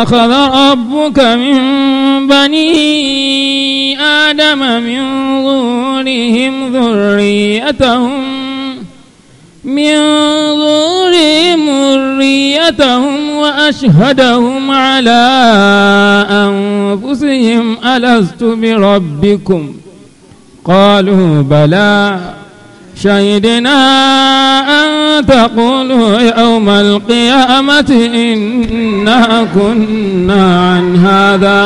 أخذ ربك من بني آدم من ظهورهم ذريتهم من ظهورهم ذريتهم وأشهدهم على أنفسهم ألست بربكم قالوا بلى شهدنا أن تقولوا يوم القيامة إنا كنا عن هذا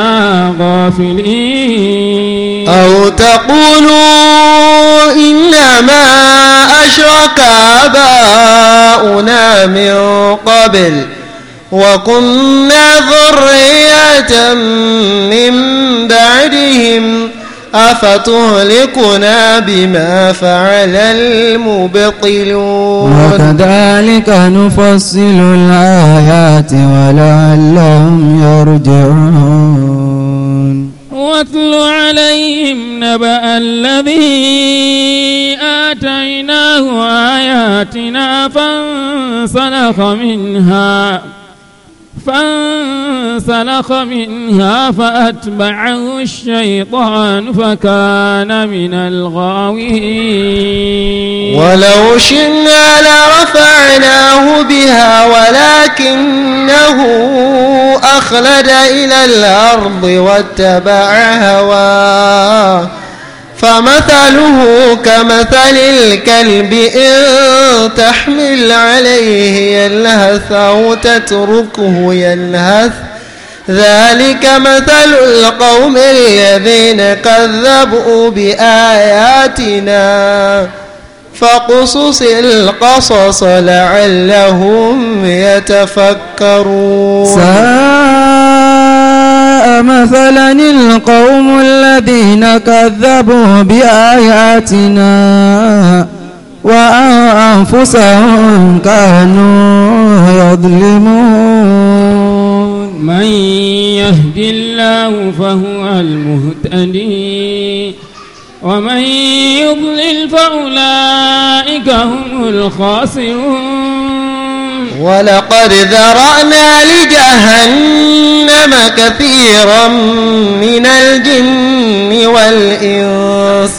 غافلين أو تقولوا إنما أشرك آباؤنا من قبل وكنا ذرية من بعدهم أفتهلكنا بما فعل المبطلون وكذلك نفصل الآيات ولعلهم يرجعون واتل عليهم نبأ الذي آتيناه آياتنا فانسلخ منها فانسلخ منها فأتبعه الشيطان فكان من الغاوين ولو شئنا لرفعناه بها ولكنه أخلد إلى الأرض واتبع هواه فمثله كمثل الكلب إن تحمل عليه يلهث أو تتركه يلهث ذلك مثل القوم الذين كذبوا بآياتنا فقصص القصص لعلهم يتفكرون مثلا القوم الذين كذبوا بآياتنا وأنفسهم كانوا يظلمون من يهد الله فهو المهتدي ومن يضلل فأولئك هم الخاسرون ولقد ذرأنا لجهنم كثيرا من الجن والإنس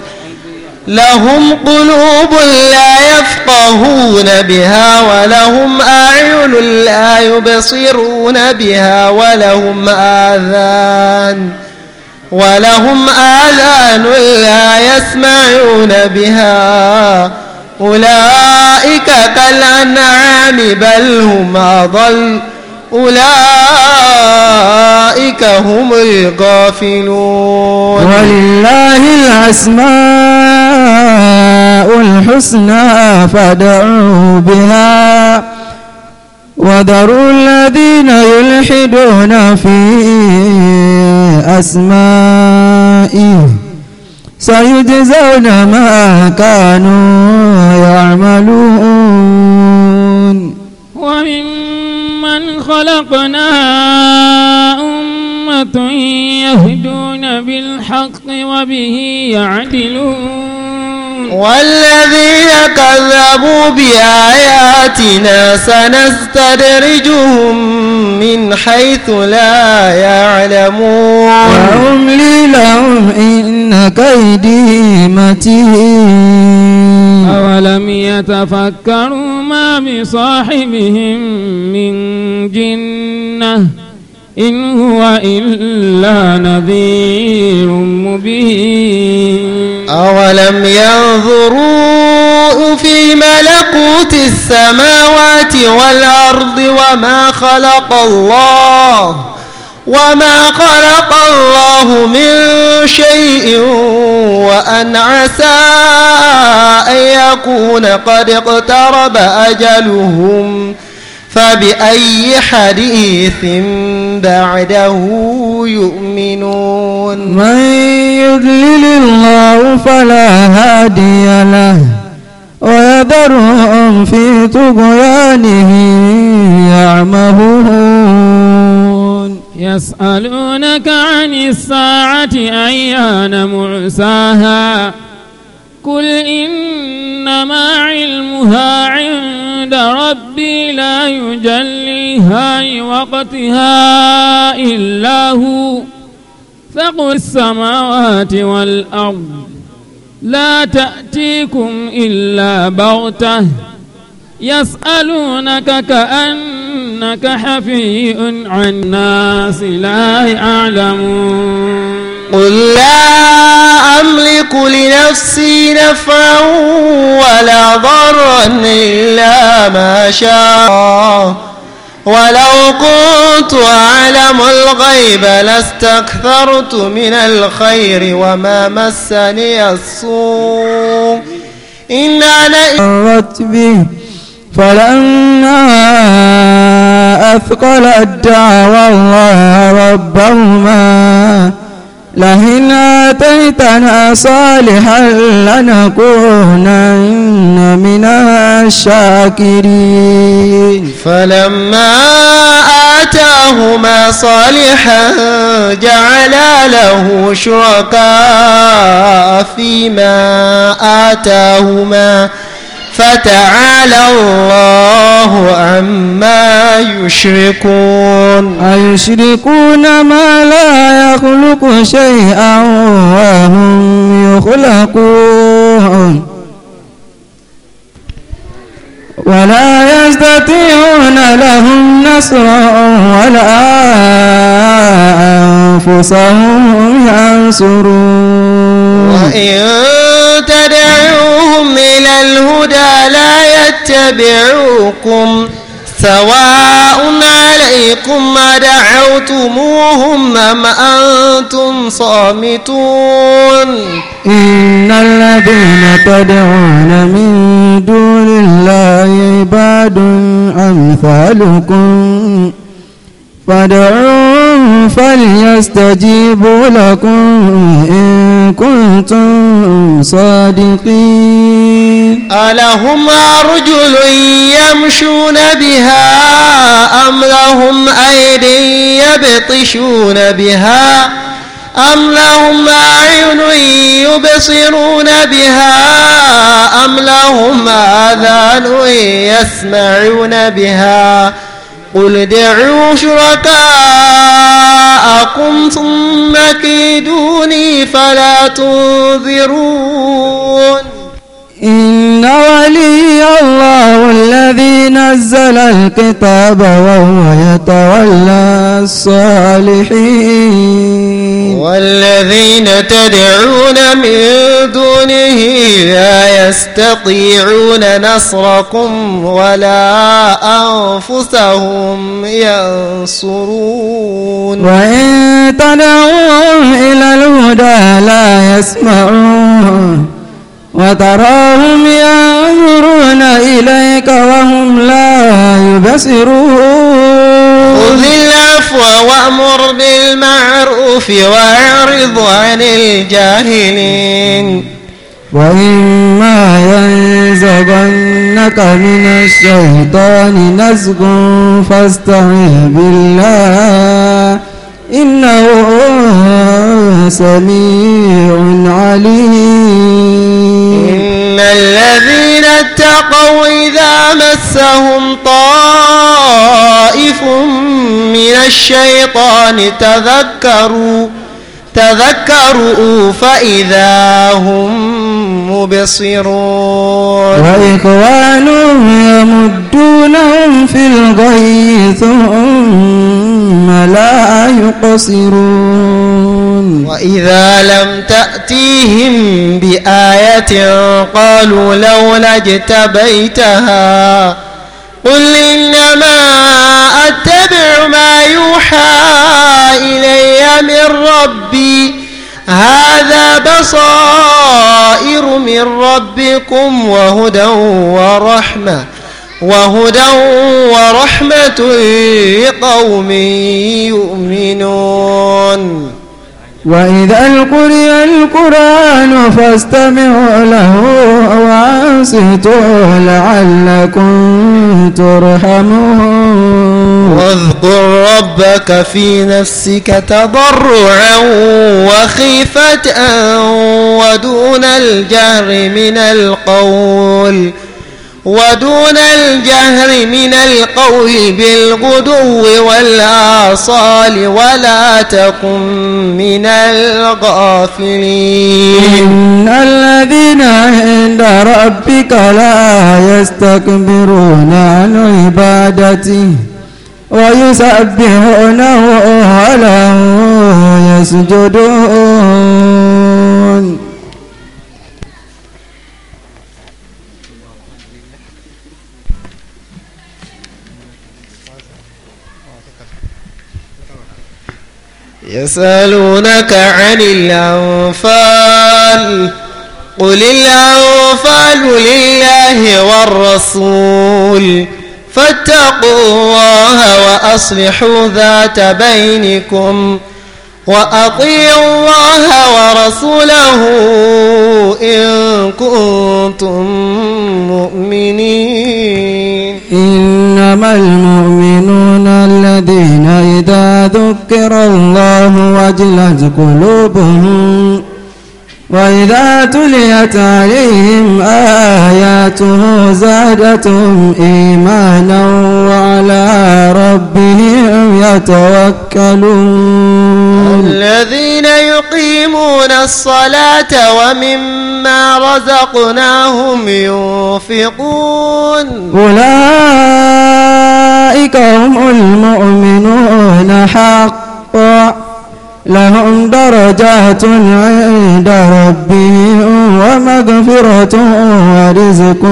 لهم قلوب لا يفقهون بها ولهم أعين لا يبصرون بها ولهم آذان ولهم آذان لا يسمعون بها أولئك كالأنعام بل هم أضل أولئك هم الغافلون ولله الأسماء الحسنى فادعوه بها وذروا الذين يلحدون في أسمائه سيجزون ما كانوا يعملون وممن خلقنا أمة يهدون بالحق وبه يعدلون والذين كذبوا بآياتنا سنستدرجهم من حيث لا يعلمون وأملي لهم إن كيدي متين أولم يتفكروا ما بصاحبهم من جنة إن هو إلا نذير مبين أولم ينظروا في ملكوت السماوات والأرض وما خلق الله وما خلق الله من شيء وأن عسى أن يكون قد اقترب أجلهم فبأي حديث بعده يؤمنون من يضلل الله فلا هادي له ويذرهم في طغيانه يعمهون يسألونك عن الساعة أيان معساها قل إنما علمها عند ربي لا يجليها وقتها إلا هو فقل السماوات والأرض لا تأتيكم إلا بغتة يسألونك كأنك حفي عن الناس لا يعلمون قل لا أملك لنفسي نفعا ولا ضرا إلا ما شاء ولو كنت أعلم الغيب لاستكثرت من الخير وما مسني السوء إن أنا به فلما أثقلت دعوى الله ربهما لئن آتيتنا صالحا لنكونن من الشاكرين فلما آتاهما صالحا جعلا له شركاء فيما آتاهما فتعالى الله عما يشركون أيشركون ما لا يخلق شيئا وهم يخلقون ولا يستطيعون لهم نصرا ولا أنفسهم ينصرون وإن تدعون يدعوكم إلى الهدى لا يتبعوكم سواء عليكم أدعوتموهم أم أنتم صامتون إن الذين تدعون من دون الله عباد أمثالكم فادعوهم فليستجيبوا لكم إن كنتم صادقين ألهم أرجل يمشون بها أم لهم أيد يبطشون بها أم لهم أعين يبصرون بها أم لهم آذان يسمعون بها قل دعوا شركاءكم ثم كيدوني فلا تنذرون إن ولي الله الذي نزل الكتاب وهو يتولى الصالحين والذين تدعون من دونه لا يستطيعون نصركم ولا أنفسهم ينصرون وإن تدعوهم إلى الهدى لا يسمعون وتراهم ينظرون إليك وهم لا يبصرون خذ العفو وأمر بالمعروف وأعرض عن الجاهلين وإما ينزغنك من الشيطان نزغ فاستعذ بالله إنه سميع عليم إن الذين اتقوا إذا مسهم طائف من الشيطان تذكروا تذكروا فإذا هم مبصرون وإخوانهم يمدونهم في الغي ثم لا يقصرون وإذا لم تأتيهم بآية قالوا لولا اجتبيتها قل إنما أتبع ما يوحى إلي من ربي هذا بصائر من ربكم وهدى ورحمة وهدى ورحمة لقوم يؤمنون وإذا القرئ القرآن فاستمعوا له وأنصتوا لعلكم ترحمون واذكر ربك في نفسك تضرعا وخيفة ودون الجهر من القول ودون الجهر من القول بالغدو والآصال ولا تكن من الغافلين إن الذين عند ربك لا يستكبرون عن عبادته ويسبحونه وله يسجدون يسألونك عن الأنفال قل الأنفال لله والرسول فاتقوا الله وأصلحوا ذات بينكم وأطيعوا الله ورسوله إن كنتم مؤمنين إنما المؤمنون الذين إذا ذكر الله وجلت قلوبهم وإذا تليت عليهم آياته زادتهم إيمانا وعلى ربهم يتوكلون الذين يقيمون الصلاة ومما رزقناهم ينفقون أولئك هم المؤمنون حقا لهم درجات عند ربهم ومغفرة ورزق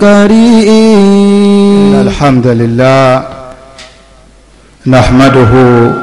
كريم الحمد لله نحمده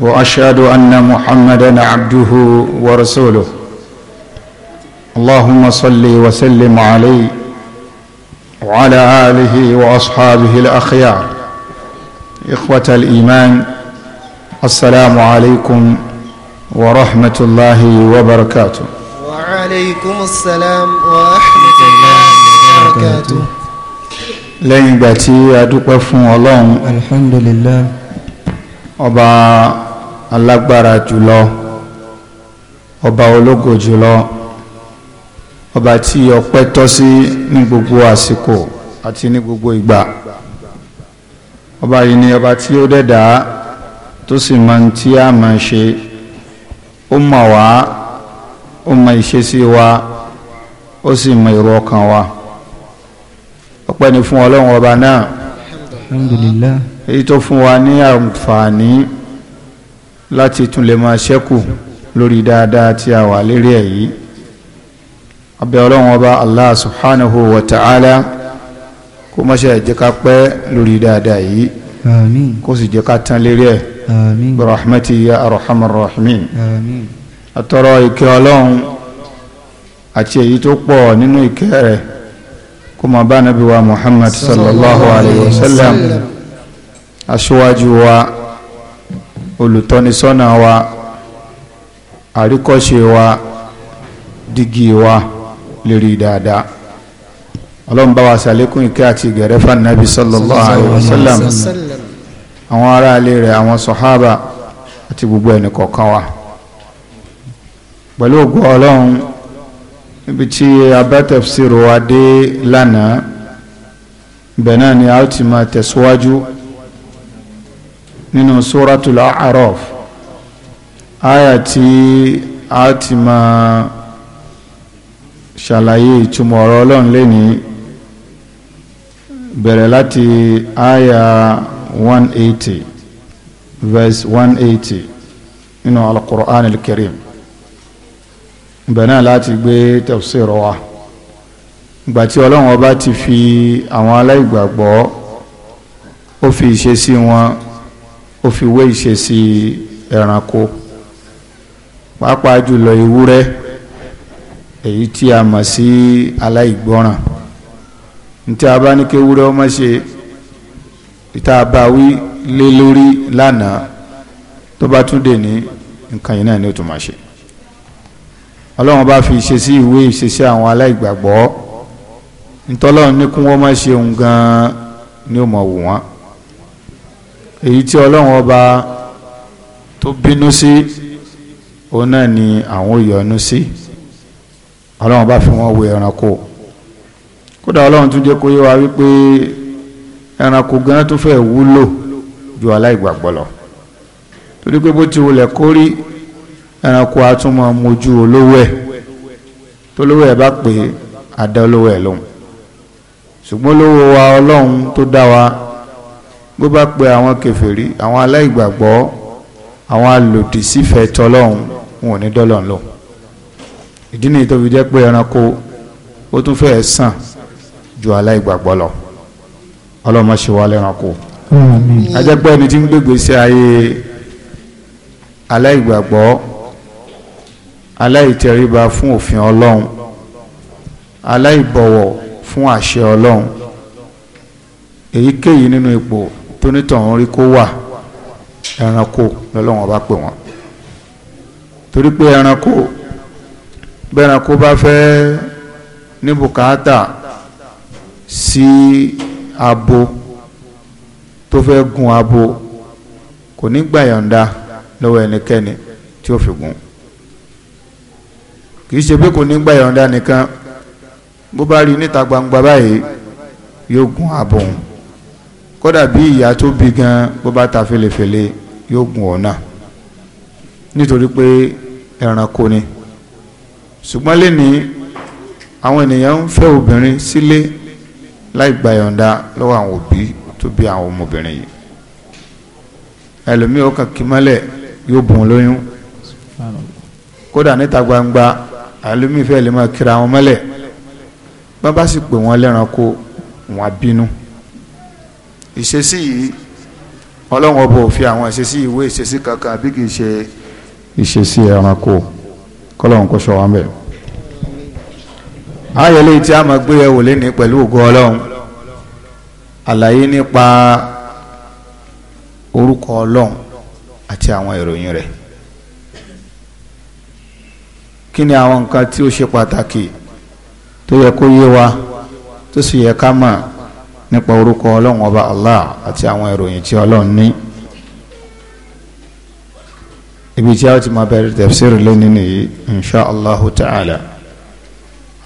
واشهد ان محمدا عبده ورسوله اللهم صل وسلم عليه وعلى اله واصحابه الاخيار اخوه الايمان السلام عليكم ورحمه الله وبركاته وعليكم السلام ورحمه الله وبركاته لين باتي tí a الله الحمد لله alhamdulillah alágbára jùlọ ọba ológo jùlọ ọba tí ọpẹ́ tọ́ sí ní gbogbo àsìkò àti ní gbogbo ìgbà ọba yìí ni ọba tí ó dẹ̀dá tó sì máa tí a máa ṣe ó mọ̀ wá ó mọ̀ ìṣesí wa ó sì mọ̀ èrò ọkàn wa ọpẹ́ ni fún ọlọ́run ọba náà alhamdulillah èyí tó fún wa ní àǹfààní láti tún lè máa ṣẹ́kù lórí dáadáa tí a wà lérí ẹ̀ yìí abẹ́ ọlọ́run ọba allah subhanahu wa ta'ala kó má ṣe jẹ́ ká pẹ́ lórí dáadáa yìí àmín kó sì jẹ́ ká tán lérí ẹ̀ rahmati ya arhamar rahimin àmín àtọrọ ọlọ́run àti èyí tó pọ̀ nínú ìkẹ́ rẹ̀ kó máa bá nabi wa muhammad sallallahu alayhi wa sallam aṣíwájú wa olùtọ́nisọ́nà wa àríkọ́ṣe wa dígí wa lérí dáadáa ọlọ́run bá wa sàlékún ìkẹ́ àti ìgẹ̀rẹ́ fànàbí sallallahu alayhi wa sallam àwọn ará ilé rẹ̀ àwọn sọ̀hábà àti gbogbo ẹnì kọ̀ọ̀kan wa pẹ̀lú ògùn ọlọ́run níbi tí abẹ́tẹ̀fsirò wa dé lánàá bẹ̀ náà ni a ó ti máa tẹ̀síwájú nínú suratul A'raf àyà tí a ti máa ṣàlàyé ìtumọ̀ ọ̀rọ̀ ọlọ́run lẹ́ni bẹ̀rẹ̀ láti àyà 180 verse 180 nínú al-Qur'an al-Karim bẹ̀rẹ̀ láti gbé tafsir wa ìgbà tí ọlọ́run ọba ti fi àwọn aláìgbàgbọ́ ó fi ìṣesí wọn ó fi wé ìṣesí ẹranko pàápàá jùlọ ewúrẹ́ èyí tí a mọ̀ sí aláìgbọ́ràn ntí a bá ní kí ewúrẹ́ ọmọ ṣe ìta bá wí lé lórí lánàá tó bá tún dè ní nǹkan yìí náà ni ó tún máa ṣe ọlọ́run bá fi ṣe sí ìwé ìṣesí àwọn aláìgbàgbọ́ ntọ́lọ́run ní kí wọ́n má ṣe òun gan-an ni ó wù wọ́n èyí tí ọlọ́run ọba tó bínú sí òun náà ni àwọn òyọ̀nú sí ọlọ́run bá fi wọ́n wo ẹranko kódà ọlọ́run tún jẹ́ kó yé wa wípé ẹranko gan tó fẹ́ wúlò ju aláìgbàgbọ́ lọ torí pé bó ti wulẹ̀ kórí ẹranko atúmọ̀ mojú olówó ẹ̀ tó lówó ẹ̀ bá pè é adá olówó ẹ̀ lóhùn ṣùgbọ́n olówó wa ọlọ́run tó dá wa bó bá pe àwọn kèfèrí àwọn aláìgbàgbọ́ àwọn alòdì sífẹ̀ẹ́ tọlọ́hun wọn ò ní dọ́lọ́n lọ ìdí nìyí tó fi jẹ́ pé ẹranko ó tún fẹ́ẹ́ sàn ju aláìgbàgbọ́ lọ ọlọ́mọ ṣe wà lẹ́ranko ajẹ́pẹ́ ẹni tí ń gbégbé sí ayé aláìgbàgbọ́ aláìtẹríba fún òfin ọlọ́run aláìbọ̀wọ̀ fún àṣẹ ọlọ́run èyíkéyìí nínú ipò tónítọ̀hún rí kó wà ẹranko lọ́lọ́wọ́n bá pè wọ́n torí pé ẹranko bẹ́ranko bá fẹ́ ní bùkátà sí abo tó fẹ́ gun abo kò ní gbà yọ̀ǹda lọ́wọ́ ẹnikẹ́ni tí ó fi gùn kì í ṣe pé kò ní gbà yọ̀ǹda nìkan bó bá rí níta gbangba báyìí yóò gun abo òun kódà bí ìyá tó bí gan bó bá ta fèlèfèlè yóò gùn ọ́ náà nítorí pé ẹranko ni ṣùgbọ́n lẹ́ni àwọn ènìyàn ń fẹ́ obìnrin sílé láì gba ìyọ̀ǹda lọ́wọ́ àwọn òbí tó bí àwọn ọmọbìnrin yìí ẹlòmíì ó kàn kí mọ́lẹ̀ yóò bùn lóyún kódà níta gbangba ẹlòmíì fẹ́ lè máa kíra wọn mọ́lẹ̀ bá bá sì pè wọ́n lẹ́ranko wọn á bínú ìṣesí yìí ọlọ́run ọba ò fi àwọn ìṣesí ìwé ìṣesí kankan bí kì í ṣe ìṣesí ẹranko kọ́lọ́run kó ṣọ́ wa ń bẹ̀. ayọ̀lẹ́ tí a máa gbé ẹ̀wò lẹ́ni pẹ̀lú ògo ọlọ́run àlàyé nípa orúkọ ọlọ́run àti àwọn ìròyìn rẹ̀ kí ni àwọn nǹkan tí ó ṣe pàtàkì tó yẹ kó yé wa tó sì yẹ ká mọ̀ nípa orúkọ ọlọ́run ọba allah àti àwọn ìròyìn tí ọlọ́run ní ibi tí a ti máa bẹ̀rẹ̀ tafsir lónìí nìyí insha allahu ta'ala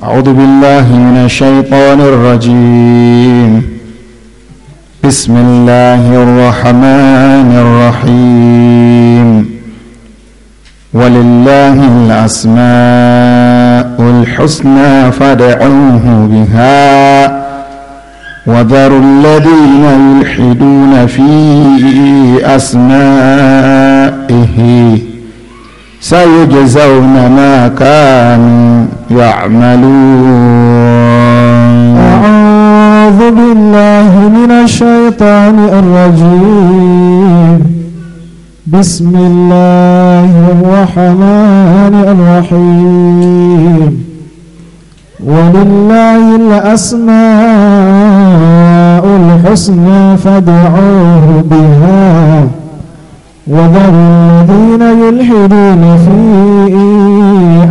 a'udhu billahi minash shaytanir rajim bismillahir rahmanir rahim walillahil asma'ul husna fad'uhu biha وذروا الذين يلحدون في أسمائه سيجزون ما كانوا يعملون أعوذ بالله من الشيطان الرجيم بسم الله الرحمن الرحيم ولله الأسماء الحسنى فادعوه بها وذروا الذين يلحدون في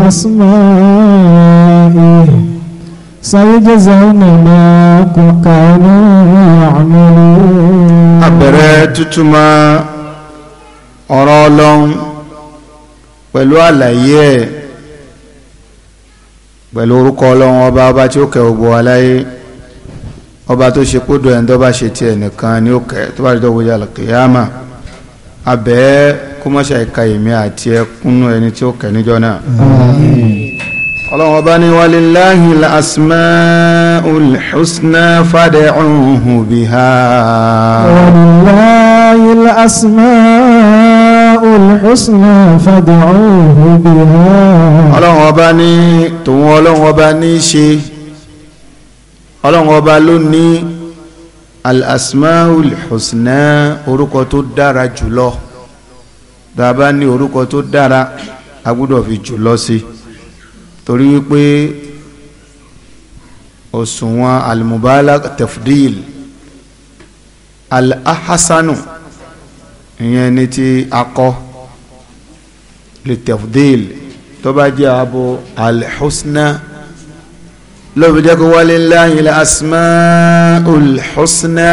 أسمائه سيجزون ما كانوا يعملون أبرة تتما ọ̀rọ̀ ọlọ́run pẹ̀lú àlàyé pẹ̀lú orúkọ ọlọ́run ọba ọba tí ó kẹ́ ògbó aláyé ọba tó ṣe kó dọ̀ ẹ̀ ń dọ́ bá ṣe tiẹ̀ nìkan ni ó kẹ́ tó bá dọ̀wọ́ yàrá kìyàmà abẹ́ kó ìka èmi àti ẹkúnnú ẹni tí ó kẹ́ níjọ́ náà. ọlọ́run ọba ní walillahi al-asma'ul husna fad'uhu biha. walillahi al-asma'ul. الحسنى فادعوه بها ọlọ́run ọba ní tòun ọlọ́run ọba ní í ṣe ọlọ́run ọba ló ní al-asmaul husna orúkọ tó dára jùlọ tá a bá ní orúkọ tó dára a gbọ́dọ̀ fi jùlọ sí torí wípé òṣùwọ̀n al-mubalagh tafdil al-ahasanu. Al ìyẹn ní ti akọ lè tafdil tó bá jẹ́ abo alḥusna lóbi jẹ́ kó walillahi al-asma'ul husna.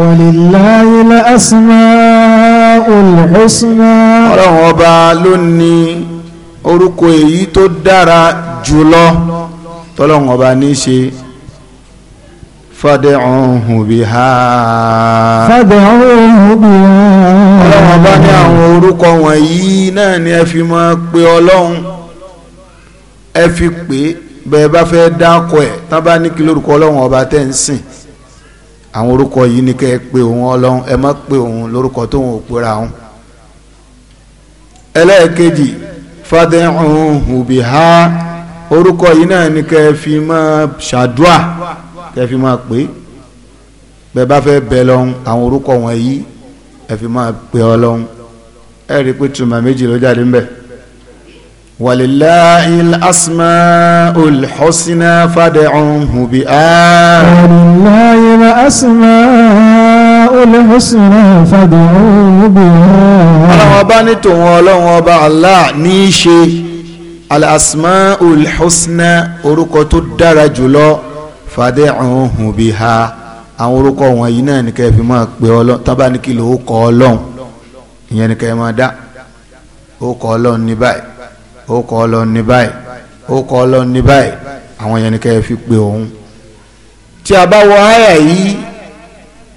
walillahi al-asma'ul husna. ọlọ́run ọba ló orúkọ èyí tó dára jùlọ tọ́lọ́run ọba ní í ṣe fad'uhu biha. fad'uhu biha. ọlọ́run ọba ní àwọn orúkọ wọ̀nyí náà ni ẹ fi máa pe ọlọ́run ẹ fi pè é bẹ́ẹ̀ bá fẹ́ dákọ̀ ẹ̀ tán bá ní kí lórúkọ ọlọ́run ọba tẹ́ ń sìn àwọn orúkọ yìí ni kẹ́ ẹ pe òun ọlọ́run ẹ má pe òun lórúkọ tóun ò pera òun. ẹlẹ́ẹ̀kejì fad'uhu biha orúkọ yìí náà ni kẹ́ ẹ fi máa ṣàdúà kẹ́ fi máa pè é bẹ́ẹ̀ bá fẹ́ bẹ lọ́hún àwọn orúkọ wọn yìí ẹ fi máa pè ọ lọ́hún ẹ rí i pé tùmọ̀ méjì ló jáde ńbẹ̀. walillahi al-asma'ul husna fad'uhu biha. walillahi al-asma'ul husna fad'uhu biha. ọlọ́wọ́n ọba ní tòun ọlọ́wọ́n ọba Allah ní í ṣe al-asma'ul husna orúkọ tó dára jùlọ fad'uhu biha àwọn orúkọ wọ̀nyí náà ní kẹfì máa pè ọlọ́run tábà ní kí ló ó kọ ọlọ́run ìyẹn ní kẹfì máa dá ó kọ ọlọ́run ní báyìí ó kọ ọlọ́run ní báyìí ó kọ ọlọ́run ní báyìí àwọn ìyẹn ní kẹfì pè òun. tí a bá wọ àyà yìí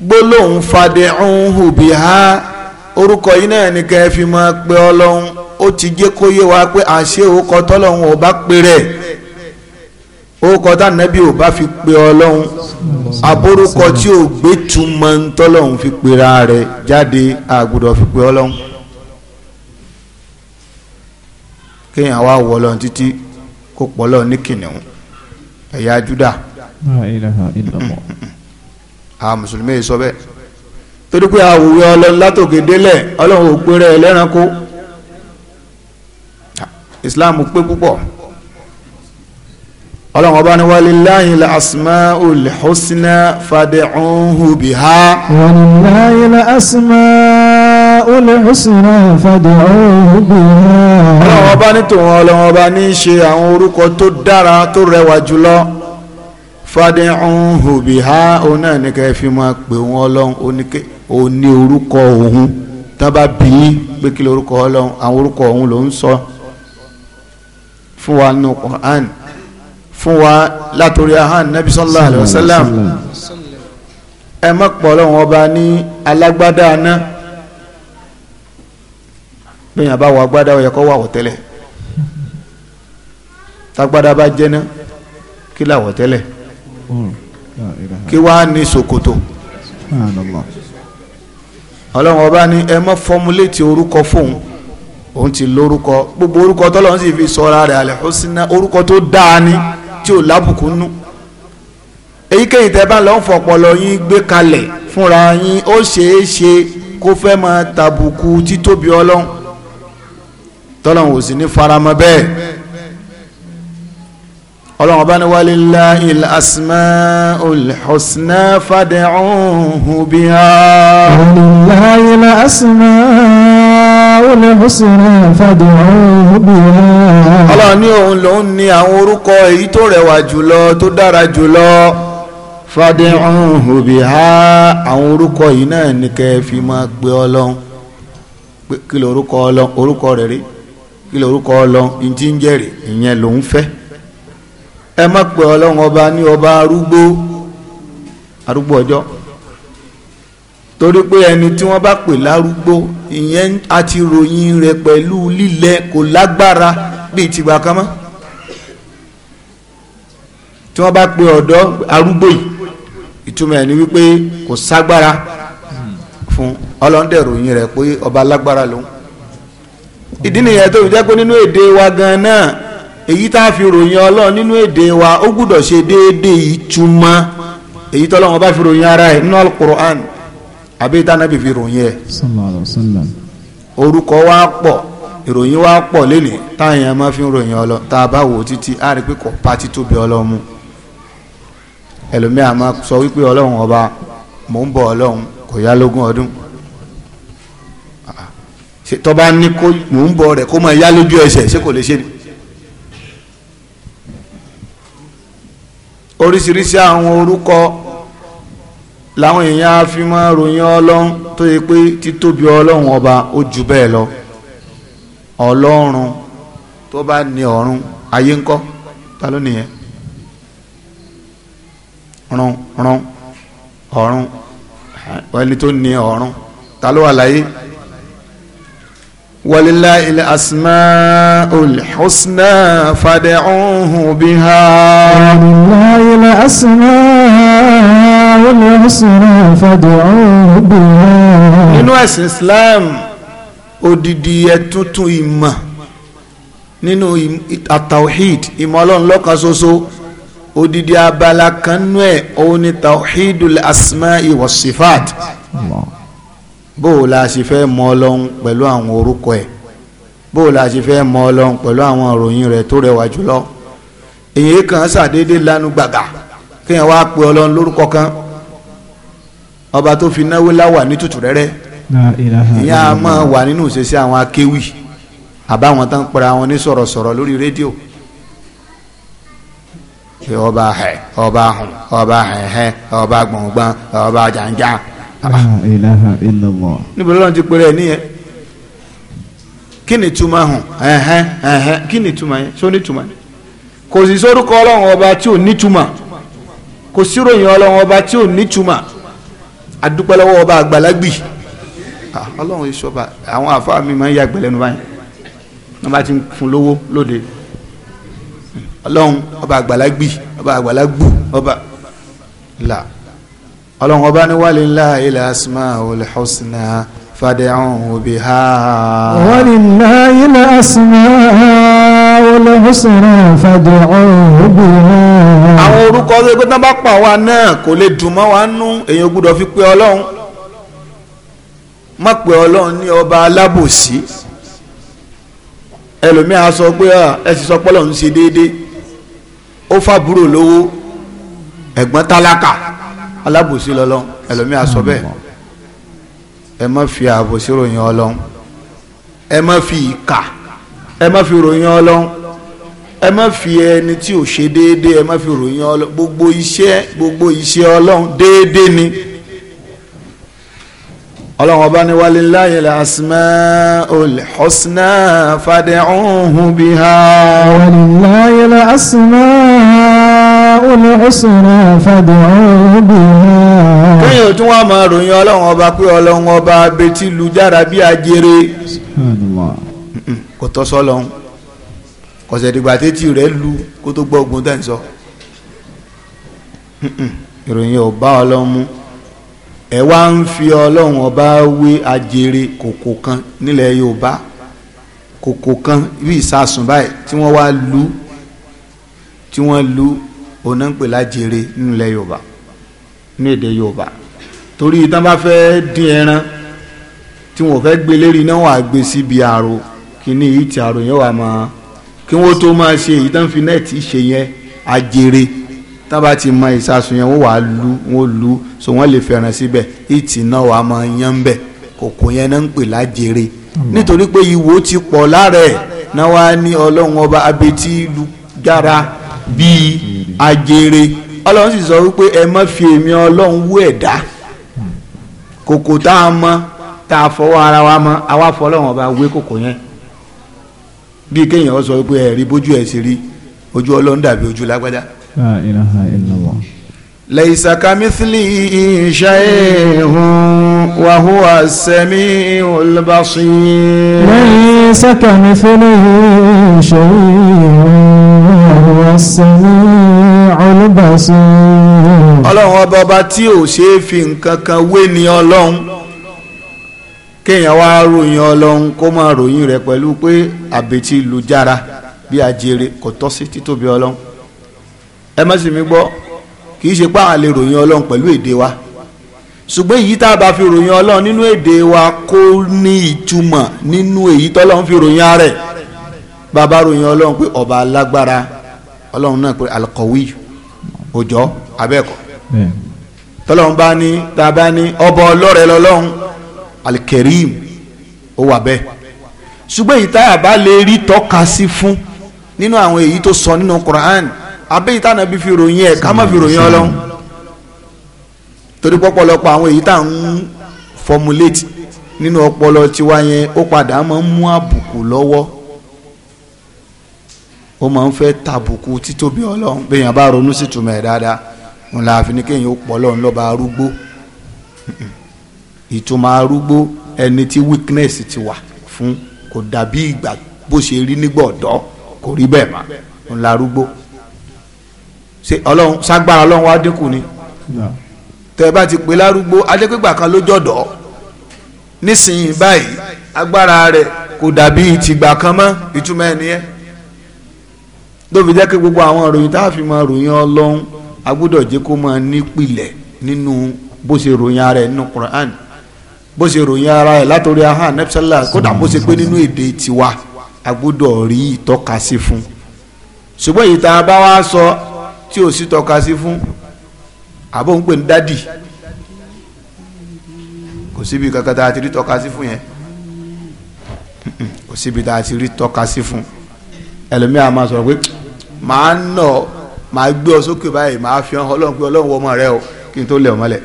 gbólóhùn fad'uhu biha orúkọ yìí náà ní kẹfì máa pè ọlọ́run ó ti jẹ́ kó yé wa pé àṣé òkọ tọ́lọ́run ò bá pè rẹ̀ orúkọ tá nàbí ò bá fi pe ọlọ́run aborúkọ tí ò gbé túmọ̀ ntọ́lọ́run fi pera rẹ̀ jáde àgùdọ̀ fi pe ọlọ́run kéèyàn wá wọ ọlọ́run títí kó pọ̀ lọ́run ní kìnìún ẹ̀yà júdà a mùsùlùmí sọ bẹ́ẹ̀ torí pé àwòrán ọlọ́run látòkè délẹ̀ ọlọ́run ò péré ẹlẹ́ranko islam pé púpọ̀ ọlọ́run ọba ni walillahi la asma ul husna fad'uhu biha. walillahi la asma ul husna fad'uhu biha. ọlọ́run ọba ní tòun ọlọ́run ọba ní ṣe àwọn orúkọ tó dára tó rẹwà jùlọ fad'uhu biha òun náà ní ká fi máa pè wọ́n ọlọ́run òní orúkọ òun tábà bí pé kí lórúkọ ọlọ́run àwọn orúkọ òun ló ń sọ fún wa nù Qur'an. No fún wa látòrí ahan nabi sallallahu alayhi wa sallam ẹ má pọ̀ lọ́wọ́n ọba ní alágbádá aná gbẹ̀yìn àbáwọ̀ agbádá ó yẹ kó wà wọ̀tẹ́lẹ̀ tagbádá bá jẹ́ná kí là wọ̀tẹ́lẹ̀ kí wàá ní ṣòkòtò ọlọ́wọ́n ọba ní ẹ má fọmúlétì orúkọ fóun òun ti lórúkọ gbogbo orúkọ tọ́lọ́run sì fi sọ ara rẹ̀ Al-Husna orúkọ tó dáa ni. Ah, tí ò lábùkù nú èyíkéyìí tẹ́ bá lọ́n fọpọlọ yín gbé kalẹ̀ fúnra yín ó ṣeé ṣe kó fẹ́ máa tàbùkù títóbi ọlọ́run tọ́lọ́run ò sì ní faramọ́ bẹ́ẹ̀ ọlọ́run bá ní walillahi al-asma'ul husna fad'uhu biha. walillahi al-asma'ul. تَشَاءُونَ حُسْنًا فَادْعُوهُ بِهَا ọlọ́run ní òun lòun ní àwọn orúkọ èyí tó rẹwà jùlọ tó dára jùlọ fad'uhu biha àwọn orúkọ yìí náà ní kẹ́ fi máa pe ọlọ́run kí ló orúkọ ọlọ́run orúkọ rẹ̀ rí kí ló orúkọ ọlọ́run ìtí ń ìyẹn lòun fẹ́ ẹ má ọlọ́run ọba ní ọba arúgbó arúgbó ọjọ́ torí pé ẹni tí wọ́n bá pè lárúgbó ìyẹn a ti ròyìn rẹ̀ pẹ̀lú lílẹ̀ kò lágbára bíi tìgbà kan mọ́ tí wọ́n bá pe ọ̀dọ́ arúgbó yìí ìtumọ̀ ẹ̀ ni wípé kò ságbára fún ọlọ́ndẹ̀ ròyìn rẹ̀ pé ọba lágbára lòun ìdí nìyẹn tó fi jẹ́ pé nínú èdè wa gan náà èyí tá a fi ròyìn ọlọ́run nínú èdè wa ó gbúdọ̀ ṣe déédéé ìtumọ̀ èyí tọ́lọ́run bá fi ròyìn ara ẹ̀ nínú alukur'an àbí tánàbì fi ròyìn ẹ̀ orúkọ wa pọ̀ ìròyìn wa pọ̀ lélẹ̀ táyà máa fi ń ròyìn ọlọ tá a bá wò ó títí a rí pé kò pa títóbi ọlọ́run mu ẹlòmíà máa sọ wípé ọlọ́run ọba mò ń bọ̀ ọlọ́run kò yá lógún ọdún tọ́ba ní kó mò ń bọ̀ rẹ̀ kó máa yá lójú ẹsẹ̀ ṣé kò lè ṣe ni. oríṣiríṣi àwọn orúkọ làwọn èèyàn á fi máa ròyìn ọlọ́run tó yẹ pé títóbi ọlọ́run ọba ó ju bẹ́ẹ̀ lọ ọlọ́run tó bá ní ọ̀run ayé ńkọ́ ta ló nìyẹn run run ọ̀run ẹni tó ní ọ̀run ta ló wà láyé walillahi al-asma'ul husna fad'uhu biha walillahi al-asma'ul al-husna nínú ẹ̀sìn Islam odidi ẹ̀túntún ìmọ̀ nínú tawhid ìmọ̀ ọlọ́run lọ́kan ṣoṣo odidi abala kan ẹ̀ òun ni tawhidul asma'i wa sifat bó o la ṣe fẹ́ mọ ọlọ́run pẹ̀lú àwọn orúkọ ẹ̀ bó o la ṣe fẹ́ mọ ọlọ́run pẹ̀lú àwọn ìròyìn rẹ̀ tó rẹwà jùlọ èyí kan ṣàdédé lanu gbàgà kéèyàn wá pe ọlọ́run lórúkọ kan ọba tó fi náwó láwà ní tútù rẹ́rẹ́ ìyá a máa wà nínú ìṣesí àwọn akéwì àbáwọn tán pẹ̀lú àwọn ní sọ̀rọ̀sọ̀rọ̀ lórí rédíò ọba hẹ ọba hùn ọba hẹhẹ ọba gbọ̀ngbọ̀n ọba jàǹjà. níbo lọ́nà ti pèrè níyẹn kí ni túmọ̀ hùn ẹ̀hẹ́ ẹ̀hẹ́ kí ni túmọ̀ yẹn sóní túmọ̀ yẹn kò sí sórúkọ ọlọ́run ọba tí ò nítumọ̀ kò síròyìn ọlọ́run ọba tí ò nítumọ̀ adúpẹ́ lọ́wọ́ ọba àgbàlagbì ọlọ́run ìṣọba àwọn àfáà mi máa ń yàgbẹ́ lẹ́nu báyìí wọ́n bá ti ń fún lówó lóde ọlọ́run ọba àgbàlagbì ọba àgbàlagbù ọba là ọlọ́run ọba ní walillahi al-asmaul husna fad'uhu biha. walillahi al-asmaul husna fad'uhu biha àwọn orúkọ tó pé tán bá pa wá náà kò lè dùn mọ́ wa nú èèyàn gbọ́dọ̀ fi pé ọlọ́run má pé ọlọ́run ní ọba alábòsí ẹlòmíì á sọ pé ẹ sì sọ pọ́lọ̀ ń ṣe déédéé ó fàbúrò lówó ẹ̀gbọ́n tálákà alábòsí lọ́lọ́run ẹlòmíì á sọ bẹ́ẹ̀ ẹ má fi àbòsí ròyìn ọlọ́run ẹ má fi ìkà ẹ má fi ròyìn ọlọ́run ẹ má fi ẹni tí ò ṣe déédéé ẹ má fi ròyìn gbogbo iṣẹ́ gbogbo iṣẹ́ Ọlọ́run déédéé ni Ọlọ́run ọba ní walillahi al-asma'ul husna fad'uhu biha. walillahi al-asma'ul husna fad'uhu biha. kéèyàn tún wá máa ròyìn Ọlọ́run ọba pé Ọlọ́run ọba abetí lu jára bí ajere kò tọ́ sọ́lọ́run ọ̀sẹ̀ ìdìgbà tẹ́tí rẹ̀ lu kó tó gbọ́ ogun tẹ̀ ń sọ ìròyìn ọba ọlọ́mú ẹ wá ń fi ọlọ́run ọba wé ajere kòkò kan nílẹ̀ yorùbá kòkò kan bí ìsasùn báyìí tí wọ́n wá lu tí wọ́n lu ọ̀nà ń pè lájere nílẹ̀ yorùbá ní èdè yorùbá torí tán bá fẹ́ dín ẹran tí wọ́n fẹ́ gbé lérí náà wà gbé síbi àrò kíní yìí ti àrò wà máa. kí wọ́n tó máa ṣe èyí tó ń fi nẹ́ẹ̀tì ṣe yẹn ajere tába ti mọ ìsasùn yẹn wọ́n wàá lu wọ́n lu so wọ́n lè fẹ̀ràn síbẹ̀ ìtì náà wàá máa yan bẹ̀ kòkò yẹn náà ń pè lájere nítorí pé ìwo ti pọ̀ lára ẹ̀ náà wàá ní ọlọ́run ọba abetí lu gara bíi ajere ọlọ́run sì sọ wípé ẹ má fi èmi ọlọ́run wú ẹ̀dá kòkò tá a mọ tá a fọwọ́ ara wa mọ àwa fọlọ́run ọba wé kòkò yẹn bíi kéèyàn sọ pé ẹ̀rí bójú ẹ̀ ṣe rí ojú ọlọ́run dàbí ojú lágbájá. la ilaha illallah. laysa kamithlihi shay'un wa huwa as-sami'ul basir. laysa kamithlihi shay'un ọlọ́run ọba ọba tí ò ṣeé fi nǹkan kan wé ni ọlọ́run kéèyàn wá ròyìn ọlọ́run kó máa ròyìn rẹ pẹ̀lú pé àbètì ìlú jára bí ajere kò tọ́ sí títóbi ọlọ́run ẹ má sì mí gbọ́ kì í ṣe pé àwọn lè ròyìn ọlọ́run pẹ̀lú èdè wa ṣùgbọ́n èyí tá a bá fi ròyìn ọlọ́run nínú èdè wa kó ní ìtumọ̀ nínú èyí tọ́lọ́run fi ròyìn ara ẹ̀ bàbá ròyìn ọlọ́run pé ọba alágbára ọlọ́run náà pé alkọ̀wé òjọ́ abẹ́ẹ̀kọ́ tọ́lọ́run bá ní tá a bá ní ọba ọlọ́rẹ̀ lọ́lọ́run alikerim ó wà bẹ́ẹ̀ ṣùgbọ́n èyí táyà bá lè rí tọ́ka sí fún nínú àwọn èyí tó sọ nínú Quran abẹ́yìí táyà bí fi ròyìn ẹ̀ ká má fi ròyìn ọlọ́run torí pọ́pọ́lọpọ̀ àwọn èyí tá à ń formulate nínú ọpọlọ tiwa yẹn ó padà máa ń mú àbùkù lọ́wọ́ ó máa ń fẹ́ tàbùkù títóbi ọlọ́run bá ronú sí dáadáa ńlá àfi kéèyàn ó pọ̀ lọ́run lọ́ba arúgbó. ìtumọ̀ arúgbó ẹni tí weakness ti wà fún kò dàbí ìgbà bó ṣe rí nígbà ọ̀dọ́ kò rí bẹ́ẹ̀ mọ́ ń la arúgbó ṣe ọlọ́run ságbára ọlọ́run wá dínkù ni tẹ́ ẹ bá ti pè lárúgbó adépégbà kan ló jọ̀dọ̀ nísìnyí báyìí agbára rẹ̀ kò dàbí tìgbà kan mọ́ ìtumọ̀ ẹ̀ nìyẹn tó fi jẹ́ kí gbogbo àwọn ìròyìn tá a fi máa ròyìn ọlọ́run agbọ́dọ̀ kó máa nípìlẹ̀ nínú bó ṣe ròyìn ara ẹ̀ nínú Quran bó ṣe ròyìn ara ẹ̀ látòrí ahọ́n anẹ́bísọ́lá kódà bó ṣe pé nínú èdè tiwa a gbọ́dọ̀ rí ìtọ́ka sí fún ṣùgbọ́n èyí tá a bá wá sọ tí ò sí tọ́ka sí fún àbò ń pè ní dádì kò síbi kankan tá a ti rí tọ́ka sí fún yẹn kò síbi tá a ti rí tọ́ka sí fún ẹlòmíràn máa sọ̀rọ̀ pé màá nà màá gbé ọ sókè báyìí màá fi hàn ọlọ́run pé ọlọ́run wọ ọmọ rẹ o kí n tó lẹ̀ ọmọ lẹ̀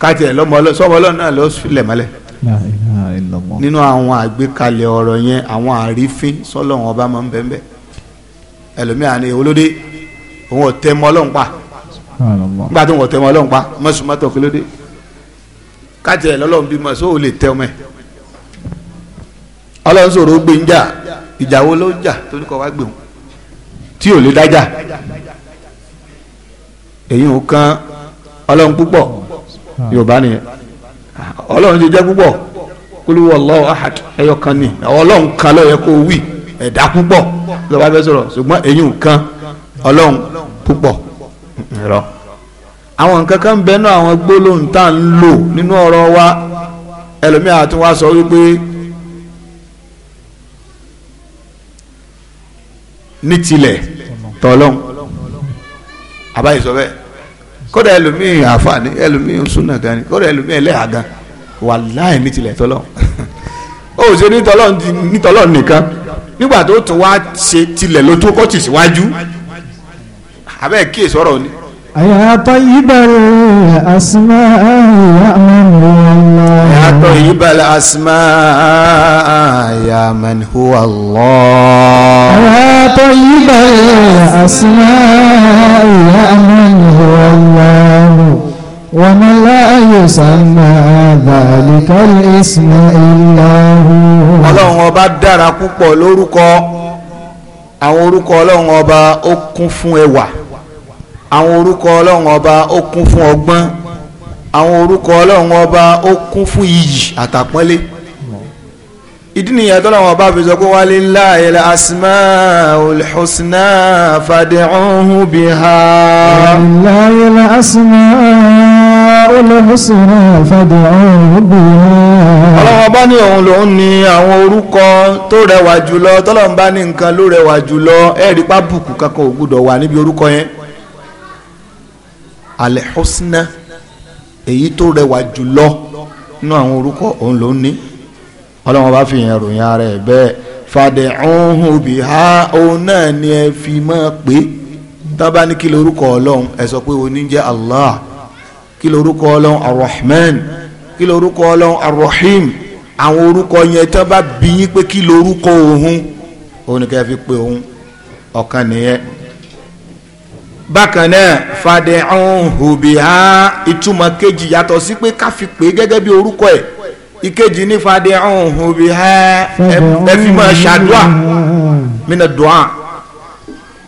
káàtì ẹ̀ lọ́mọ sọ́mọ ọlọ́run náà ló filẹ̀ mọ́lẹ̀ nínú àwọn àgbékalẹ̀ ọ̀rọ̀ yẹn àwọn àrífín sọ́lọ́run ọba máa ń bẹ́ẹ̀ bẹ́ẹ̀ ẹlòmíà ni olóde òun ò tẹ́ mọ́ ọlọ́run pa nígbà tó ń wọ̀ tẹ́ mọ́ ọlọ́run pa mọ́sùmọ́tò kí ló dé káàtì ẹ̀ lọ́lọ́run bímọ só o lè tẹ́ ọmọ ẹ̀ ọlọ́run sọ̀rọ̀ ó gbé ń jà ìjà wo ló ń jà tó ní kọ́ wá gbé wọn tí ò lè dájà èyí ò kan ọlọ́run púpọ̀ yorùbá nìyẹn ọlọ́run ti jẹ́ púpọ̀ kúlú wallahu ahad ẹyọ kan ni ọlọ́run kan ló yẹ kó wí ẹ̀dá púpọ̀ ló bá fẹ́ sọ̀rọ̀ ṣùgbọ́n èyí nǹkan ọlọ́run púpọ̀ rọ. àwọn nǹkan kan bẹ náà àwọn gbólóhùn tá à ń lò nínú ọ̀rọ̀ wa ẹlòmíà tí wàá sọ wípé ní tilẹ̀ tọ́lọ́hún àbáyé sọ bẹ́ẹ̀ kódà ẹlòmíì àfààní ẹlòmíì súnà gan ni kódà ẹlòmíì ẹlẹ́hà gan wàláhì ní tilẹ̀ tọ́lọ́ ó ṣe nítọ́lọ́ nìkan nígbà tó tún wá ṣe tilẹ̀ ló tó kọ́ tì síwájú àbẹ́ẹ̀ ọ̀rọ̀ ni يا طيب الأسماء يا من هو الله يا طيب الأسماء يا من هو الله يا طيب الأسماء يا من هو الله ومن لا يسمى ذلك الاسم إلا هو ọlọ́run ọba dára púpọ̀ lórúkọ àwọn orúkọ ọlọ́run ọba ó kún fún ẹwà àwọn orúkọ ọlọ́run ọba ó kún fún ọgbọ́n àwọn orúkọ ọlọ́run ọba ó kún fún iyì àtàpọ́nlé ìdí nìyẹn tó làwọn ọba fi sọ pé wálé láàyè la asmaul husna fad'uhu biha. láàyè la asmaul husna fad'uhu biha. ọlọ́wọ́n bá ní òun lòun ní àwọn orúkọ tó rẹwà jùlọ tọ́lọ́mbá ní nǹkan ló rẹwà jùlọ ẹ̀ẹ́dì pábùkù kankan ò gbúdọ̀ wà níbi orúkọ yẹn alẹ́húsínà èyí tó rẹwà jùlọ nínú àwọn orúkọ òun ló ní ọlọ́wọ́n bá fi yẹn ròyìn ara ẹ̀ bẹ́ẹ̀ fàdé ọ̀hún òbí ha òun náà ni ẹ fi máa pé tábà ní kí lorúkọ ọlọ́run ẹ sọ pé òun ní jẹ́ allah kí lorúkọ ọlọ́run arrahman kí lorúkọ ọlọ́run arrahim àwọn orúkọ yẹn tán bá bí yín pé kí lorúkọ òun òun ni kẹ́ fi pé òun ọ̀kan nìyẹn bákan náà fàdéhùn hùbìhá ìtumọ̀ kejì yàtọ̀ sí pé ká fi pè é gẹ́gẹ́ bí orúkọ ẹ̀ ìkejì ní fàdéhùn hùbìhá ẹ fi máa ṣàdúà mínà dùà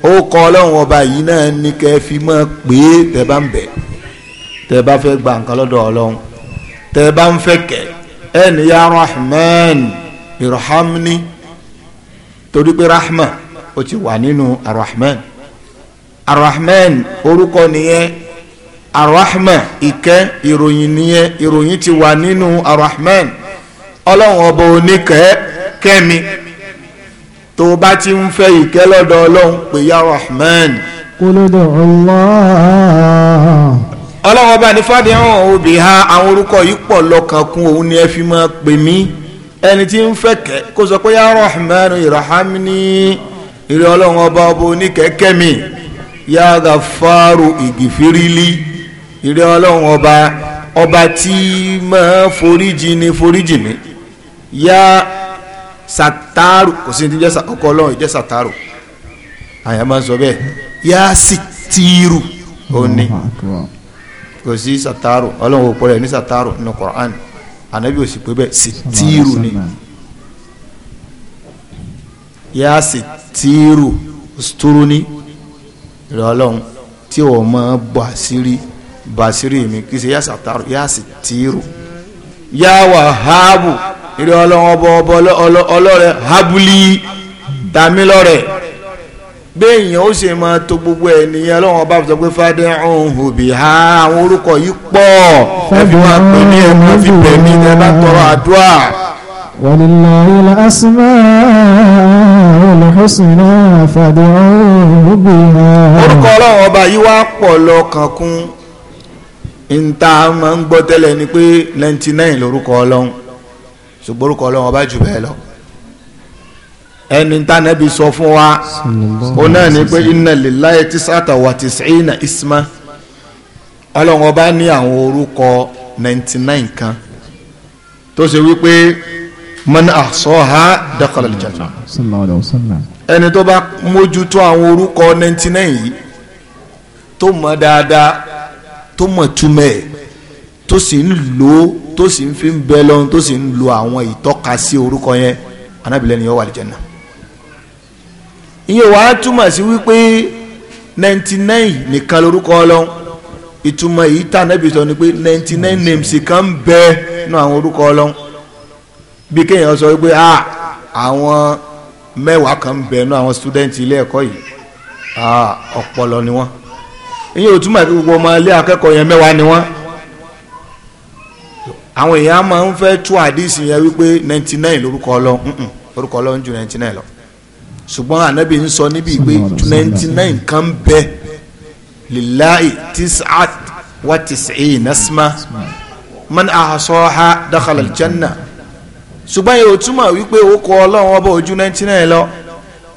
ó kọ ọlọ́run ọba yìí náà ní kẹ́ ẹ fi máa pè é tẹ́ bá ń bẹ̀ tẹ́ bá fẹ́ gba nǹkan lọ́dọ̀ ọlọ́run tẹ́ bá ń fẹ́ kẹ́ ẹ ní rahman irhamni torí pé rahma ó ti wà nínú arahman. arahman orúkọ nìyẹn arahman ìkẹ́ ìròyìn nìyẹn ìròyìn ti wà nínú arahman ọlọ́run ọba oníkẹ́ kẹ́mi tó bá ti ń fẹ́ ìkẹ́ lọ́dọ̀ ọlọ́run pé ya rahman. kúlódò Allah. ọlọ́run ọba ní obì ha àwọn orúkọ yìí pọ̀ lọ́kàn òun ni ẹ fi máa pè mí ẹni tí ń fẹ́ kẹ́ rahman ìrẹ́ ọlọ́run ọba ọba ya gafaru ìgìfìrílì ìrẹ́ ọlọ́run ọba ọba tí máa foríjì ni foríjì mi ya sataru kò sí ní jẹ́ ọkọ ọlọ́run ìjẹ́ sataru àyà máa ń sọ bẹ́ẹ̀ ya sitiru ó ní kò sí sataru ọlọ́run òpó rẹ̀ ní sataru ní Qur'an ànábì ò sì pé bẹ́ẹ̀ sitiru ni ya sitiru sturuni rẹ ọlọ́run tí ò mọ basiri basiri mi kì í ṣe yàtọ̀ tààrọ̀ yàtọ̀ tìrù yà wà háàbù rẹ ọlọ́run ọbọ ọbọ ọlọ́rẹ hábùlì tàmílọ́rẹ béèyàn ó ṣe máa to gbogbo ẹ nìyẹn lọ́wọ́n bá sọ pé fadé ọ̀hún òbí ha àwọn orúkọ yìí pọ̀ ẹ fi máa pè ní ẹ fi pè ní ẹ bá tọrọ àdúrà. ولله الأسماء الحسنى فادعوه بها orúkọ ọlọ́run ọba yìí wá pọ̀ lọ kankun níta máa ń gbọ́ tẹ́lẹ̀ ni pé ninety nine lórúkọ ọba jù bẹ́ẹ̀ ẹni tá nẹ́bi sọ fún wa ó náà ní pé inna lillahi tis'ata wa tis'ina isma ọlọ́run ọba ní àwọn orúkọ ninety nine kan tó ṣe wípé. man ahsaha dakhala aljanna ẹni tó bá mójútó àwọn orúkọ ninety nine yìí tó mọ̀ dáadáa tó mọ̀ túmẹ̀ tó sì ń lò ó tó sì ń fi ń bẹ lọ́n tó sì ń lo àwọn ìtọ́kasí orúkọ yẹn anábìlẹ̀ ni yóò wà aljanna ìyẹn wàá túmọ̀ sí wípé ninety nìkan lórúkọ ọlọ́run ìtumọ̀ yìí tà nábìsọ ni pé ninety names kan ń bẹ nínú àwọn orúkọ ọlọ́run bí kéèyàn sọ pé ah àwọn mẹ́wàá kan bẹ̀ẹ́nu àwọn student ilé ẹ̀kọ́ yìí ah ọpọlọ ni wọ́n ìyẹn ò túmọ̀ gbogbo ọmọ ilé akẹ́kọ̀ọ́ yẹn mẹ́wàá ni wọ́n àwọn èèyàn máa ń fẹ́ tú àdìsí yẹn wípé ninety nine lórúkọ ọlọ́run orúkọ ọlọ́run ju ninety nine lọ ṣùgbọ́n ànábì ń sọ níbi ìgbé ju ninety nine kan bẹ lillahi tis'at wa tis'ina isma man ahsaha dakhala aljanna ṣùgbọ́n yóò túmọ̀ wípé ó kọ ọlọ́run ọba ojú nineteen náà lọ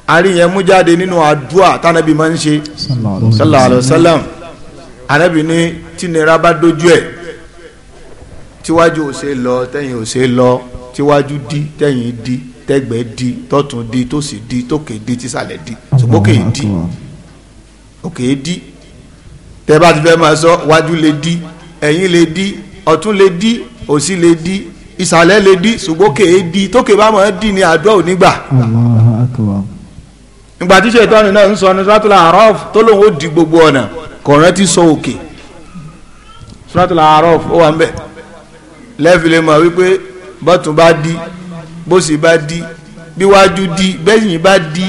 àrí yẹn mú jáde nínú àdúrà tánàbí máa ń ṣe sallallahu alaihi wasallam ànábì ní tìnira bá dojú ẹ̀ tíwájú ò ṣe lọ tẹ̀yìn ò ṣe lọ tíwájú dí tẹ̀yìn dí tẹ̀gbẹ́ dí tọ̀tún dí tòsì dí tòkè dí tìsàlẹ̀ dí ṣùgbọ́n kè é òkè é dí tẹ́ bá ti fẹ́ máa sọ wájú lè dí ẹ̀yìn lè dí ọ̀tún lè dí òsì lè dí ìsàlẹ̀ lè di ṣùgbọ́n kèé di tókè bá máa di ní àdúrà onígbà. ìgbà tí ṣètọ́nù náà ń sọ ní suratul Araf tó lóun ó di gbogbo ọ̀nà kọ̀ọ̀rán ti sọ òkè suratul Araf ó wà ń bẹ̀ lẹ́fìlẹ́ mọ̀ wípé bọ́tún bá di bóṣì bá di bíwájú di bẹ́yìn bá di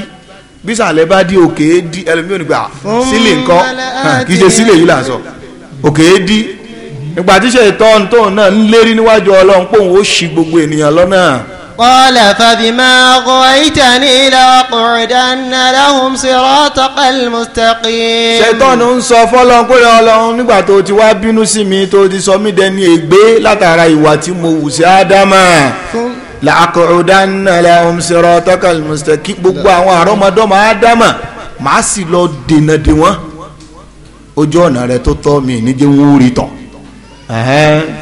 bísàlẹ̀ bá di òkè di ẹlòmíràn gbà ah, sílè ńkọ́ ah, kì í ṣe sílè yìí là ń sọ òkè di nígbà tí ṣètọ́n tóun náà ń lérí níwájú ọlọ́run póun ó ṣì gbogbo ènìyàn lọ́nà. قال فبما أغويتني لأقعدن لهم صراطك المستقيم ṣètọ́nù ń sọ fọ́lọ́n pé ọlọ́run nígbà tó ti wá bínú sí mi tó ti sọ mí dẹni ègbé látara ìwà tí mo wù sí ádámà لأقعدن لهم صراطك المستقيم gbogbo àwọn àrọ́mọdọ́mọ ádámà màá sì lọ dènà dè wọ́n ojú ọ̀nà rẹ̀ tó tọ́ mi níjẹ́ wọ́n tán.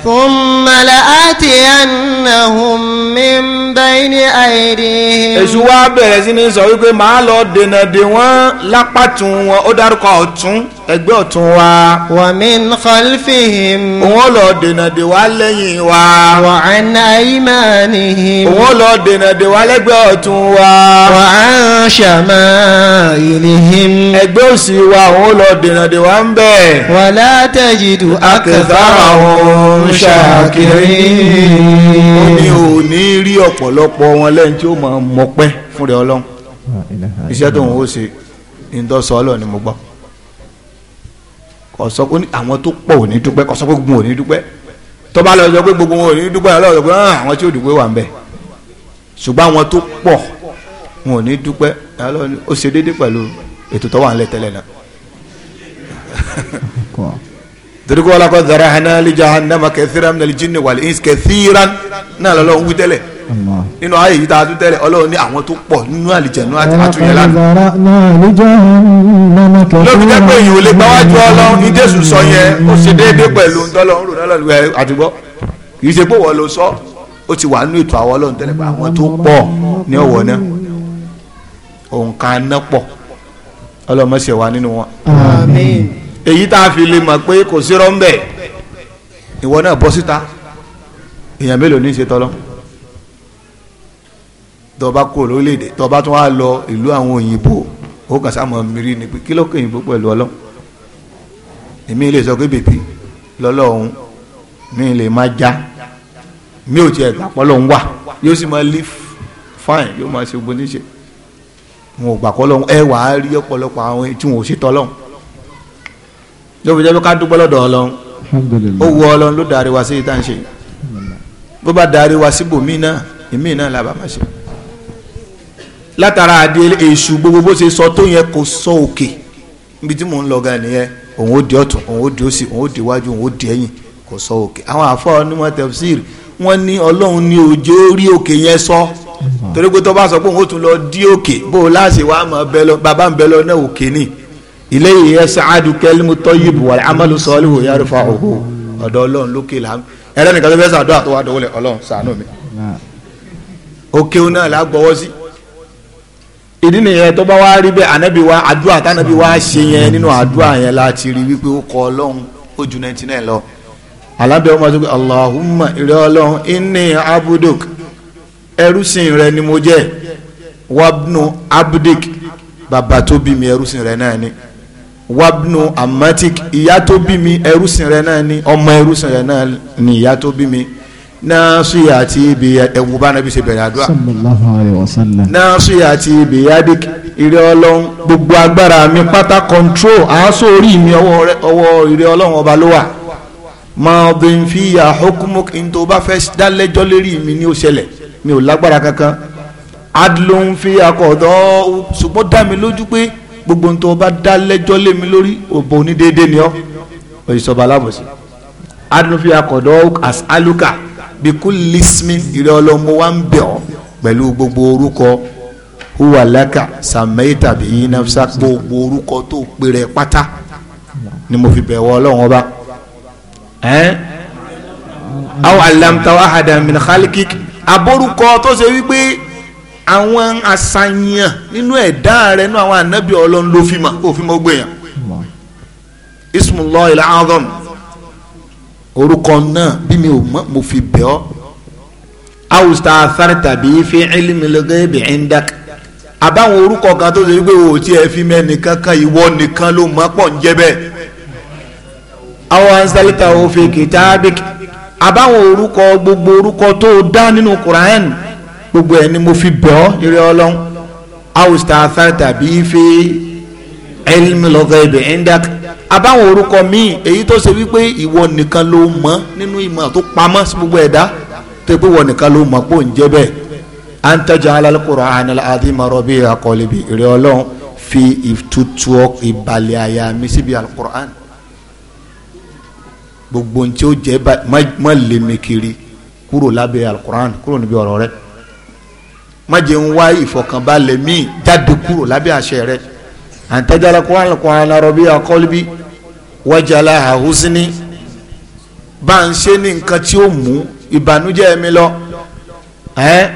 ثم لآتينهم من بين أيديهم èṣù wá bẹ̀rẹ̀ sí ní sọ wípé màá lọ dènà dè wọ́n lápá wọn ó dárúkọ ọ̀tún ẹgbẹ́ ọ̀tún wa. wa min khalfihim. òun lọ dènà dè wá lẹ́yìn wa. wa an aymanihim. òun lọ dènà dè wá lẹ́gbẹ́ ọ̀tún wa. wa an shamailihim. ẹgbẹ́ òsì wa òun lọ dènà dè wá ń bẹ̀. wa la tajidu aktharahum shakirin. ó ò ní rí ọ̀pọ̀lọpọ̀ wọn lẹ́yìn tí ó máa mọpẹ́ fúnra ọlọ́run iṣẹ́ tó ń wó ṣe ìdọ́sọ́ ọlọ́run ni mo gbọ́ kò sọ pé àwọn tó pọ̀ ò ní dúpẹ́ kò sọ pé gbogbo ò ní dúpẹ́ tó bá lọ sọ pé gbogbo ò ní dúpẹ́ ọlọ́run sọ pé ah, àwọn tí ò dúpẹ́ wà ń bẹ̀ ṣùgbọ́n àwọn tó pọ̀ wọn ò ní dúpẹ́ ọlọ́run ó ṣe déédéé pẹ̀lú ètò tó wà ńlẹ̀ tẹ́lẹ̀ náà. torí kó wàlá kó zara hana lè jahannama kathiran minal jinni wal ins kathiran náà lọ́lọ́ ń wí tẹ́lẹ̀ nínú ayé yìí tá a tún tẹ́lẹ̀ ọlọ́run ní àwọn tó pọ̀ nínú àlìjẹ̀nú àti àtúnyẹ̀ lóbi jẹ́ pé èyí ò lè gbáwájú ọlọ́run ní jésù sọ yẹn ó ṣe déédéé pẹ̀lú ntọ́lọ́run ròdọ́lọ́run ẹ̀ àdúgbò kì í ṣe pé wọ́n lo sọ ó ti wà nínú ètò àwọn ọlọ́run tẹ́lẹ̀ pé àwọn tó pọ̀ ní ọ̀wọ́ náà òǹkà náà pọ̀ ọlọ́run má nínú wọn. èyí tá a fi lè mọ̀ pé kò sí rọ́ńbẹ̀ ìwọ tọba kó lórílẹ̀‐èdè tọba tó wá lọ ìlú àwọn òyìnbó ó kà sáà mìírí ni pé kí ló kẹ́ òyìnbó pẹ̀lú ọlọ́ èmi lè sọ pé bèbí lọ́lọ́run mi lè má já mi ò tiẹ̀ gbàpọ́ lọ́hún wà yóò sì máa live fine yóò máa ṣe gbóni ṣe wọn ò gbàpọ́ lọ́hún ẹ wàá rí ọ̀pọ̀lọpọ̀ àwọn tí wọn ò ṣe tọ́ lọ́hún lóbi jẹ́ pé ká dúpẹ́ lọ́dọ̀ ọlọ́hún ó wọ ọlọ́hún ló darí wa sí ìtàn bó bá darí wa síbòmí náà ìmí náà làbá ṣe látara àdé èṣù gbogbo bó ṣe sọ tó yẹ kó sọ òkè níbi tí mò ń lọ gan nìyẹn òun ó di ọ̀tún òun ó di òsì òun ó di iwájú òun ó di ẹ̀yìn kò sọ òkè àwọn àfọ onímọ̀ tẹ̀síìrì wọ́n ní ọlọ́run ní òjò rí òkè yẹn sọ torí pé tó bá sọ pé òun ó tún lọ dí òkè bó o láṣẹ wàá mọ̀ bẹ́ lọ bàbá ń bẹ lọ náà òkè ni ilé yìí ẹsẹ̀ àdùkẹ́ limu tọ́yìbù wà amalu sọ́ọ́lì wò yára fa òkú ọ̀dọ̀ ọlọ́run lókè là ẹlẹ́nìkan tó tó wà ìdí nìyẹn tó bá wá rí bẹ́ẹ̀ ànábì wa àdúrà tánábì wa ṣe yẹn nínú àdúrà yẹn láti rí wípé ó kọ ọlọ́run ó ju ninety nine lọ alábẹ́ ọmọ tó kọ Allahumma ìrẹ́ ọlọ́run inni abuduk ẹrúsìn rẹ ni mo jẹ́ wabnu abdik bàbá tó bí mi ẹrúsìn rẹ náà ni wabnu amatik ìyá tó bí mi ẹrúsìn rẹ náà ni ọmọ ẹrúsìn rẹ náà ni ìyá tó bí mi naasu yaati bi ẹwù bá nàbí ṣe bẹ̀rẹ̀ àdúrà sallallahu alayhi wa sallam bi yadik ìrẹ Ọlọ́run gbogbo agbára mi pátá control àásọ orí mi ọwọ́ ìrẹ Ọlọ́run ọba ló wà maadin fiya hukmuk ntọ́ bá fẹ́ dálẹ́jọ́ lérí mi ní ó ṣẹlẹ̀ mi ò lágbára kankan adlun fiya qada ṣùgbọ́n dá mi lójú pé gbogbo ntọ́ bá dálẹ́jọ́ lé mi lórí òbò onídéédé ni ọ́ òyìnbó alábòsí adlun fiya qada as aluka bikulli ismin ìrẹ́ ọlọ́mọ wa ń bẹ̀ ọ́ pẹ̀lú gbogbo orúkọ huwa laka sàmẹ́yì tàbí nafsa gbogbo orúkọ tó péré pátá ni mo fi bẹ̀ wọ́ ọlọ́run ọba ẹ́n aw alamtawa ahadan min khalikik aborúkọ tó ṣe wípé àwọn àṣàyàn nínú ẹ̀dá rẹ̀ nínú àwọn ànábì ọlọ́run ló fi mà ó fi mọ́ gbé yàn ismullahi al-azam orúkọ náà bí mi ò mọ̀ mo fi bẹ̀ ọ́ awùsà sárta bí fi ìlímìlẹ́gẹ́ bí ẹ̀ńdàk àbáwọn orúkọ kan tó ṣe wípé o ò tiẹ̀ fi mẹ́ nìkan kan ìwọ nìkan ló mọ̀ pọ̀ ń jẹ́ bẹ́ẹ̀ àwọn ansálítà òfin kìtàbíkì àbáwọn orúkọ gbogbo orúkọ tó dá nínú Quran gbogbo ẹ̀ ni mo fi bẹ̀ ọ́ eré ọlọ́run awùsà sárta bí fi ilmi lọ́gẹ́bẹ̀ indak abáwọn orúkọ míì èyí tó ṣe wípé ìwọ nìkan ló mọ̀ nínú ìmọ̀ tó pamọ́ sí gbogbo ẹ̀dá tó pé ìwọ nìkan ló mọ̀ pò ń jẹ́ bẹ́ẹ̀ antajà alalukoro anil adima rọbì akọlibi ìrẹ Ọlọ́run fi ìtutù ìbàlẹ̀ àyà mi síbi alukur'an gbogbo ntí ó jẹ má lè mi kiri kúrò lábẹ́ alukur'an kúrò níbi ọ̀rọ̀ rẹ̀ má jẹ́ ń wá ìfọ̀kànbalẹ̀ mi jáde kúrò lábẹ́ àṣẹ rẹ̀ an tajala qur'ana rabi'a qalbi wa jala'a huzni bá ń ṣe ní nǹkan tí ó mú ìbànújẹ́ mi lọ ẹ́ eh?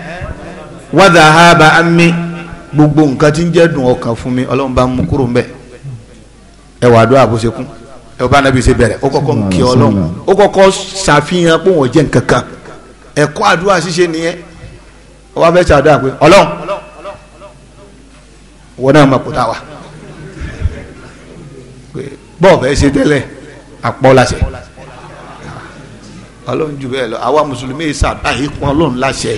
wa dhahaba ammi gbogbo nǹkan tí ń jẹ́ dùn ọkàn fún mi ọlọ́run bá mú kúrò mbẹ́ ẹ wàá dọ́ àbósekún ẹ bá nàbí ṣe bẹ̀rẹ̀ ó kọ́kọ́ ń kí ọlọ́run ó kọ́kọ́ ṣàfihàn pé wọ́n jẹ́ nǹkan kan ẹ̀kọ́ àdúrà ṣíṣe nìyẹn ó wá fẹ́ ṣàdúrà pé ọlọ́run wọn náà mọ̀ kó tá a wà bọ́ọ̀bẹ ṣe tẹ́lẹ̀ àpọ̀ láṣẹ ọlọ́run jù bẹ́ẹ̀ lọ àwa mùsùlùmí yìí sàdáyé pọn ọlọ́run láṣẹ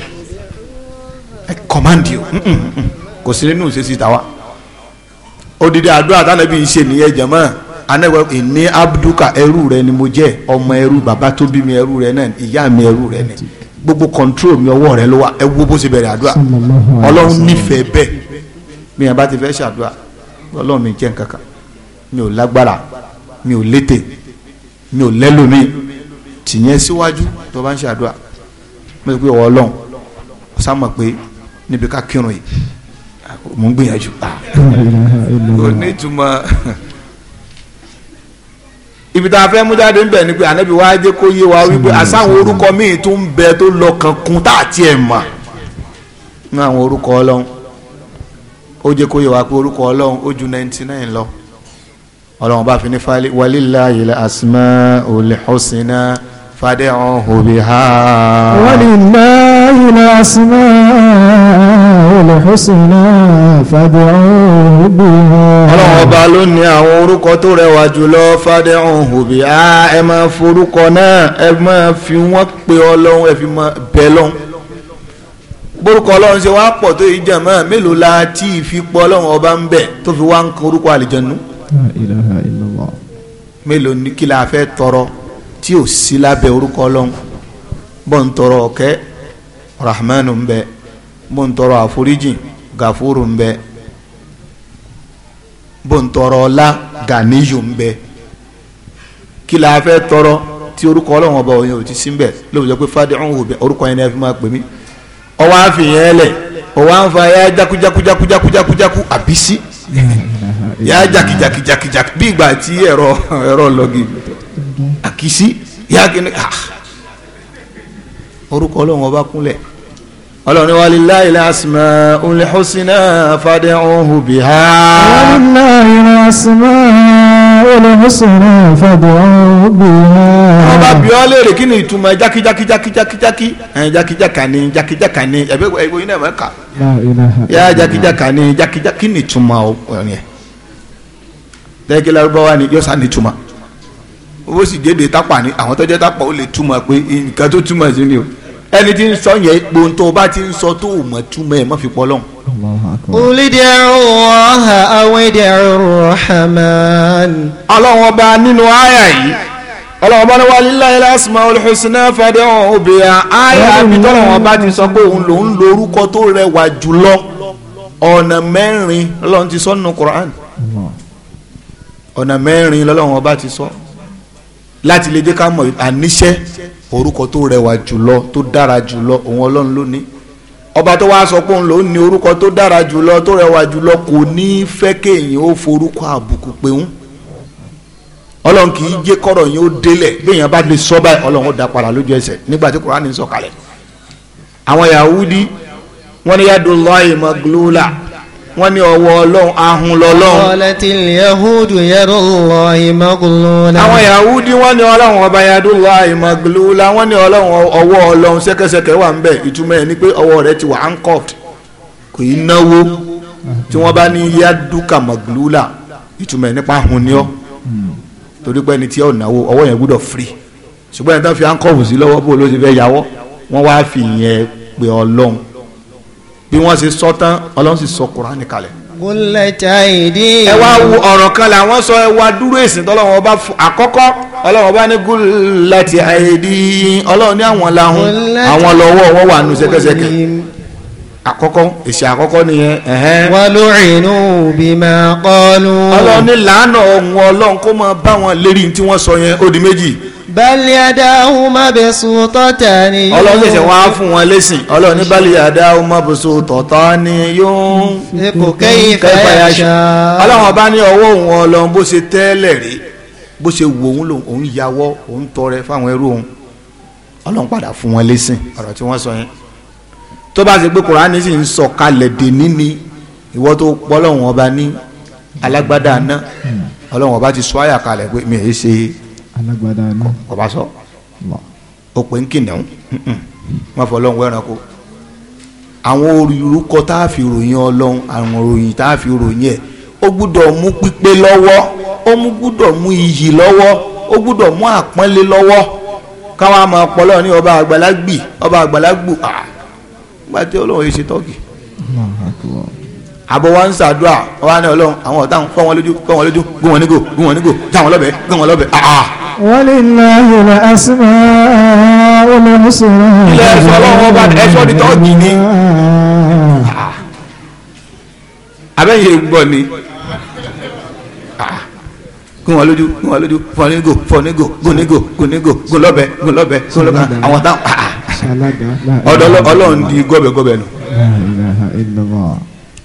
ẹ kọ́mándì o kò sí nínú ìṣesí tàwa odidi àdúrà tánàbí ń ṣe nìyẹn jẹ̀mọ́ anẹ́wẹ́ ìní abduka ẹrú rẹ ni mo jẹ́ ọmọ ẹrú bàbá tó bí mi ẹrú rẹ náà ìyá mi ẹrú rẹ ni gbogbo control mi ọwọ́ rẹ ló wà ẹ wo bó ṣe bẹ̀rẹ̀ àdúrà ọlọ́run nífẹ̀ẹ́ bẹ́ẹ̀ mi yẹn ti fẹ́ ṣàdúrà ọlọ́run mi jẹ́ nǹkan kan mi ò lágbára mi ò létè mi ò lẹ́lòmí tìyẹn síwájú tó bá ń ṣe àdúrà mo sọ pé ọwọ́ ọlọ́run ọ̀sá mọ̀ pé níbi ká kírun yìí mò ń gbìyànjú kò ah. ní ìtumọ̀ ibi tá a fẹ́ mú jáde ń bẹ̀ ni pé ànábi wá dé kó yé wa wípé àsáwọn orúkọ míì tó ń bẹ tó lọ kankun tá a tiẹ̀ mọ̀ ní àwọn orúkọ ọlọ́run ó jẹ́ kó yé wa pé orúkọ ọlọ́run ó ju ninety nine lọ ọlọ́run bá fi ní walillahil asmaul husna fad'uhu biha. walillahil asmaul husna fad'uhu biha. ọlọ́run ọba ló ní àwọn orúkọ tó rẹwà jùlọ fad'uhu biha ẹ máa forúkọ náà ẹ máa fi wọ́n pe ọlọ́run ẹ fi máa bẹ lọ́hùn bórúkọ ọlọ́run ṣe wá pọ̀ tó yìí jẹ̀ mọ́ mélòó la tí ì fi pọ̀ ọlọ́run ọba ń bẹ̀ tó fi wá ń korúkọ àlìjẹ̀nu. ilaha illallah. ni kí la fẹ́ tọrọ tí o sí lábẹ́ orúkọ ọlọ́run bó ń tọrọ ọ̀kẹ́ rahmanu ń bẹ bó ń tọrọ àforíjìn gafuru ń bẹ bó ń tọrọ ọlá gàníyù ń bẹ kí la tọrọ tí orúkọ ọlọ́run ọba òyìn ti sí ń bẹ pé orúkọ yẹn ni ẹ fi máa pè mí ọwọ́ àfihàn yá jaki bí ìgbà tí ẹ̀rọ ẹ̀rọ lọ́gì àkìsí yá kí ni orúkọ ọlọ́run ọba kúnlẹ̀ ọlọ́run ni walillahi al-asma'ul husna fad'uhu biha. walillahi al-asma'ul husna fad'uhu biha. wọ́n bá bí ọ́ léèrè kí ni ìtumọ̀ jákíjákíjákíjákí jákíjákà ni jákíjákà ni ẹ̀bẹ́ ìwé iná ẹ̀mọ́ kà yá jákíjákà ni jákíjákí ni ìtumọ̀ ọ̀rìn tẹ́kẹ́ lárúbáwá ni yọ́sà ní túmọ̀ owó sì dédé tápà ni àwọn tọ́jọ́ tápà ó lè túmọ̀ pé nǹkan tó túmọ̀ sí ni o ẹni tí ń sọ yẹn epo tó bá ti ń sọ tó o mọ̀ túmọ̀ ẹ̀ má fi pọ́ lọ́hùn. olùdíẹ̀rù ọ̀hà àwọn ìdíẹ̀rù rahman. ọlọ́run ọba nínú àyà yìí ọlọ́run ọba ní wa lillahi al-asmaul husna fad'uhu biha àyà àbítọ́lọ́run ọba ti sọ pé òun lòún lo orúkọ tó rẹwà jùlọ ọ̀nà mẹ́rin ọlọ́run ti Qur'an ọ̀nà mẹ́rin lọ́lọ́run ọba ti sọ láti lè jẹ́ ká mọ̀ àníṣe orúkọ tó rẹwà jùlọ tó dára jùlọ òun ọlọ́run ló ní ọba tó wáá sọ pé òun ló ní orúkọ tó dára jùlọ tó rẹwà jùlọ kò ní fẹ́ kéèyàn ó forúkọ àbùkù pé ń ọlọ́run kì í jẹ́ kọ́rọ̀ yín ó délẹ̀ béèyàn bá lè sọ báyìí ọlọ́run ó dá padà lójú ẹsẹ̀ nígbà tí kùránì sọ̀kalẹ̀ àwọn Yahudi wọ́n ní yàdùn lọ́ọ̀yì mọ́glúlà wọ́n ní ọwọ́ ọlọ́run ahun lọ́lọ́run. qalatil yahudu yadullahi maglula. àwọn yahudi wọ́n ní ọlọ́run ọba maglula wọ́n ní ọlọ́run ọwọ́ ọlọ́run wà ìtumọ̀ ni pé ọwọ́ rẹ̀ ti wà handcuffed kò í náwó tí wọ́n bá ní yaduka maglula ìtumọ̀ ni ọ́ torí pé ẹni tí ọ̀ náwó ọwọ́ yẹn gbúdọ̀ ṣùgbọ́n bí wọ́n ṣe sọ tán ọlọ́run sì sọ kuraani kalẹ̀. kúlẹ̀tà ìdí. ẹ wá wo ọ̀rọ̀ kan làwọn sọ ẹ wá dúró èsìn tọ́lọ́wọ́n ọba àkọ́kọ́ ọlọ́run ọba ní kúlẹ̀tà ìdí ọlọ́run ní àwọn làwọn àwọn lọ́wọ́ wọn wà nù sẹ́kẹ́sẹ́kẹ́ àkọ́kọ́ èsì àkọ́kọ́ nìyẹn. wàlúùrìnù bímọ kọlu. ọlọ́run ní làánà ọ̀hún ọlọ́run kó máa bá wọn lérí tí wọ́n sọ yẹn ó di méjì bali adahu mabsutatani yóò. ọlọ́run ṣẹ̀ṣẹ̀ wá fún wọn lẹ́sìn ọlọ́run ní bali adahu mabsutatani yóò. ipò kẹ́yìn fẹ́ẹ́ ṣá. ọlọ́run ọba ní ọwọ́ òun ọlọ́run bó ṣe tẹ́lẹ̀ rí bó ṣe wò òun lòun òun yàwọ́ òun tọrẹ fáwọn ẹrú òun ọlọ́run padà fún wọn lẹ́sìn ọ̀rọ̀ tí wọ́n sọ yẹn tó bá ṣe pé kùránì sì ń sọ alágbádá náà. ọba sọ o pè ń kìnìún wọn fọ ọlọ́run wẹ́ran kó àwọn orúkọ tá a fi ròyìn ọlọ́run àwọn ròyìn tá a fi ròyìn ẹ̀ ó gbúdọ̀ mú pípé lọ́wọ́ ó mú gbúdọ̀ mú iyì lọ́wọ́ ó gbúdọ̀ mú àpọ́nlé lọ́wọ́ káwọn àmọ́ ọpọlọ ní ọba àgbàlagbì ọba àgbàlagbù nígbà tí ọlọ́run yìí ṣe tọ́kì àbọ̀ wa ń ṣàdúrà wa ní ọlọ́run àwọn ọ̀tá ń kọ́ wọn lójú kọ́ wọn lójú gún wọn nígò gún wọn nígò já wọn gún wọn lọ́bẹ̀ ah walillahi al-asma'u al-husna. ilé ẹ̀sọ́ ọlọ́run ọba ẹ̀sọ́ ni tọ́jú ni. Ah. abẹ́yẹ gbọ́ ni ah. kún wọn lójú kún wọn lójú fọnígò fọnígò gònígò gònígò gòlọbẹ gòlọbẹ gòlọbẹ àwọn táwọn ah, ọ̀dọ̀ Ọlọ́run di gọbẹgọbẹ nù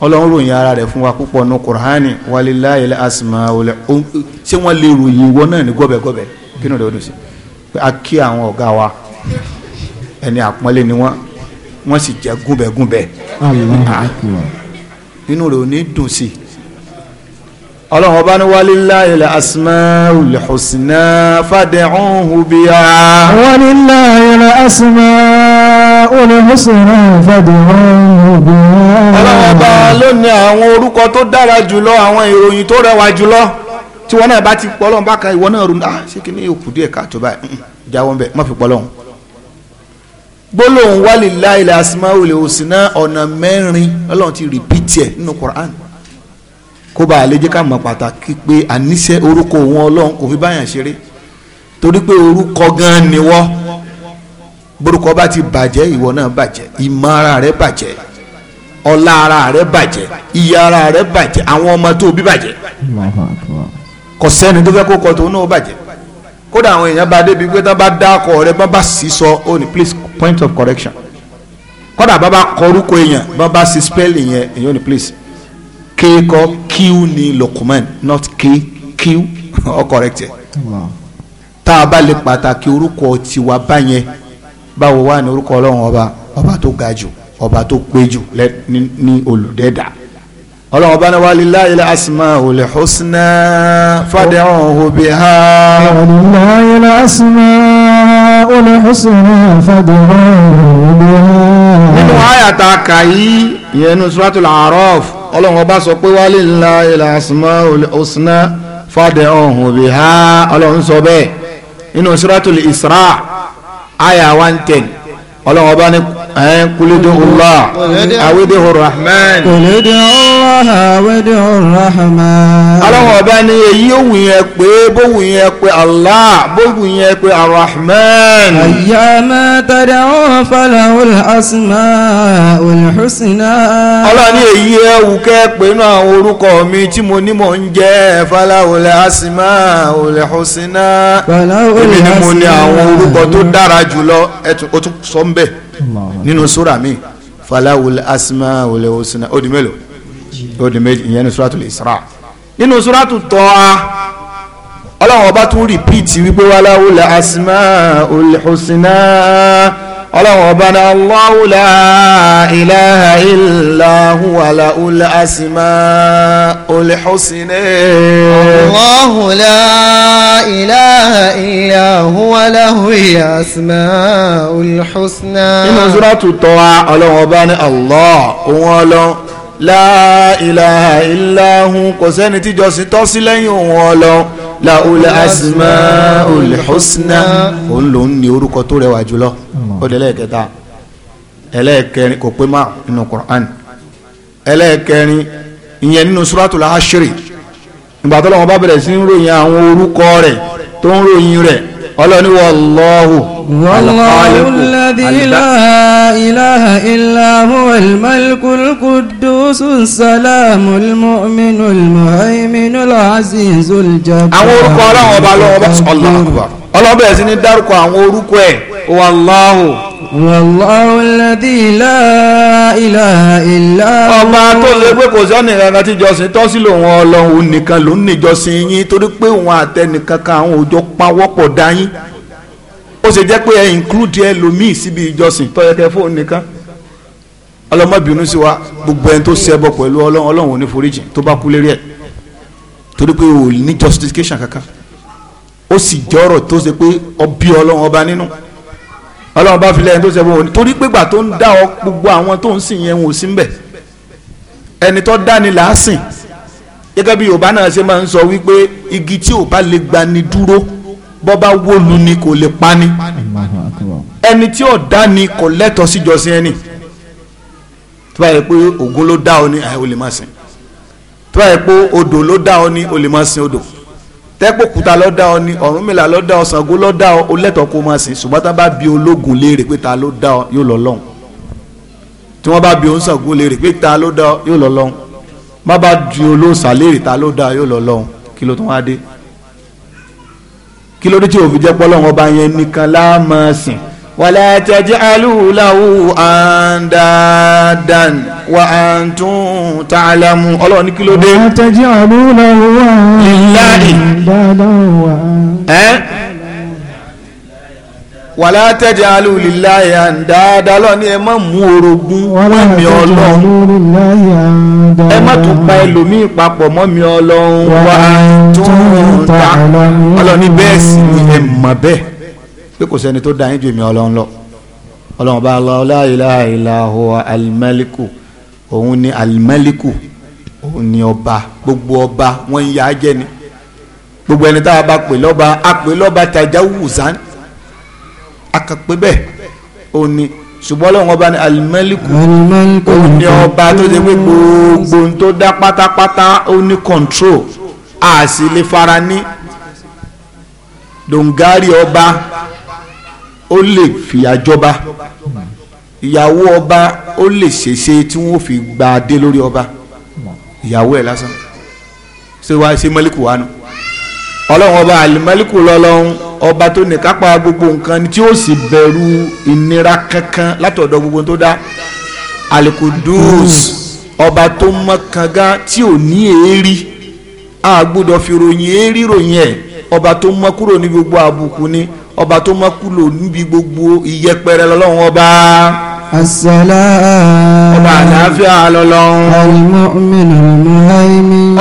ọlọ́run ròyìn ara rẹ̀ fún wa púpọ̀ ní kùránì walilayi asma olè um-, ṣé wọ́n lè ròyìn ìwọ náà ní gọ́bẹ̀gọ́bẹ̀ kí ni ọ̀dọ́ ọdún sí pé a kí àwọn ọ̀gá wa ẹni àpọ́nlé ni wọ́n wọ́n sì jẹ́ gúnbẹ̀gúnbẹ̀ nínú rẹ̀ ò ní dùn sí ọlọ́run ọba ní walilayi asma olè husna fad'uhu biha. walilayi. الأسماء الحسنى فادعوه بها ọlọ́wọ́ ọba ló ní àwọn orúkọ tó dára jùlọ àwọn ìròyìn tó rẹwà jùlọ tí wọn náà bá ti pọ̀ lọ́n bá ka ìwọ náà ronú ah ṣé kí ni òkú díẹ̀ ká tó báyìí jáwọ́ nbẹ má fi pọ̀ lọ́hùn. gbólóhùn walillahi al-asmaul husna ọ̀nà mẹ́rin ọlọ́run ti rìpítì ẹ̀ nínú Qur'an kó bá a lè jẹ́ ká mọ̀ pàtàkì pé àníṣe orúkọ òun ọlọ́run kò fi báyàn ṣeré torí pé orúkọ gan-an ni wọ́n borúkọ bá ti bàjẹ́ ìwọ náà bàjẹ́ ìmọ̀ ara rẹ bàjẹ́ ọlá ara rẹ bàjẹ́ iyì ara rẹ bàjẹ́ àwọn ọmọ tó bí bàjẹ́ kò sẹ́ni tó fẹ́ kó kọ́ tó náà bàjẹ́ kódà àwọn èèyàn bá débi pé tó bá dá rẹ bá bá sì sọ ó ní please point of correction kódà bá bá kọrúkọ èèyàn bá bá sì spelling yẹn èèyàn ní please k kọ q ní Lukman not k q ọ correct yẹ tá a bá lè pàtàkì orúkọ tiwa báyẹn báwo wà ní orúkọ ọlọ́run ọba ọba tó ga jù ọba tó pé jù ní olùdẹ́dà ọlọ́run ọba ní walillahi al-asmaul husna fad'uhu biha. walillahi al-asmaul husna fad'uhu biha. nínú àyàtà kàyí ìyẹn ní suratul A'raf ọlọ́run ọba sọ pé walillahi al-asmaul husna fad'uhu biha ọlọ́run sọ bẹ́ẹ̀ nínú suratul Isra. aya one ten ọlọ́run ọba ní ẹn kúlédé ọlá àwédé rahman. kúlédé ọlá àwédé rahman. ọlọ́run ọba ní èyí òwù yẹn pé bówù yẹn pé allah bówù yẹn pé arahman. ayyama tad'u falahul asma'ul husna. ọlọ́run ní èyí ẹ̀wù kẹ́ pé inú àwọn orúkọ mi tí mo ní mò ń jẹ́ falahul asma'ul husna. falahul asma'ul husna. èmi ni bẹ nínú sura mi falawul asma wòle wosina ó di mélòó ó di méjì ìyẹn ní suratul Isra nínú suratu Taha ọlọ́run ọba tún rìpíìtì wípé walawul asma olùhùsìnà ọlọ́run ọba náà Allahu la ilaha illa huwa lahul asmaul husna. Allahu la ilaha illa huwa lahul asmaul husna. nínú Suratu Taha ọlọ́run ọba ní Allah òun ọlọ́ la ilaha illa hu kò sẹ́ni tíjọ́sìn tọ́ sí lẹ́yìn òun ọlọ́ lahul asmaul husna òun lòun ní orúkọ tó rẹwà jùlọ hmm. ó dé ẹlẹ́ẹ̀kẹta ẹlẹ́ẹ̀kẹrin kò pé má nínú Qur'an ẹlẹ́ẹ̀kẹrin ìyẹn nínú suratul Hashr ìgbà tó lọ́wọ́ bá bẹ̀rẹ̀ sí ń ròyìn àwọn orúkọ rẹ̀ tó ń ròyìn rẹ̀ ọlọ́ni wallahu wallahu alladhi la ilaha illa huwal malikul qudusul salamul mu'minul muhaiminul azizul jabbar. àwọn orúkọ ọlọ́run lọ́wọ́ ọlọ́run ọba ní dárúkọ àwọn orúkọ ẹ̀ wàláhù wàláhù alladhi la ilaha illa ọba tó lè pé kò sọ́nà ìrànà tí jọ́sìn tọ́ sí lòun ọlọ́run nìkan ló ń níjọ́sìn yín torí pé òun àtẹnìkan kan àwọn òjò pawọ́pọ̀ dá yín ó ṣe jẹ́ pé ẹ include ẹlòmíì síbi ìjọsìn tó yẹ kẹ́ fóun nìkan ọlọ́mọbìnrin sí wa gbogbo ẹni tó ṣẹbọ pẹ̀lú ọlọ́run ọlọ́run ò ní foríjì tó bá kú lérí ẹ̀ torí pé o ní justification kankan ó sì jẹ́ tó ṣe pé ọbí ọlọ́run ọba nínú ọlọ́run bá fi lẹ́yìn tó ṣẹbọ òní torí pégbà tó ń dá ọ gbogbo àwọn tó ń sìn yẹn wò sí mbẹ̀ ẹni tó dá ni là á sìn gẹ́gẹ́ bí yorùbá náà ṣe máa ń sọ wípé igi tí ò bá lè gbani dúró bọ́ bá wólu ni kò lè pani ẹni tí ò dá ni kò lẹ́tọ̀ọ́ síjọsìn ẹni tó bá yẹ pé ògún ló dá ọ ní ẹ ò lè má sìn tó bá yẹ pé odò ló dá ọ ní ò lè má sìn odò tẹ́pọ̀kúta ló dá ọ ni ọ̀rúnmìlà ló dá ọ ṣàngó ló dá ọ olẹ́tọ̀ kó máa sìn ṣùgbọ́n tá bá bi ológun léèrè pé ta ló dá ọ yóò lọ lọ́hùn tí wọ́n bá bi òun ṣàngó léèrè pé ta ló dá ọ yóò lọ lọ́hùn má bá ju olóòṣà léèrè ta ló dá ọ yóò lọ lọ́hùn kí ló tún wá dé kí ló dé tí òfin jẹ́ pọ́ lọ́wọ́ ọba yẹn nìkan láà sìn ولا تجعلوا له أندادا وأنتم تعلمون الله ní kí ló dé ولا تجعلوا له أندادا وأنتم wàlá tẹ̀jẹ̀ alùlíláyà àǹdáadáa lọ́ni ẹ má mú orogún mọ́mi ọlọ́run ẹ má tún pa ẹlòmíì papọ̀ mọ́mi ọlọ́run wà á tún ta ọlọ́ni bẹ́ẹ̀ sì ni ẹ mọ̀ bẹ́ẹ̀ pé kò sẹ́ni tó dá yín ju èmi ọlọ́run lọ ọlọ́run bá lọ la ilaha illa huwa alimẹ́líkù òun ni alimẹ́líkù òun ni ọba gbogbo ọba wọ́n ń ya ajẹ́ ni gbogbo ẹni tá a bá pè lọ́ba a pè lọ́ba tajà wùsàn a kà pé bẹ́ẹ̀ òun ni ṣùgbọ́n ọlọ́run ọba ni alimẹ́líkù òun ni ọba tó ṣe pé gbogbo ohun tó dá pátápátá ó ní control a sì lè fara ní dongari ọba ó lè fìyà jọba ìyàwó ọba ó lè ṣèṣe tí wọn fi gba adé lórí ọba ìyàwó ẹ lásán ṣé wàá ṣe mọ́líkù wa nù ọlọ́run ọba àlìmọ́líkù lọ́lọ́run ọba tó ní kápá gbogbo nǹkan tí ó sì bẹ̀rù ìnira kankan látọ̀dọ̀ gbogbo tó dá alikudus ọba tó mọ́ kangán tí ò ní èérí a fi ròyìn èérí ròyìn ẹ̀ ọba tó mọ́ kúrò ní gbogbo àbùkù ni ọba tó mọ́ kúlò níbi gbogbo ìyẹpẹrẹ lọ́lọ́run ọba. asalaam. ọba àlàáfíà lọ́lọ́run. al-mu'min al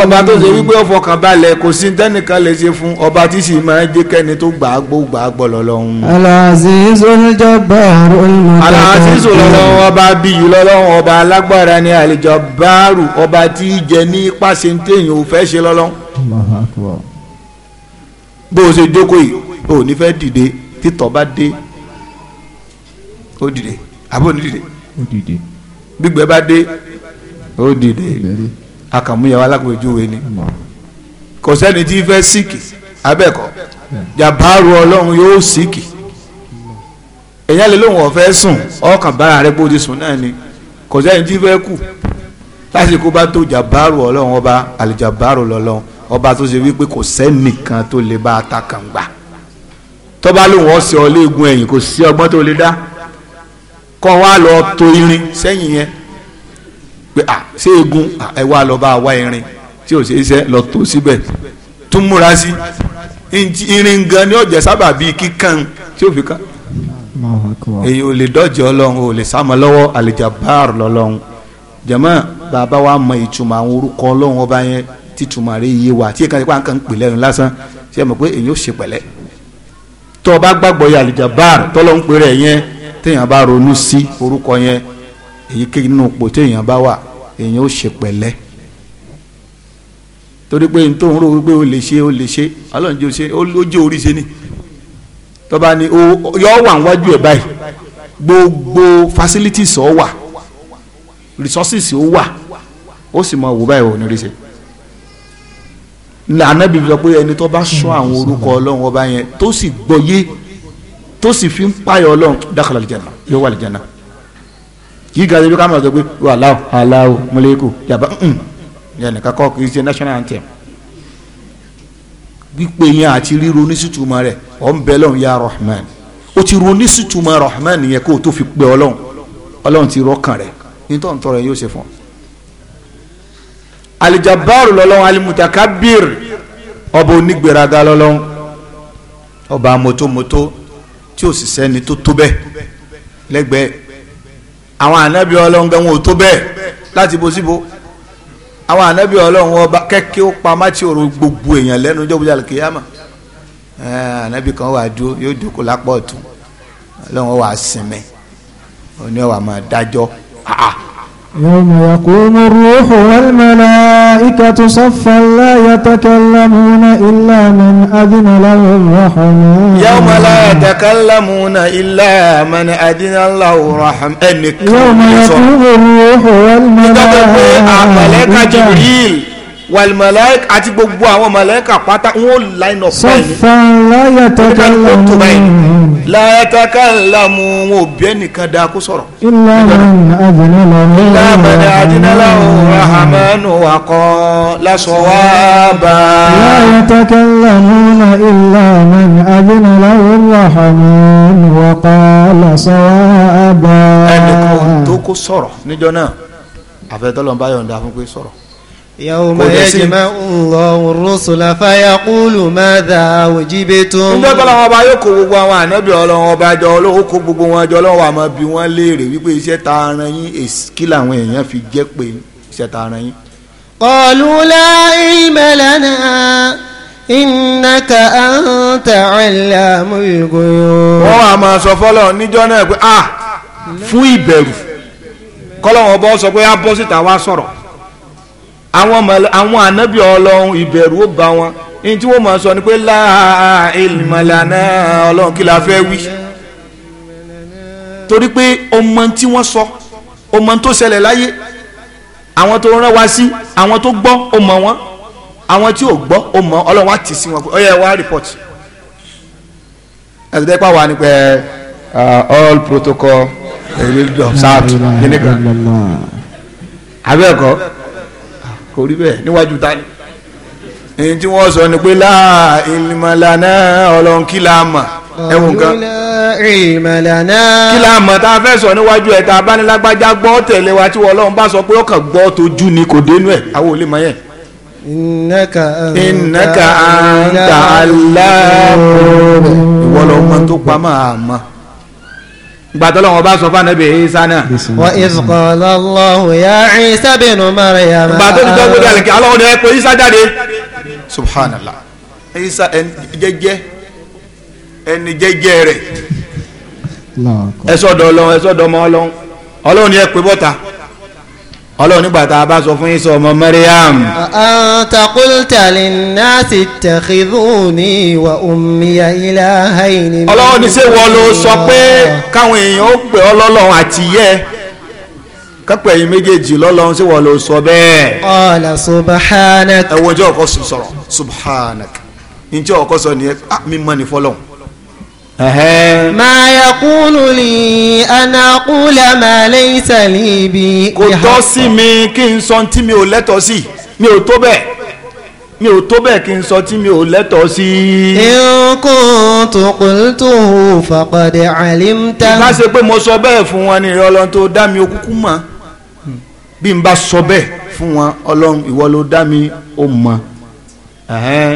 ọba tó ṣe wípé ó kò sí tẹ́nìkan ṣe fún ọba tí sì máa ń jẹ́ kẹ́ni tó gbàgbó gbàgbọ́ lọ́lọ́run. al-azizul jabbarul mutakabbir. al-azizu lọ́lọ́run ọba bíyì lọ́lọ́run ọba alágbára ni al-jabbaru ọba tí jẹ ní pàṣẹ téèyàn ò fẹ́ ṣe lọ́lọ́run. bó o ṣe jókòó yìí o ò ní fẹ́ dìde títọ́ bá dé ó dìde àbò ní dìde gbígbẹ bá dé ó dìde akàmúyàwó alákòójúwe ni kò sẹ́ni tí fẹ́ síkì abẹ́kọ̀ jàbáàrú ọlọ́run yóò síkì èyàn lè lóun ọ̀fẹ́ sùn ọkàn bára rẹ bóde sùn náà ni kò sẹ́ni tí fẹ́ kù lásìkò bá tó jàbáàrú ọlọ́run ọba àlìjàbáàrú lọ́lọ́run ọba tó ṣe wípé kò sẹ́nìkan tó lè bá a ta kàn gbà tọ́ba lòun ọ̀sẹ̀ ọ̀lẹ́gun ẹ̀yìn kò sí ọgbọ́n tó lè dá kọ́ wa lọ to irin sẹ́yìn yẹn pé à ṣé egun ẹ wá lọ bá wa irin tí ò ṣeé ṣe lọ tó síbẹ̀ tún múra sí irin gan ni ọ̀jẹ̀ sábà bíi kíkan tí ò fi ká èyí ò lè dọ́jọ́ ọlọ́run ò lè sámọ lọ́wọ́ àlèjàbáàrù lọ́lọ́run jẹ̀mọ́ bàbá wa mọ ìtumọ̀ àwọn orúkọ ọlọ́run ọba yẹn títúmọ̀ rẹ̀ yé wa tí èkánṣe pa nǹkan ń pè lẹ́nu lásán ṣé ẹ mọ̀ pé èyí ò ṣe pẹ̀lẹ́ tó o bá gbàgbọ́ yà àlìjàbáàr tọ́lọ́ ń pèrè yẹn téèyàn bá ronú sí orúkọ yẹn èyíkéyìí nínú ipò téèyàn bá wà èyàn ó ṣe pẹ̀lẹ́ torí pé nítorí òun rò wípé o lè ṣe o lè ṣe ọlọ́njẹ́ o jẹ́ orí ṣe ni tọ́ba ni yọ wà níwájú ẹ̀ báyìí gbogbo facilities ó wà resources ó wà ó sì mọ wò ní rí ṣe lànàbí sọ pé ẹni tó bá sọ àwọn orúkọ ọlọ́run ọba yẹn tó sì gbọ́yé tó sì fi ń payọ̀ ọlọ́run dákàlà àlìjànnà yóò wà àlìjànnà yìí gàdé bí ká máa sọ pé wà aláwọ aláwọ mọlẹ́kù yàbá ń yẹnì kakọ́ kì ṣe national anthem wípé yẹn àti ríro onísìtúmọ̀ rẹ̀ ọ̀ ń bẹ lọ́run ya rahman o ti ro onísìtúmọ̀ rahman yẹn kó o tó fi pẹ́ ọlọ́run ọlọ́run ti rọ́kàn rẹ̀ nítorí tọrọ yóò ṣe fún ọ alijabaru lọ́lọ́run alimutakabir ọba onígbèraga lọ́lọ́run ọba mọ́tòmọ́tò tí ò sì sẹ́ni tó tó bẹ́ẹ̀ lẹ́gbẹ̀ẹ́ àwọn ànábì ọlọ́run gan wọn ò tó bẹ́ẹ̀ láti bo síbo àwọn ànábì ọlọ́run ọba kẹ́kẹ́ ó pa má ti ọ̀rọ̀ gbogbo èèyàn lẹ́nu jọ́bùjá kìyàmà ànábì kan wà dúró yóò dúkò lápọ̀ ọ̀tún ọlọ́run wà sinmi òní ọ̀wà máa dájọ́ ah ah يوم يقوم الروح والملائكة صفا لا يتكلمون إلا من أذن له الرحمن يوم لا يتكلمون إلا من أذن له الرحمن يوم يقوم الروح والملائكة wàlìmọ̀lẹ́k àti gbogbo àwọn mọ̀lẹ́kà pátá wọn ò line up báyìí. sọfà láyàtàkà lámú wọn ò bí ẹnìkan da kó sọ̀rọ̀. ìlànà àdínàlá òwúrọ̀ àmọ́nù akọ lásọ̀wá bá. láyàtàkà lámú na ìlànà àdínàlá òwúrọ̀ àmọ́nù akọ lásọ̀wá bá. ẹnìkan tó kó sọ̀rọ̀ níjọ náà àfẹ́tọ́lọ́mbáyọ̀ ń fún pé sọ̀rọ̀ yàwùmá yẹ́jìmá ńlọrùn rọ́sùlá fáyàkúlù mẹ́ta òjìbé tó ń. nígbà tọ́lá wọn bá yóò kó gbogbo àwọn ànábì ọlọ́run ọba jọ olówó kó gbogbo wọn jọ ọlọ́run àmọ́ bí wọ́n léèrè wípé iṣẹ́ ta ara yín kí làwọn èèyàn fi jẹ́ pé iṣẹ́ ta ara yín. قالوا لا علم لنا إنك أنت علام الغيوب wọ́n wá máa sọ fọ́lọ́ níjọ́ náà pé ah fún ìbẹ̀rù kọ́lọ́wọ́n bọ́ sọ pé á bọ́ síta wá sọ̀rọ̀ àwọn mọ̀lẹ́ àwọn ànábì ọlọ́run ìbẹ̀rù ó bá wọn ní tí wọ́n máa sọ ni pé láà ìlmọ̀lànà ọlọ́run kí la fẹ́ wí torí pé ọmọ tí wọ́n sọ ọmọ tó ṣẹlẹ̀ láyé àwọn tó rán wa sí àwọn tó gbọ́ ó mọ̀ wọn àwọn tí ò gbọ́ ó mọ̀ ọlọ́run á tì sí wọn pé ó yẹ wá rìpọ́tì ẹ̀sìn dẹ́pà wà ní pẹ́ all protocol eh, served nígbà abẹ́ẹ̀kọ́ kò rí bẹ́ẹ̀ níwájú ta ni èyí tí wọ́n sọ ni pé láà ìlmọ̀lànà ọlọ́run kí la mọ̀ ẹ̀wọ̀n kan kí la mọ̀ tá a fẹ́ sọ níwájú ẹ̀ tá a bá ní lágbájá gbọ́ tẹ̀lé wa tí ọlọ́run bá sọ pé ó kàn gbọ́ tójú ni kò dénú ẹ̀ àwọn ò lè mọ̀ yẹn. ìnáka ìnáka àǹtà aláàbò ìwọ lọ́ọ́ tó pamọ́ àmọ́ gbàtọ́ lọ́wọ́ bá sọ fún anabi Isa náà. wa iz qala Allahu ya Isa bin Maryam. gbàtọ́ ti tọ́gbó dàlẹ́ kí alọ́wọ́ dẹ́ pé Isa jáde. subhanallah Isa ẹni jẹ́jẹ́ ẹni jẹ́jẹ́ rẹ̀ ẹsọ̀dọ̀ ọmọ ọlọ́run ọlọ́run ni ẹ pé bọ́ta ọlọ́run nígbà bá sọ fún Isa ọmọ Maryam. anta qulta linnasi ittakhidhuni wa ummiya ilahayni. ọlọ́run ní sẹ́wọ́ ló sọ pé káwọn èèyàn ó pè ọ́ lọ́lọ́run àti yẹ kápẹ́ yìí méjèèjì lọ́lọ́run sẹ́wọ́ ló sọ bẹ́ẹ̀. qala subhanak. ẹ̀wọ̀n jẹ́ ọkọ sọ̀rọ̀ subhanak njẹ́ ọkọ sọ nìyẹn ah, mímọ́ ni fọlọ́run ma yakunu li ana qula ma laysa li bi. kò tọ́ sí mi kí n sọ tí mi ò lẹ́tọ̀ọ́ sí mi ò tó bẹ́ẹ̀ mi ò tó bẹ́ẹ̀ kí n sọ tí mi ò lẹ́tọ̀ọ́ sí. in kuntu qultuhu faqad alimta. ìbá ṣe pé mo sọ bẹ́ẹ̀ fún wọn ni Ọlọ́run tó dá mi okúkú mọ́ bí n bá sọ bẹ́ẹ̀ fún wọn Ọlọ́run ìwọ ló dá mi ó mọ́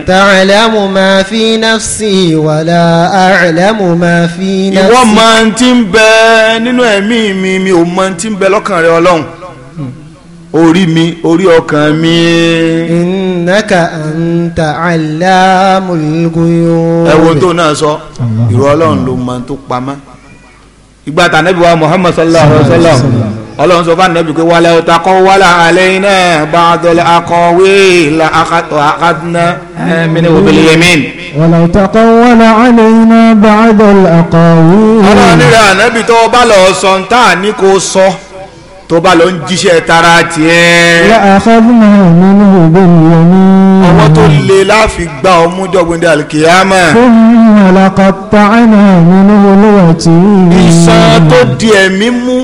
tàlẹ́mù máa fi nafsi wàlá àlẹ́mù máa fi nafsi. ìwọ máa ń ti bẹ nínú ẹ̀mí mi mi ò máa ń ti bẹ lọ́kàn rẹ ọlọ́run orí mi orí ọkàn mi. ìnáka àǹtà aláàmúlùkùn yóò. ẹ wo tó náà sọ ìrọ̀ ló máa tó pamọ́ ìgbà tà nẹ́bí wa muhammad sallallahu alayhi wa sallam ọlọ́run sọ fún nẹ́bí pé wàlẹ́ ọ̀tà kọ́ wàlẹ́ alayna ba'dal aqawil la akhadna minhu bil yamin. wàlẹ́ ọ̀tà kọ́ wàlẹ́ alayna ba'dal aqawil. ọlọ́run nílẹ̀ ànábì tó bá lọ sọ ní kò sọ tó bá lọ ń jíṣẹ́ tara tiẹ̀. ya àfáàbùnà àmì nínú ìgbẹ́ mi wọ ní. ọwọ́ tó le láfi gba ọmú dọ́gbọ́ndé alikiyama. ìsan tó di ẹ̀mí mú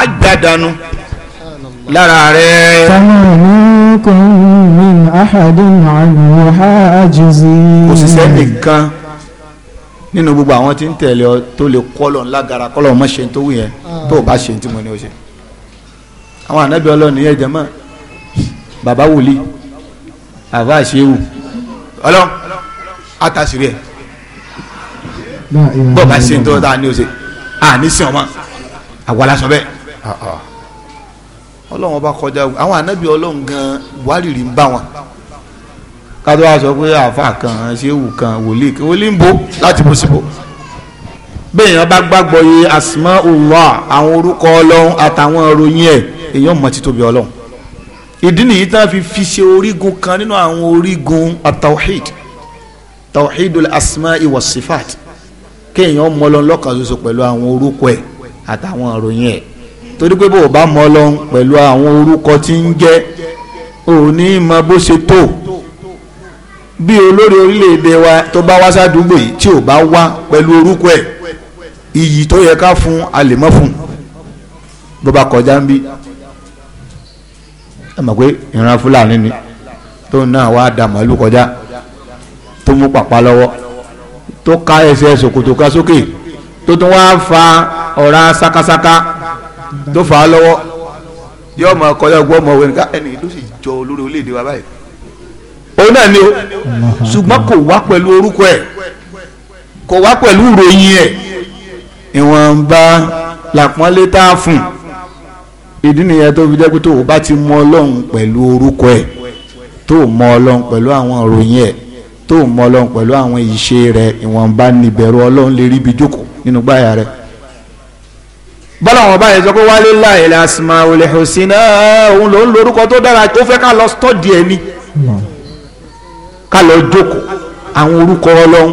àgbàdànù lára rẹ̀. fama minkum min ahadin anhu hajizin. òṣìṣẹ́ nìkan nínú gbogbo àwọn tí ń tẹ̀lé ọ tó lè kọ́ lọ́n lágara kọ́ lọ́n mọ́ ṣe tó wù yẹn tó bá ṣe tí mo ní o ṣe àwọn ànábì ọlọ́ọ̀ni yẹn jẹ́mọ́ bàbá wòlíì àbá àṣewù ọlọ́ àtàṣírí ẹ̀ bọ́ bá ṣe ń tọ́ ta ni o ṣe àní sìn ọmọ àwa la sọ bẹ́ẹ̀ ọlọ́run bá kọjá àwọn ànábì ọlọ́run gan wárìrì ń bá wọn kátó wá sọ pé àáfà kan ṣéwù kan wòlíì kan wòlíì ń bo láti bó síbò bẹ́ẹ̀yàn bá gbàgbọ́ yé asmaullah àwọn orúkọ ọlọ́run àtàwọn ìròyìn ẹ̀ èyàn mọ̀ ti tóbi ọlọ́run ìdí nìyí tán fi fi ṣe orígun kan nínú àwọn orígun atawhid tawhidul asma'i was sifat kéèyàn mọ ọlọ́run lọ́kàn ṣoṣo pẹ̀lú àwọn orúkọ ẹ̀ àtàwọn ìròyìn ẹ̀ torí pé bó o bá mọ ọlọ́run pẹ̀lú àwọn orúkọ tí ń jẹ́ òní mọ bó ṣe tó bí olórí orílẹ̀-èdè wa tó bá wá sádùúgbò yìí tí ò bá wá pẹ̀lú orúkọ ẹ̀ iyì tó yẹ ká fún a lè mọ́ fún bó bá kọjá ń bí ẹ mọ̀ pé ìran fúlàní ni tó náà wá da màálù kọjá tó mú pàpà lọ́wọ́ tó ká ẹsẹ̀ ṣòkòtò ká sókè tó tún wá fa ọ̀rá sákásáká tó fà á lọ́wọ́ yóò mọ kọjá gbọ́ mọ̀ wẹ́nìká ẹnì ló sì jọ olórí orílẹ̀-èdè wa báyìí òun náà ni o ṣùgbọ́n kò wá pẹ̀lú orúkọ ẹ̀ kò wá pẹ̀lú ìròyìn ẹ̀ ìwọ̀nba làpọ́nlé tá a fún ìdí nìyẹn tó fi jẹ́ pé tó o bá ti mọ ọlọ́run pẹ̀lú orúkọ ẹ̀ tó o mọ ọlọ́run pẹ̀lú àwọn òròyìn ẹ̀ tó o mọ ọlọ́run pẹ̀lú àwọn ìṣe rẹ̀ ìwọ̀nba níbẹ̀rù ọlọ́run lè rí ibi jókòó nínú gbáyà rẹ̀ bọ́lá wọn báyìí sọ pé wálé láì lásìmọ̀ olè hùsínà òun ló ń lorúkọ tó dára tó fẹ́ ká lọ stọ́dì ẹ̀ ni ká lọ jókòó àwọn orúkọ ọlọ́run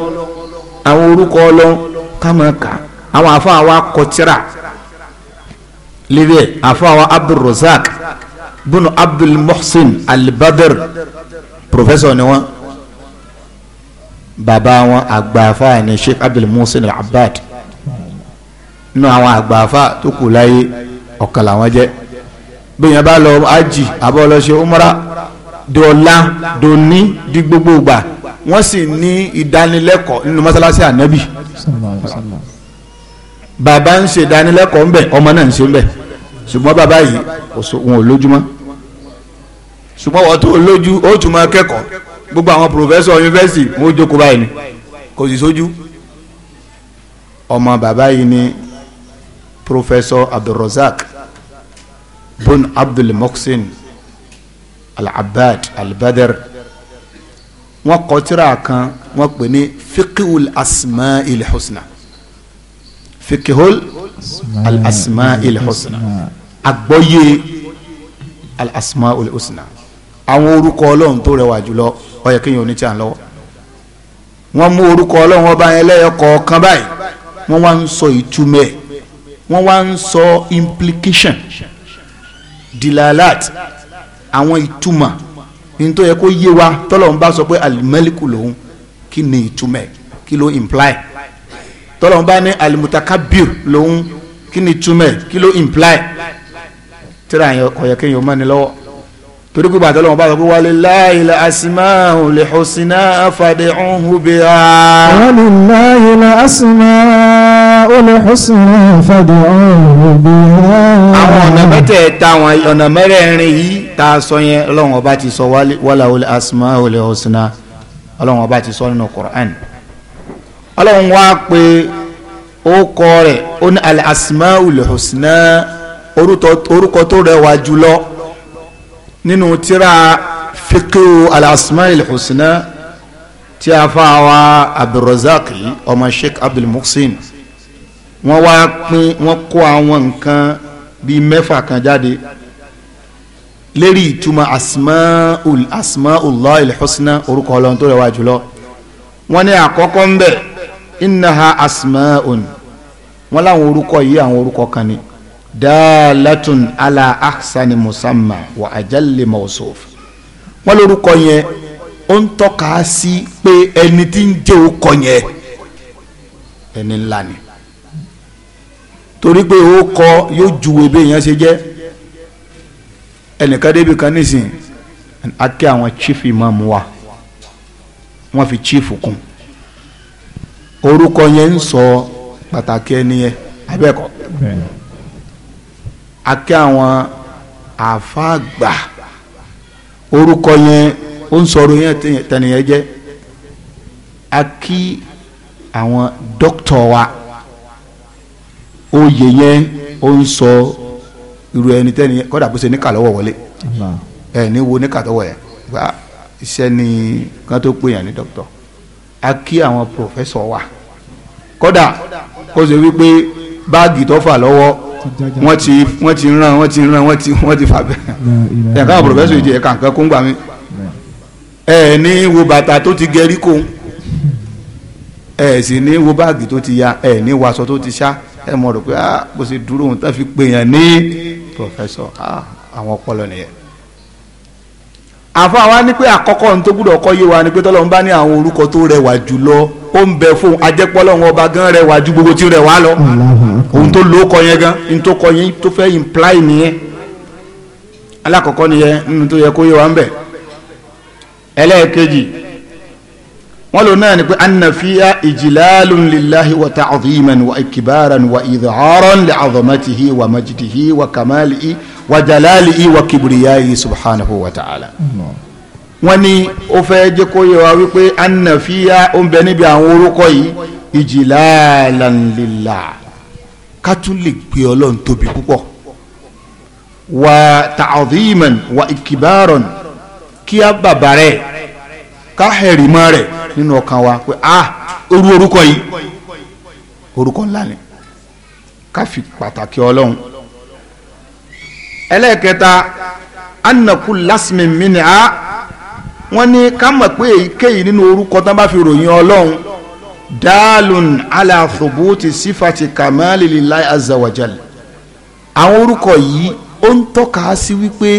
àwọn orúkọ ọlọ́run ká máa kà àwọn àfáà wa kọtira libẹ àfáà wa abdulrozak bunu abdulmuhsin albadr professor ni wọn baba wọn àgbàfà ni sheikh abdulmuhsin al-abbad nínú àwọn àgbàfà tó kù láyé ọ̀kan làwọn jẹ́ bẹ́ẹ̀ bá lọ ájì àbọ̀ lọ ṣe umra dọ̀la dòní di gbogbo gbà wọ́n sì ní ìdánilẹ́kọ̀ọ́ nínú mọ́sálásí ànábì bàbá ń ṣe ìdánilẹ́kọ̀ọ́ ńbẹ ọmọ náà ń ṣe ńbẹ ṣùgbọ́n bàbá yìí wọn ò lójúmọ́ ṣùgbọ́n wọ́n tó lójú ó tún máa kẹ́kọ̀ọ́ gbogbo àwọn pòfẹ́sọ̀ yunifásitì wọn ó jókòó báyìí ni kò sì sójú ọmọ bàbá yìí ni pòfẹ́sọ̀ abdulrozak bon abdulmohsen al-abbad al wọn kọ tírà kan wọn pè ní fiqhul asma il husna fikihol alasima ilhusna agbọ́yé alasima ilhusna àwọn orúkọ ọlọ́run tó rẹwà jùlọ ó yẹ kéèyàn oníṣẹ́ àná lọ́wọ́ wọ́n mú orúkọ ọlọ́run ọba yẹn lẹ́yọ kọ̀ọ̀kan báyìí wọ́n wá ń sọ ìtumọ̀ ẹ̀ wá ń sọ implication dilalat àwọn ìtumọ̀ ní yẹ kó yé wa tọ́lọ́run bá sọ pé alimẹ́líkù kí ni ìtumọ̀ kí ló imply tọ́lọ́run bá ní alimutakabir lòun kí ni túmẹ̀ kí ló imply tíra yẹn kọ̀yẹ́ kéèyàn mọ́ ni lọ́wọ́ torí pé bàtà lọ́wọ́ bá sọ pé walillahi al-asmaul husna fad'uhu biha. walillahi al-asmaul husna fad'uhu biha. àwọn ọ̀nà mẹ́tẹ̀ẹ̀ta àwọn ọ̀nà mẹ́rẹ̀ẹ̀rin yìí tá sọ yẹn ọlọ́run ọba ti sọ wala al-asmaul husna ọlọ́run ọba ti sọ nínú Qur'an ọlọ́run wá pé orúkọ rẹ̀ ó ní al-asmaul husna orúkọ tó rẹwà jùlọ nínú tírà fiqhu al-asmaul husna tí a fa wa abdulrazak ọmọ sheikh abdulmuhsin wọ́n wá pín wọ́n kó àwọn nǹkan bíi mẹ́fà kan jáde lérí ìtumọ̀ asmaul asmaul lahil husna orúkọ ọlọ́run tó rẹwà jùlọ wọ́n ní àkọ́kọ́ ń bẹ innaha asmaun wọn láwọn orúkọ yìí àwọn orúkọ kan ni dalatun ala ahsani musamman wa ajalli mawsuf wọn lórúkọ yẹn ó ń tọ́ka sí pé ẹni tí ń jẹ́ orúkọ yẹn ẹni ńlá ni torí pé ó kọ yóò juwe bí èèyàn ṣe jẹ́ ẹnìkan débi kan nísìnyí akẹ́ àwọn chief imam wa fi chief kún. orúkọ yẹn ń sọ pàtàkì ẹni yẹn abẹ́kọ̀ akẹ́ àwọn àfáàgbà orúkọ yẹn ó ń sọ̀rọ̀ yẹn tẹnìyẹn jẹ́ akí àwọn dókítọ̀ wa oyè yẹn ó ń sọ irú ẹni tẹnìyẹn kọ́dà bó ṣe níkà lọ́wọ́ wọlé ẹ̀ ní wo níkà lọ́wọ́ yẹn iṣẹ́ ni kan tó pè yàn ní dókítọ̀ a kí àwọn pòfẹ́sọ̀ wa kódà kó ṣe wípé báàgì tó fà lọ́wọ́ wọ́n ti wọ́n ti ràn wọ́n ti ràn wọ́n ti wọ́n ti fà bẹ́ẹ̀ ẹ̀ka àwọn pòfẹ́sọ̀ ìjẹ́ ẹ̀ka nǹkan kó ń gbà mí ẹ̀ ní wo bàtà tó ti gẹrí kó ẹ̀ sì ní wo báàgì tó ti ya ẹ̀ ní wo aṣọ tó ti ṣá ẹ̀ mọ̀ rò pé ah, bó ṣe dúró òun tó fi pè yàn ní pòfẹ́sọ̀ ah, àwọn ọpọlọ nìyẹn àfọ àwa ní pé àkọ́kọ́ ní tó gbúdọ̀ kọ́ yé wa ni pé tọ́lọ́run bá ní àwọn orúkọ tó rẹwà jùlọ ó ń bẹ fún ajẹ́pọ́lọ́run ọba gan rẹwà ju gbogbo tí rẹwà lọ ohun tó lò ó kọ yẹn gan ohun tó kọ yẹn tó fẹ́ imply nìyẹn alákọ̀ọ́kọ́ nìyẹn nínú tó yẹ kó yé wa ń bẹ ẹlẹ́ẹ̀kejì wọ́n lò náà ni pé anàfíà ìjìláàlùn lillahi wa ta'ziman wa ikibaran wa idharan wa jalalihi wa kibriyahi subhanahu wa ta'ala. wọ́n ní ó fẹ́ jẹ́ kó yẹ wa wípé annafiya ó ń bẹ níbi àwọn orúkọ yìí ijlalan lillah ká tún lè gbé ọlọ́run tóbi púpọ̀ wa ta'dhiman wa ikibaron kí á bàbá rẹ̀ ká hẹ̀rì mọ́ rẹ̀ nínú ọkàn wa pé ah orú orúkọ yìí orúkọ ńlá ni ká fi pàtàkì ọlọ́run ẹlẹ́ẹ̀kẹta anakú lásìmì mìíràn wọ́n ní ká mọ̀ pé èyíkéyìí nínú orúkọ tán bá fi ròyìn ọlọ́run daalun ala thubuti sifati kamali lillahi azza wa jal àwọn orúkọ yìí ó ń tọ́ka sí wípé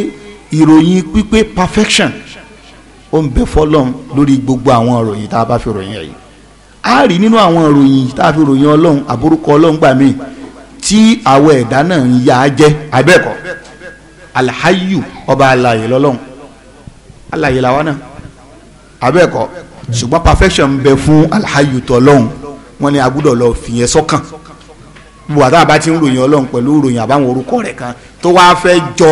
ìròyìn pípé perfection ó ń bẹ fọlọ́n lórí gbogbo àwọn ìròyìn tá a bá fi ròyìn ẹ̀ yìí a rí nínú àwọn ìròyìn tá a fi ròyìn ọlọ́run àbúrúkọ ọlọ́run gbà míì tí àwọn ẹ̀dá náà ń yá a jẹ́ abẹ́ẹ̀kọ́ Alhayu ọba alaye lọ́lọ́run alaye làwọn náà abẹ́ẹ̀kọ́ ṣùgbọ́n perfection ń bẹ fún alihayu tọ́lọ́run wọ́n ní agbọ́dọ̀ lọ fìyẹn sọ́kàn bùbá tá a bá ti ń ròyìn ọlọ́run pẹ̀lú ròyìn àbáwọn orúkọ rẹ̀ kan tó wáá fẹ́ jọ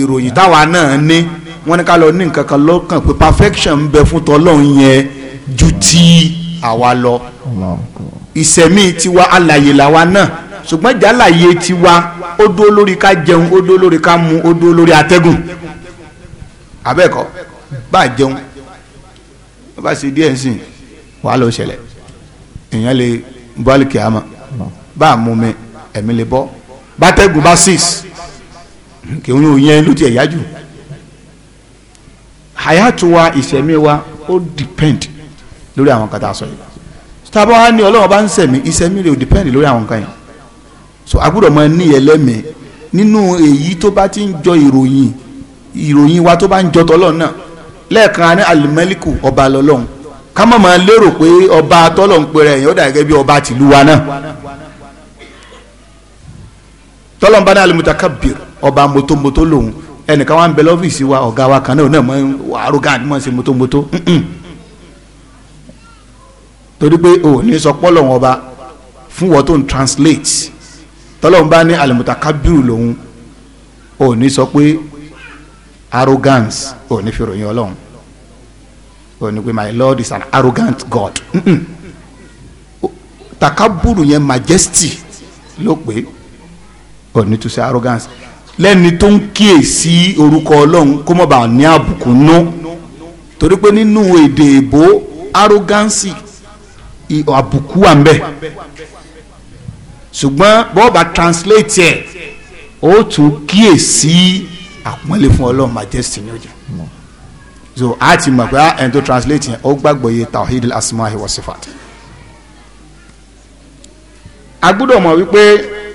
ìròyìn táwa náà ní wọ́n ní ká lọ ní nǹkan kan lọ́kàn pé perfection ń bẹ fún tọ́lọ́run yẹn ju ti àwa lọ ìsẹ̀mí tiwa alaye làwa náà ṣùgbọ́n jálàyé tiwa ó dúró lórí ká jẹun ó dúró lórí ká mu ó dúró lórí atẹ́gùn abẹ́ẹ̀kọ́ bá jẹun bá bá ṣe díẹ̀ sìn wàá lọ ṣẹlẹ̀ èèyàn lè bọ́ọ̀lì kìámà bá mú mi ẹ̀mí lè bọ́ bátẹ́gùn bá six kì í yẹn ló tiẹ̀ yájú hayatuwa ìṣẹ̀mí wa ó depend lórí àwọn kan sọ yìí tábọ̀ wá ní ọlọ́run bá ń sẹ̀mí ìṣẹ̀mí rẹ̀ ó depend lórí àwọn kan yìí so agbọ́dọ̀ máa ní ẹlẹ́mì nínú èyí tó bá ti ń jọ ìròyìn ìròyìn wa tó bá ń jọ tọ́lọ́ náà lẹ́ẹ̀kan a ní alimẹ́líkù ọba lọ́lọ́run ká má máa lérò pé ọba tọ́lọ̀ ń pèrè ẹ̀yìn ó gẹ́gẹ́ bí ọba tìlú wa náà tọ́lọ̀ ń bá ní alimutakabir ọba mọ́tòmọ́tò lòun ẹnìkan wa ń bẹ lọ́fíìsì wa ọ̀gá wa kan náà náà mọ́ arrogant mọ́ sí mọ́tòmọ́tò torí pé o ní sọ pọ́lọ̀ ọba fún wọn tó ń translate tọ́lọ́run bá ní alimutakabiru lòun ò ní sọ pé arrogance ò ní fi ròyìn ọlọ́run ò ní pé my lord is an arrogant god mm-mm. takaburu yẹn majesty ló pé ò ní tún ṣe arrogance lẹ́ni tó ń kíyèsí orúkọ ọlọ́run kó má bàa ní àbùkù nú torí pé nínú èdè èbó arrogance àbùkù wà ń bẹ ṣùgbọ́n bọ́ọ̀bà translate ẹ̀ ó tún kíyèsí àpọ́nlé fún ọlọ́run majesty ní ọjà so a ti mọ̀ pé ẹni tó translate yẹn ó gbàgbọ́ yé tawhid asmahi wa sifat a gbọ́dọ̀ mọ̀ wípé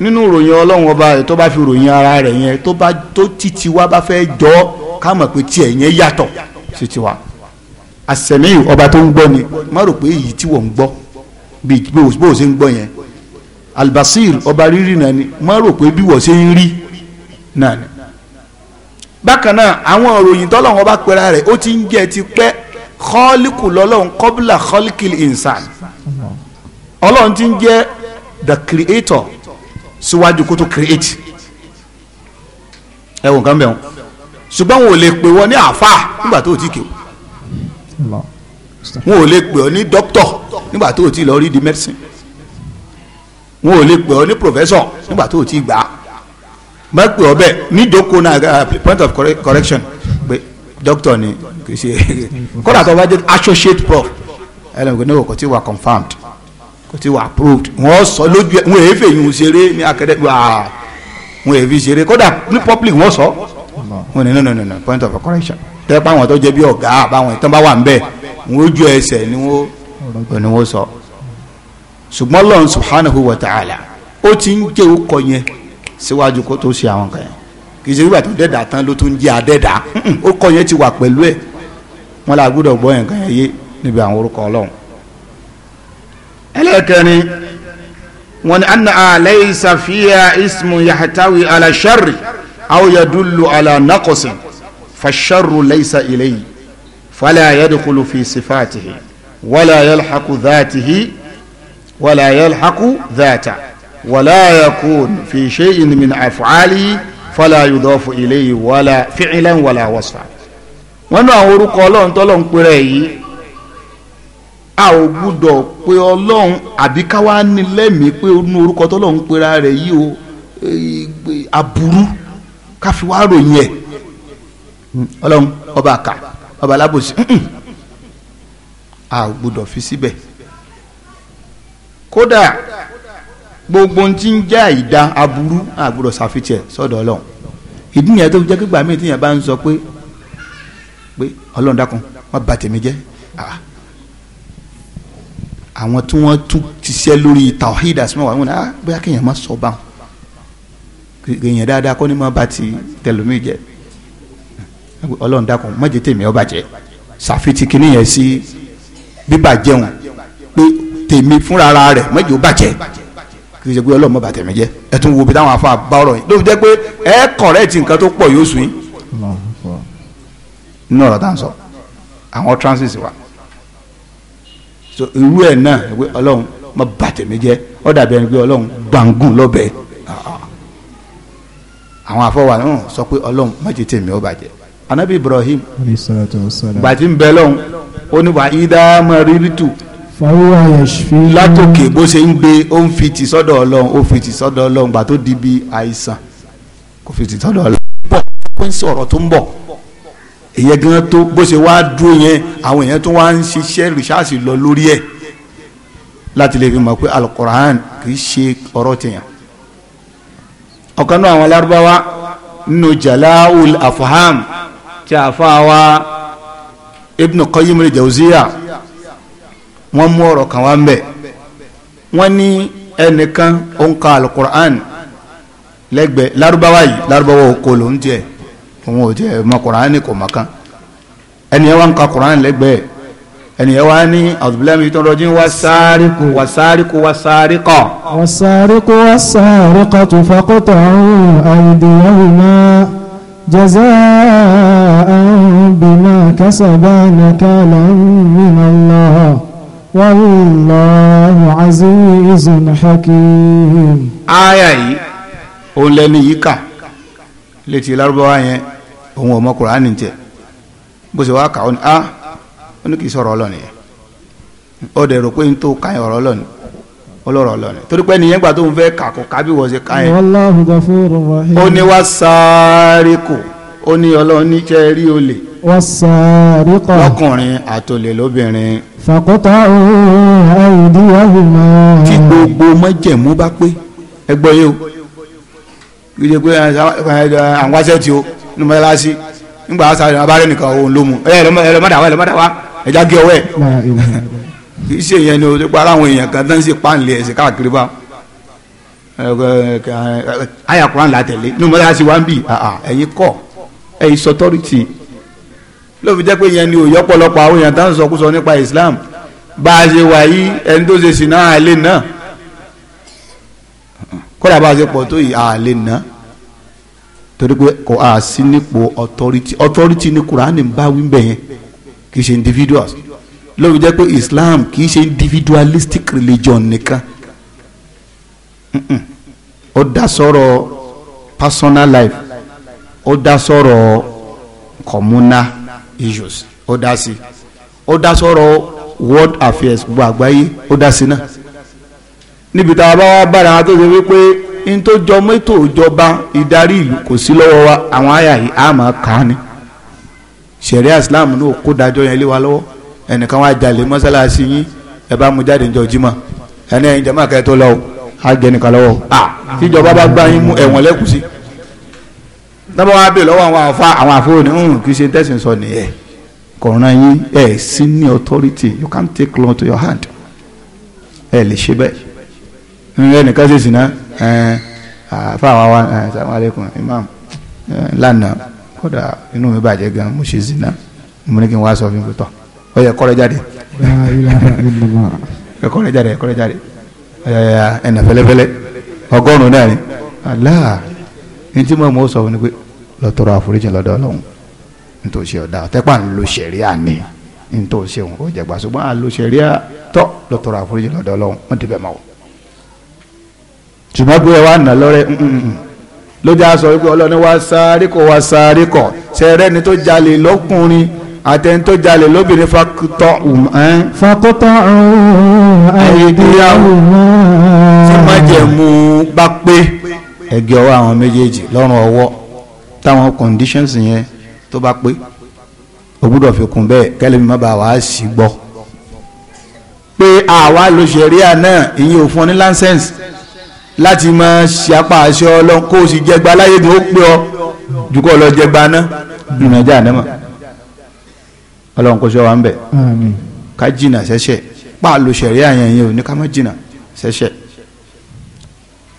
nínú ìròyìn ọlọ́run ọba rẹ̀ tó bá fi ròyìn ara rẹ̀ yẹn tó bá tó títí wa bá fẹ́ jọ ọ́ ká mọ̀ pé tiẹ̀ yẹn yàtọ̀ sí tiwa àsẹ̀mí ọba tó ń gbọ́ ni má rò pé èyí tí wọ́n ń gbọ́ bí bó o ṣe ń gbọ́ yẹn albasir ọba rírì náà ni má rò pé bí wọ́n ṣe ń rí náà ni. bákan náà àwọn òròyìn tọ́lọ́wọ́n bá pera rẹ̀ ó ti ń jẹ́ ti pẹ́ kọ́ọ́líkù lọ́lọ́run kọ́bílà kọ́ọ́líkìlì ìnsàn ọlọ́run ti ń jẹ́ the creator síwájú kó tó create ẹ wò nǹkan bẹ́ẹ̀ wọn ṣùgbọ́n wọn ò lè pè wọ́n ní àáfàá nígbà tó ti kéwò wọn ò lè pè ọ́ ní dókítọ̀ nígbà tó ti lọ rí di medicine wọn ò lè pè ọ ní professor nígbà tó o ti gbà á bá pè ọ bẹ́ẹ̀ níjókòó náà uh, point of correction pé doctor ni kì í ṣe kódà tó bá jẹ́ associate prof ẹlẹ́gbẹ̀ẹ́ náà kò tí wà confirmed kò tí wà approved wọ́n sọ lójú ẹ̀ wọ́n èyí fèyìn ṣeré ní akẹ́dẹ́ wàá wọ́n èyí fi ṣeré kódà ní public wọ́n sọ wọ́n ní no no no point of correction tẹ́ pàwọn tó jẹ́ bí ọ̀gá àbáwọn ìtàn bá wà ń bẹ̀ wọ́n ojú ẹsẹ̀ ni wọ́n sọ ṣùgbọ́n lọ́run subhanahu wa ta'ala ó ti ń gé okọ yẹn síwájú kó tó ṣe àwọn kan yẹn kì í ṣe nígbà tó dẹ́dà tán ló tún jẹ́ àdẹ́dà okọ yẹn ti wà pẹ̀lú ẹ̀ wọn là gbọ́dọ̀ gbọ́ yẹn kan yẹn yé níbi àwọn orúkọ ọlọ́run. ẹlẹ́kẹ̀rin wọn ni anna laysa fiya ismu yahtawi ala sharri aw yadullu ala naqsin fasharru laysa ilayhi fala yadkhulu fi sifatihi wala yalhaqu dhatihi. ولا يلحق ذاته ولا يكون في شيء من أفعاله فلا يضاف إليه ولا فعلا ولا وصفا wọn náà orúkọ Ọlọ́run tọlọ́run péré yìí a ò gbúdọ̀ pé Ọlọ́run àbí ká wá ní lẹ́mìí pé inú orúkọ tọlọ́run péré rẹ̀ yìí o aburú ká fi ròyìn ẹ̀ Ọlọ́run ọba àkà ọba alábòsí a ò gbúdọ̀ fi síbẹ̀. Si kódà gbogbo ti ń jẹ́ àìda aburú àgbọ̀dọ̀ ṣàfihàn sọ́dọ̀ ọlọ́run ìdí nìyẹn tó fi jẹ́ kígbà míì tíyẹn bá ń sọ pé pé ọlọ́run dákun wọ́n bà tèmi jẹ́ àwọn tí wọ́n tún ti ṣe lórí tawhid asọ́mọ́ wà wọ́n náà ah, bóyá kéèyàn má sọ báwọn kéèyàn dáadáa kọ́ ni má bà ti tẹlómi jẹ́ ọlọ́run dákun má tèmi ó bàjẹ́ ṣàfihàn kìnìyẹn sí bíbàjẹ́ wọn pé tèmi fúnra rẹ̀ mọ́jọ́ bàjẹ́ kì í ṣe pé ọlọ́mọ bàtẹ̀ mi jẹ́ ẹ tún wo bí táwọn afa bá ọ̀rọ̀ yìí ló fi jẹ́ pé ẹ kọ̀rẹ́ẹ̀tì nǹkan tó pọ̀ yóò sùn yín nínú ọ̀rọ̀ tá à ń sọ àwọn transit wa so irú ẹ̀ náà pé ọlọ́run mọ bàtẹ̀ mi jẹ́ ọ dàbí ẹni pé ọlọ́run gbàngùn lọ́bẹ̀ àwọn afọwà náà sọ pé ọlọ́run mọ̀jẹ̀ tèmi ó bàjẹ́ anabi Ibrahim gbàtí ń bẹ lọ́hùn ó ní wàá ìdá mọ̀ rírítù fàáwá yẹ̀ṣfì. látòkè bó ṣe ń gbé ó ń fi ti sọ́dọ̀ ọlọ́run ó fi ti sọ́dọ̀ ọlọ́run gbà tó di bí àìsàn kò fi ti sọ́dọ̀ ọlọ́run. bọ̀ ó ń sọ̀rọ̀ tó ń bọ̀ ìyẹn gan tó bó ṣe wá dúró yẹn àwọn èèyàn tó wá ń ṣiṣẹ́ rìṣáàsì lọ lórí ẹ̀ láti lè fi mọ̀ pé alukoran kì í ṣe ọ̀rọ̀ tèèyàn. ọ̀kan náà àwọn alárúbáwá nínú jala'ul afham tí àfa wa ibn qayyim al-jawziya wọ́n mú ọ̀rọ̀ kan wá ń bẹ̀ wọ́n ní ẹnìkan ó ń ka alukur'an lẹ́gbẹ̀ẹ́ lárúbáwá yìí lárúbáwá oko ló ń jẹ òun ò jẹ ọmọ kur'an kò mọ̀ kan ẹnìyẹn wá ń ka kur'an lẹ́gbẹ̀ẹ́ ẹnìyẹn wá ní àdùbílẹ́mi tó rọjí wá sáríkù wá sáríkù wá sáríkọ. wá sáríkù wá sáríkọ tó fakọ́tọ̀ ọ̀hún àìdíyàwó náà jaza'an bima kasaba nakalan min Allah. wallahu azizun hakim. aya yìí O lẹni yìí kà létí lárúbáwá yẹn òun ọmọ kùránì ni bó ṣe wá kà ó a ah! ó kì í sọ̀rọ̀ ọlọ́ni yẹn ọ dẹrọ n tó ka yẹn ọ̀rọ̀ ọlọ́ni ọlọrọ ọlọ́ni torí pé nìyẹn gbà tó ń fẹ́ kà ó ní ọlọ́run ní tẹ́ rí olè. wọ́n sáré kọ́. lọ́kùnrin àtòlè lóbìnrin. fàkótà òun àìdí àwòrán. tí gbogbo mọ́jẹ̀mú bá pé ẹ gbọ́ yé o gbèdé pé àwọn aṣẹ́ tí o ní mọ́tàlásí nígbà sáré abárẹ́ nìkan òun ló mu ẹ ẹ lọ́mọdà wa ẹ lọ́mọdà wa ẹ já gé ọwọ́ ẹ. kì í ṣe ìyẹn ni o ti pa ara àwọn èèyàn kan tó ń ṣe páàlì ẹ̀sìn káàkiri báwọn ayakura la tẹ̀lé ní mọ́tàlásí wa ń bì ẹ̀yin kọ́ ẹ̀ is authority ló fi jẹ́ pé yẹn ni òye ọ̀pọ̀lọpọ̀ àwọn èèyàn tá sọkúsọ nípa Islam bá a ṣe wà yí ẹni tó ṣe sì náà àlè náà kódà bá a ṣe pọ̀ tó yìí àlè náà torí pé kò á sí nípò authority authority ni Quran ń bá wíńbẹ̀ yẹn kì í ṣe individuals ló fi jẹ́ pé Islam kì í ṣe individualistic religion nìkan ó dá sọ̀rọ̀ personal life ó dá sọ̀rọ̀ communal issues ó dá sí ó dá sọ̀rọ̀ world affairs gbogbo àgbáyé ó dá sí náà níbi tá a bá wá bára tó ṣe wípé n tó jọ mẹ́tò ìjọba ìdarí ìlú kò sí lọ́wọ́ wa àwọn àyà yìí á máa kà á ni sẹ̀ríà islam náà kó dájọ́ yẹn lé wa lọ́wọ́ ẹnìkan wá jalè mọ́sálásí yín ẹ bá mú jáde níjọ́ jímọ̀ ẹni ẹ̀yin jẹ́ máa kẹ́ tó lọ́wọ́ á jẹ́ nìkan lọ́wọ́ à tíjọba bá gbá yín mú ẹ̀wọ̀n lẹ́kùsí dábàá wá bèè lọ́wọ́ àwọn àfa àwọn àfo ni kì í ṣe tẹ̀sán sọ nìyẹn kọ̀ọ̀ràn yín ẹ̀ sí ní authority you can't take loan to your hand ẹ̀ lè ṣe bẹ́ẹ̀ ẹnìkan ṣe sìnà ẹ̀ àfa àwọn wa ẹ̀ sàmú aleykum imam lánàá kódà inú mi bàjẹ́ gan mo ṣe sìnà mo ní kí n wá sọ fún mi tọ́ ọ yẹ kọ́rẹ́ jáde ẹ kọ́rẹ́ jáde ẹ kọ́rẹ́ jáde ẹ̀ ẹ̀nà fẹ́lẹ́fẹ́lẹ́ ọgọ́rùn-ún náà ni aláà ní tí mọ̀mọ́ sọ ni pé lọ tọrọ àforíjì lọ́dọ̀ ọlọ́run nítorí ṣe ọ̀dà ọ̀tẹ́pà ń lo ṣẹ̀ríà ni nítorí ṣe òun ó jẹ̀gbà ṣùgbọ́n à ń lo ṣẹ̀ríà tọ́ lọ tọrọ àforíjì lọ́dọ̀ ọlọ́run wọ́n ti bẹ̀ mọ́ o. ṣùgbọ́n pé ẹ wá nà lọ́rẹ́ lójú aṣọ wípé ọlọ́ni wá sáré kọ wá sáré kọ ṣẹ̀rẹ́ ni tó jalè lọ́kùnrin àtẹni tó jalè lóbìnrin fakutọ ẹ. fakutọ àìdíyàwó. tí májẹ̀mú bá pé ẹgbẹ́ ọwọ́ àwọn méjèèjì lọ́rùn ọwọ́ táwọn conditions yẹn tó bá pé o gbúdọ̀ fi kún bẹ́ẹ̀ kẹ́lẹ́mi má bàa wàá sì gbọ́ pé àwa lo ṣẹ̀ríà náà ìyẹn ò fún ọ ní license láti máa ṣe apá àṣẹ ọlọ́run kó o sì jẹgba láyé ni ó pé ọ ju kó o lọ jẹgba náà dùnàjà náà mọ̀ ọlọ́run kò ṣe wa ń bẹ̀ ká jìnnà ṣẹ̀ṣẹ̀ pààlò ṣẹ̀ríà yẹn ìyẹn ò ní ká má jìnnà ṣẹ̀ṣẹ̀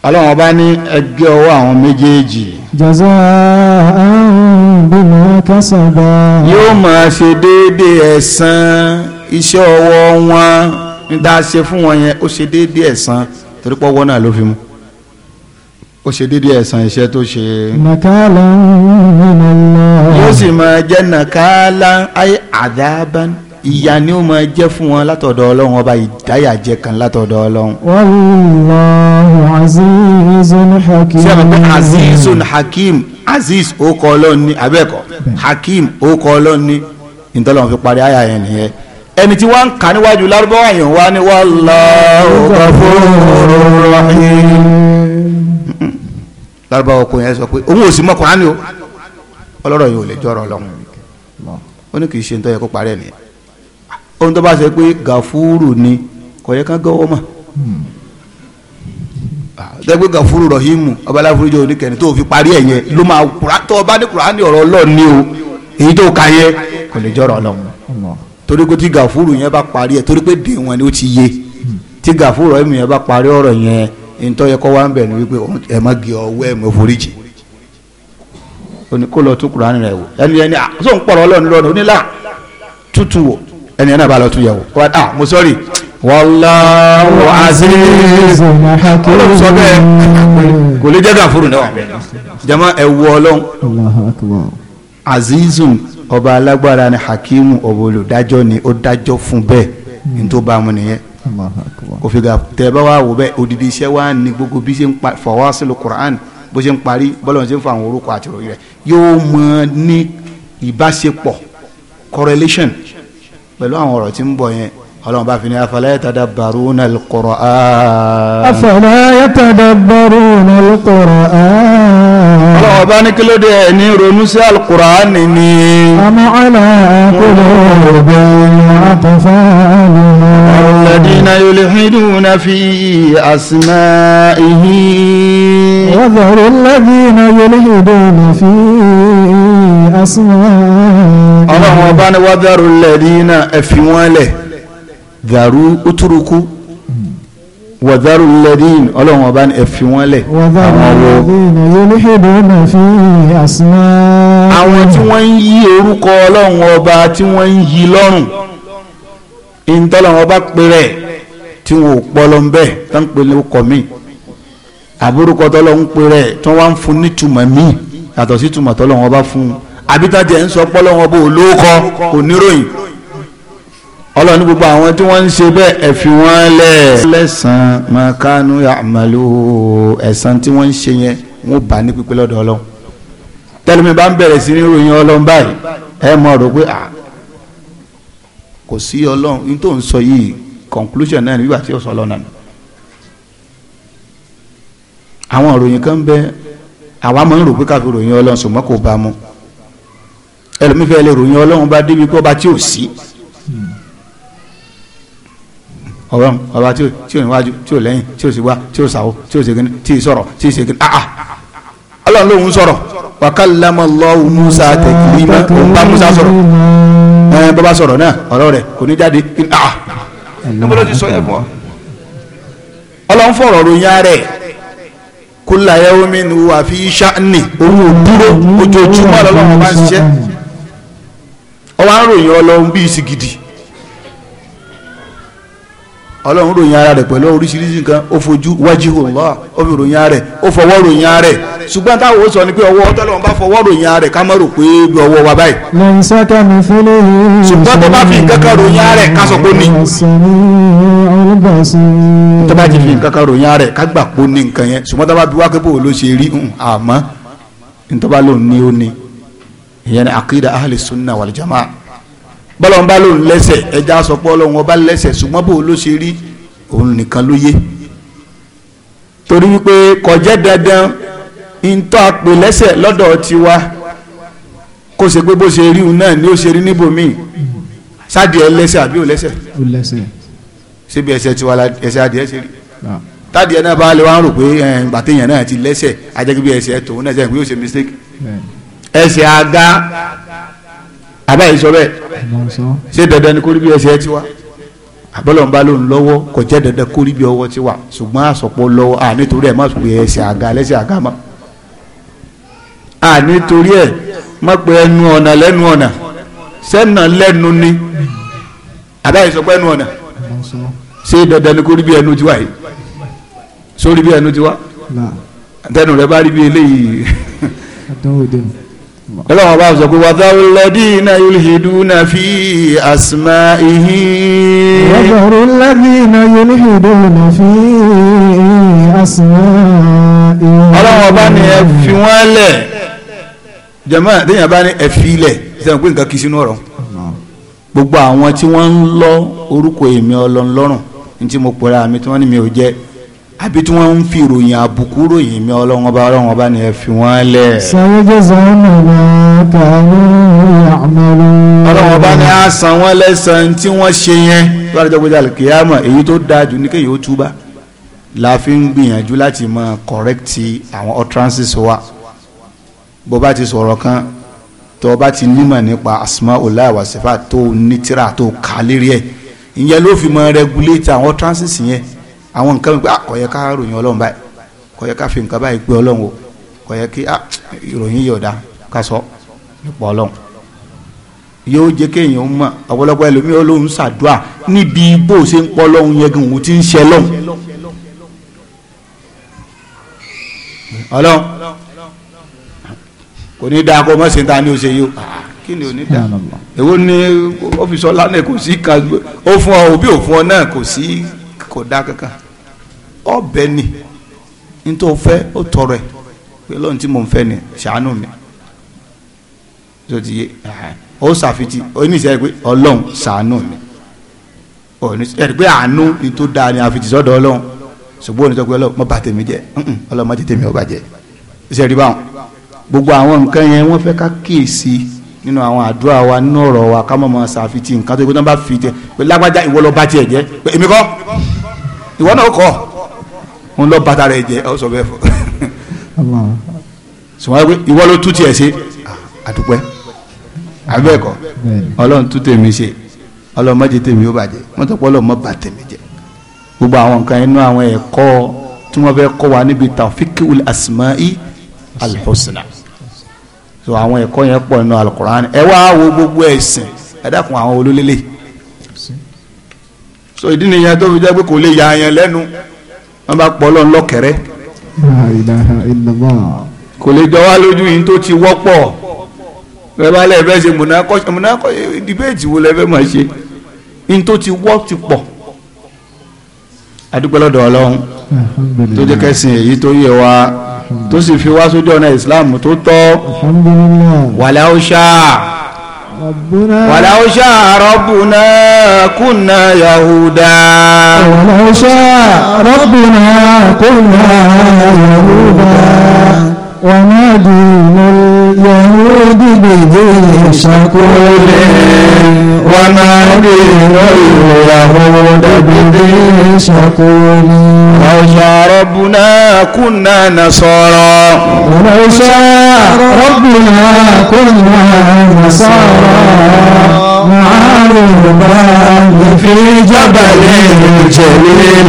ọlọ́run ọba ní ẹgbẹ́ ọwọ́ àwọn méjèèjì jaza'an bima kasaba yóò máa ṣe déédé ẹ̀san iṣẹ́ ọwọ́ wọn ní dáa ṣe fún wọn yẹn ó ṣe déédé ẹ̀san torí pọ́wọ́ náà ló fi mú ó ṣe dédé ẹ̀sán iṣẹ́ tó ṣe. nàkàlà ń rìn lọ. yóò sì máa jẹ́ nàkàlà ayé àdábán ìyà ni ó máa jẹ́ fún wọn látọ̀dọ̀ ọlọ́run ọba ìdáyà jẹ kan látọ̀dọ̀ ọlọ́run. wallahu azizun hakim. hakim aziz ọlọ́run ní ìtọ́lọ́run fi parí àyà yẹn nìyẹn ẹni tí wọ́n ń kà níwájú lárúbáwá yẹn wá ní wallahu ghafurur rahim. lárúbáwá ọkùnrin yẹn sọ pé òun ò sí mọ́ Kùránì o ọlọ́rọ̀ yìí ò lè jọ̀rọ̀ ọlọ́run ó ní kì í ṣe nítorí ẹ̀kọ́ parí ẹ̀ nìyẹn ohun tó bá ṣe pé gàfúrú ni kò yẹ ká gọ́wọ́ mà dẹ́gbẹ́ gàfúrù rahimu ọbaláfúrú oníkẹ́ni tó fi parí ẹ̀ yẹn ló máa kura tó ọba ní kura ní ọ̀rọ̀ ni o èyí tó ka yẹ kò lè jọ̀rọ̀ ọlọ́run torí pé tí gàfúrú yẹn bá parí ẹ torí pé dè ni ó ti yé tí rahimu yẹn bá parí ọ̀rọ̀ yẹn ntọ́ yẹ kọ́ wá ń bẹ̀ wípé má ẹni ẹ̀ náà bá lọ tún yẹ̀wò wọ́n ah mo sọ́rí wallahu azizun hakim ọlọ́run sọ bẹ́ẹ̀ kò lè jẹ́ gàfúrù náà jama ẹ wọ ọlọ́run azizun ọba alágbára ni hakimu ọba olùdájọ́ ni ó dájọ́ fún bẹ́ẹ̀ hmm. ní tó bá mu nìyẹn kò fi tẹ bá wà wò bẹ́ẹ̀ odidi iṣẹ́ wa ni gbogbo bí ṣe ń pa fawasilu Qur'an bó ṣe ń parí bọ́lá ṣe ń fa àwọn orúkọ àti ìròyìn rẹ̀ yóò mọ ní ìbáṣepọ̀ correlation pẹ̀lú àwọn ọ̀rọ̀ tí ń bọ̀ yẹn ọlọ́run bá fi ní afala yatadabbaruna al-Qur'an. afala yatadabbaruna al-Qur'an. ọlọ́run bá ní kí ló dé ẹ̀ ní ronú sí al-Qur'an nìní. am ala qulubin aqfaluha. alladhina yulhiduna fi asma'ihi. wa dharu alladhina yulhiduna fi asma'ihi ọlọ́run ọba ní wádàrú lẹ́ẹ̀dínà ẹ̀fí wọn lẹ̀ dàrú útúrukú wàdàrú lẹ́dín ọlọ́run ọba ní ẹ̀fí wọn lẹ̀. wàdàrú lẹ́dín yóníhìdó náà fi àsìmá. àwọn tí wọ́n ń yí orúkọ ọlọ́run ọba tí wọ́n ń yí lọ́rùn ìntọ́lọ́run ọba péré tí wọn ò pọlọ ń bẹ́ẹ̀ tó ń pèlè ọkọ̀ mi àbúrúkọ tọ́lọ́ ń péré tí wá ń fún nítumọ̀ míì yàtọ̀ sí ìtumọ̀ tọ́lọ́run ọba fún un àbítàjẹ́ ń sọ pé Ọlọ́hun bó olóòkọ kò níròyìn ọlọ́run ní gbogbo àwọn tí wọ́n ń ṣe bẹ́ẹ̀ ẹ fi wọ́n lẹ̀. lẹ́sàn-án máa kánú àmàlú ẹ̀sán tí wọ́n ń ṣe yẹn wọ́n bá ní pípé lọ́dọ̀ ọlọ́run tẹ́lẹ̀mí bá ń bẹ̀rẹ̀ sí ní ròyìn ọlọ́run báyìí ẹ mọ̀ rò pé kò sí ọlọ́run ní tó ń sọ yìí conclusion náà nígbà tí ó sọ ọlọ́run náà àwọn ròyìn kan bẹ àwa máa ń rò pé káfí ròyìn ọlọ́run ṣùgbọ́n kò bá mu ẹlòmífẹ́ lè ròyìn ọlọ́run bá débi pé ọba tí ò sí ọlọ́run ọba tí ò níwájú tí ò lẹ́yìn tí ò sí wá tí ò sàwó tí ò ṣègìn tí ì sọ̀rọ̀ tí ì ṣègìn ah ah ọlọ́run lòun sọ̀rọ̀ wa kallama Allahu Musa taklima òun bá Musa sọ̀rọ̀ ẹ bọ́ bá sọ̀rọ̀ náà ọ̀rọ̀ rẹ̀ kò ní jáde ah níbo ló ti sọ yẹn fún ọ ọlọ́run fọ̀rọ̀ ròyìn ara ẹ̀ kulla yawmin huwa fi sha'ni òun ò dúró ojoojúmọ́ ọlọ́run bá ń ṣiṣẹ́ wá ń ròyìn ọlọ́run bí isi gidi ọlọ́run ròyìn ara rẹ̀ pẹ̀lú oríṣiríṣi nǹkan ó fojú wájú Allah ó fi ròyìn ara rẹ̀ ó fọwọ́ ròyìn ara rẹ̀ ṣùgbọ́n táwọn sọ ni pé ọwọ́ bá fọwọ́ ròyìn ara rẹ̀ ká rò pé bí ọwọ́ wa báyìí. lẹ́yìn mi ṣùgbọ́n tó bá fi ròyìn ara sọ ní. tó bá fi ròyìn ara rẹ̀ ká ìyẹn ni akida ahli sunna wal jamaa bọ́lọ́n bá lòun lẹ́sẹ̀ ẹja sọ pé ọlọ́run ọba lẹ́sẹ̀ ṣùgbọ́n bó ló ṣe rí òun nìkan ló yé torí wípé kọjẹ́ dandan ntọ́ àpè lẹ́sẹ̀ lọ́dọ̀ tiwa kó ṣe pé bó ṣe rí òun náà ni ó ṣe rí níbòmíì sádìẹ lẹ́sẹ̀ àbí ò lẹ́sẹ̀ síbi ẹsẹ̀ tiwa ẹsẹ̀ adìẹ ṣe rí ah. tádìẹ náà bá lè wá rò pé ẹ̀ náà ti lẹ́sẹ̀ ajẹ́gbẹ́ ẹsẹ̀ tòun náà ṣe pé yóò mistake. Yeah ẹsẹ̀ aga àbá yìí sọ bẹ́ẹ̀ ṣé dandan ni kó rí bí ẹsẹ̀ tiwa àbọ̀lọ́nba ló ń lọ́wọ́ kò jẹ́ dandan kó rí bí ọwọ́ tiwa ṣùgbọ́n àsọ̀pọ̀ lọ́wọ́ à nítorí ẹ̀ má pè ẹsẹ̀ aga lẹ́sẹ̀ aga mọ́ à nítorí ẹ̀ má pè ẹnu ọ̀nà lẹ́nu ọ̀nà sẹ́nà lẹ́nu ni àbá yìí sọ pé ẹnu ọ̀nà ṣé dandan ni kó rí bí ẹnu tiwa yìí sórí bí ẹnu tiwa tẹnu rẹ bá rí bí eléyìí. ọlọ́wọ́n bá sọ pé wàtàwùlẹ́dínà yulhiduna fi asma'ihi wàtàwùlẹ́dínà yulhiduna fi ihe ọlọ́wọ́n bá ní ẹ wọ́n lẹ̀ jẹ́mọ́ téèyàn bá ní lẹ̀ pé nǹkan sínú ọ̀rọ̀ gbogbo àwọn tí wọ́n ń lọ orúkọ èmi ọlọ́run lọ́rùn tí mo tí wọ́n ní mi ò jẹ́ àbí tí wọ́n ń fi ròyìn àbùkù ròyìn mi ọlọ́wọ́n bá ọlọ́wọ́n bá ní ẹ fi wọ́n lẹ̀. sàwọ́jẹ́ sàwọ́nà máa kàwé àmọ́rò. ọlọ́wọ́n bá ní á san wọ́n lẹ́sàn-án tí wọ́n ṣe yẹn lọ́dọ̀ jọ́ gbẹ́dẹ́ àlùkìyàmọ̀ èyí tó dáa jù ní kéyìí ó túbà la fi ń gbìyànjú láti máa kọ̀rẹ́kìtì àwọn utterances wa bó bá ti sọ̀rọ̀ kan tó bá ti nímọ̀ nípa asmaullah wa sifat tó ní ìyẹn ló fi máa regulate àwọn utterances yẹn àwọn nǹkan pé ah, kò yẹ ká ròyìn ọlọ́run báyìí kò yẹ ká fi nǹkan báyìí pé ọlọ́run o kò yẹ kí ah, ìròyìn yìí ọ̀dà ká sọ nípa ọlọ́run yóò jẹ́ kéèyàn mọ̀ ọ̀pọ̀lọpọ̀ ẹlòmíràn olóhùn ṣàdúà níbi bó ṣe ń pọ́ lọ́hùn yẹn gan òun ti ń ṣe lọ́hùn ọlọ́run kò ní dáa kó mọ̀ sí ta ni ó ṣe yìí o ah, kí ni ò ní dáa èwo ni ọ́fíìsì ọ̀la náà kò sí kan ó fún ọ òbí ò ọ náà kò sí kò dá kankan ọbẹ̀ ni nítorí o fẹ́ o tọrọ ẹ̀ pé lóun tí mò ń fẹ́ ni ṣàánú mi tó ti yé ó ṣàfitì oníṣẹ́ pé ọlọ́run ṣàánú mi ẹ̀rí pé àánú ni tó dáa ni àfitì sọ́dọ̀ ọlọ́run ṣùgbọ́n onítọ́ pé ọlọ́run mọ́ bá tèmi jẹ́ ọlọ́run mọ́ tètè mi ò bá jẹ́ iṣẹ́ rí báwọn gbogbo àwọn nǹkan yẹn wọ́n fẹ́ ká kíyèsí nínú àwọn àdúrà wa nínú ọ̀rọ̀ wa ká mọ̀ mọ́ ṣàfitì nǹkan tó yẹ kó tán bá fi jẹ pé lágbájá ìwọ lọ bá tiẹ̀ jẹ́ pé èmi kọ́ ìwọ náà kọ́ òun lọ bàtà rẹ jẹ ọ sọ bẹ́ẹ̀ fọ sùmọ́n ìwọ ló tú tiẹ̀ ṣe àdúpẹ́ abẹ́ẹ̀kọ́ ọlọ́run tú tèmi ṣe ọlọ́run má jẹ tèmi ó bàjẹ́ mọ́tòpọ́ ọlọ́run má bà tèmi jẹ́ gbogbo àwọn nǹkan inú àwọn ẹ̀kọ́ tí wọ́n fẹ́ kọ́ wa níbi tàfíkìwìl asma'i alhusna so àwọn ẹ̀kọ́ yẹn pọ̀ nínú alukur'an ẹ wá wo gbogbo ẹ̀sìn ẹ dákun àwọn olólélẹ̀ so ìdí nìyẹn tó fi jẹ́ pé kò lè ya yẹn lẹ́nu wọ́n bá pọ̀ lọ́n lọ́kẹ̀rẹ́. kò lè jọ wá lójú yìí tó ti wọ́pọ̀ bẹ́ẹ̀ bá lẹ́ẹ̀ fẹ́ ṣe múnákọ́ṣe múnákọ́ṣe dìbẹ́ẹ̀tì wo lẹ́ẹ̀ fẹ́ máa ṣe yìí tó ti wọ́ ti pọ̀ adúpẹ́ lọ́dọ̀ tó jẹ́ kẹ́sìn èyí tó yẹ wa tó sì fi wá sójú ọ̀nà ìsìláàmù tó tọ́ wàlẹ́ ọ̀ṣà. ربنا ولو شاء ربنا كنا يهودا ولو شاء ربنا كنا يهودا وما اليهود بذي شكول وما اليهود بذي شكول لو ربنا كنا نصارى ولو ربنا كنا نصارى معاذ في جبل الجليل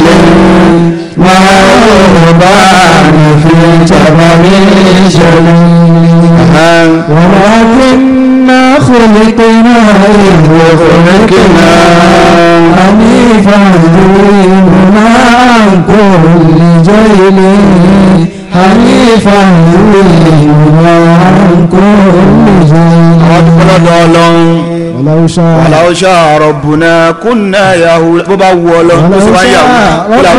والرهبان في جبل جليل ولكنا خلقنا خلقنا حنيفا دوننا عن كل جيل حنيفا دوننا عن كل جيل wàláwùsá rọ̀bùnà kúnnà yahoo bó bá wù ọ lọ bó sì wá yahoo bó bá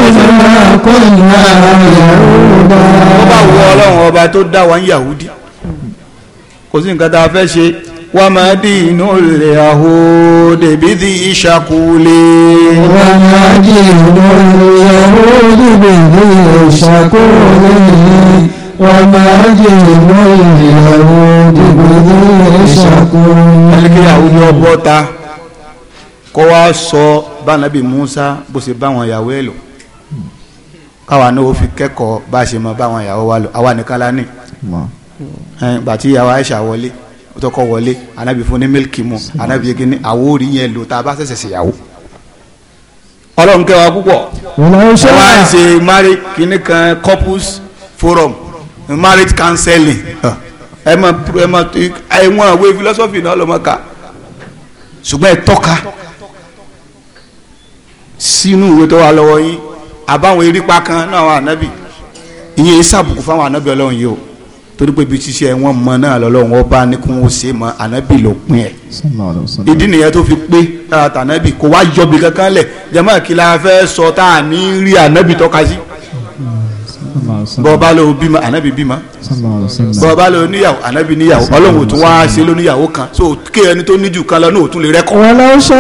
wù ọ lọ́wọ́ ọba tó dá wa yahudi kò sí nǹkan tá a fẹ́ ṣe wà má dínú lè àhó dèbí ti ìṣàkúlẹ̀. wà má dínú lè àhó dèbí ti وما جئنا اليهود بذي شكر ẹlẹ́gẹ́ àwùjọ bọ́ta kọ́ wá sọ bánabi Musa bó ṣe bá wọn yàwó ẹ̀ lọ káwa náà ó fi kẹ́kọ̀ọ́ bá a ṣe mọ báwọn ìyàwó wa lọ àwa nìkan la ní ìgbà tí ìyàwó Aisha wọlé tọkọ wọlé anabi fún ní mílíkì mu anabi yege ní àwo orí yẹn lò tá a bá ṣẹ̀ṣẹ̀ ṣèyàwó ọlọ́run kẹwàá púpọ̀ wọ́n á ṣe mari kìnnìkan couples forum marriage counseling ẹ mọ ẹ mọ ẹwọn ìwé philosophy náà lọmọ ká ṣùgbọ́n ẹ tọ́ka sínú ìwé tó wà lọ́wọ́ yín àbáwọn erípa kan náà wà nábì ìyẹn ìsàbùkù fáwọn ànábì ọlọ́run yìí o torí pé ibi ṣíṣe wọn mọ náà lọ́lọ́run wọn bá ní kí wọn ṣe mọ ànábì ló pin ẹ̀ ìdí nìyẹn tó fi pé tànábì kò wá yọbi kankan lẹ̀ jẹ́mọ́ kí fẹ́ sọ tá a ní rí ànábì tọ́ka sí bọ́ọ̀bá ló bímọ ànábì bímọ bọ́ọ̀bá ló níyàwó ànábì níyàwó ọlọ́run tún wá ṣe ló níyàwó kan so kí ẹni tó níjù kan lọ náà tún lè rẹ́kọ̀. wọ́n lọ ṣe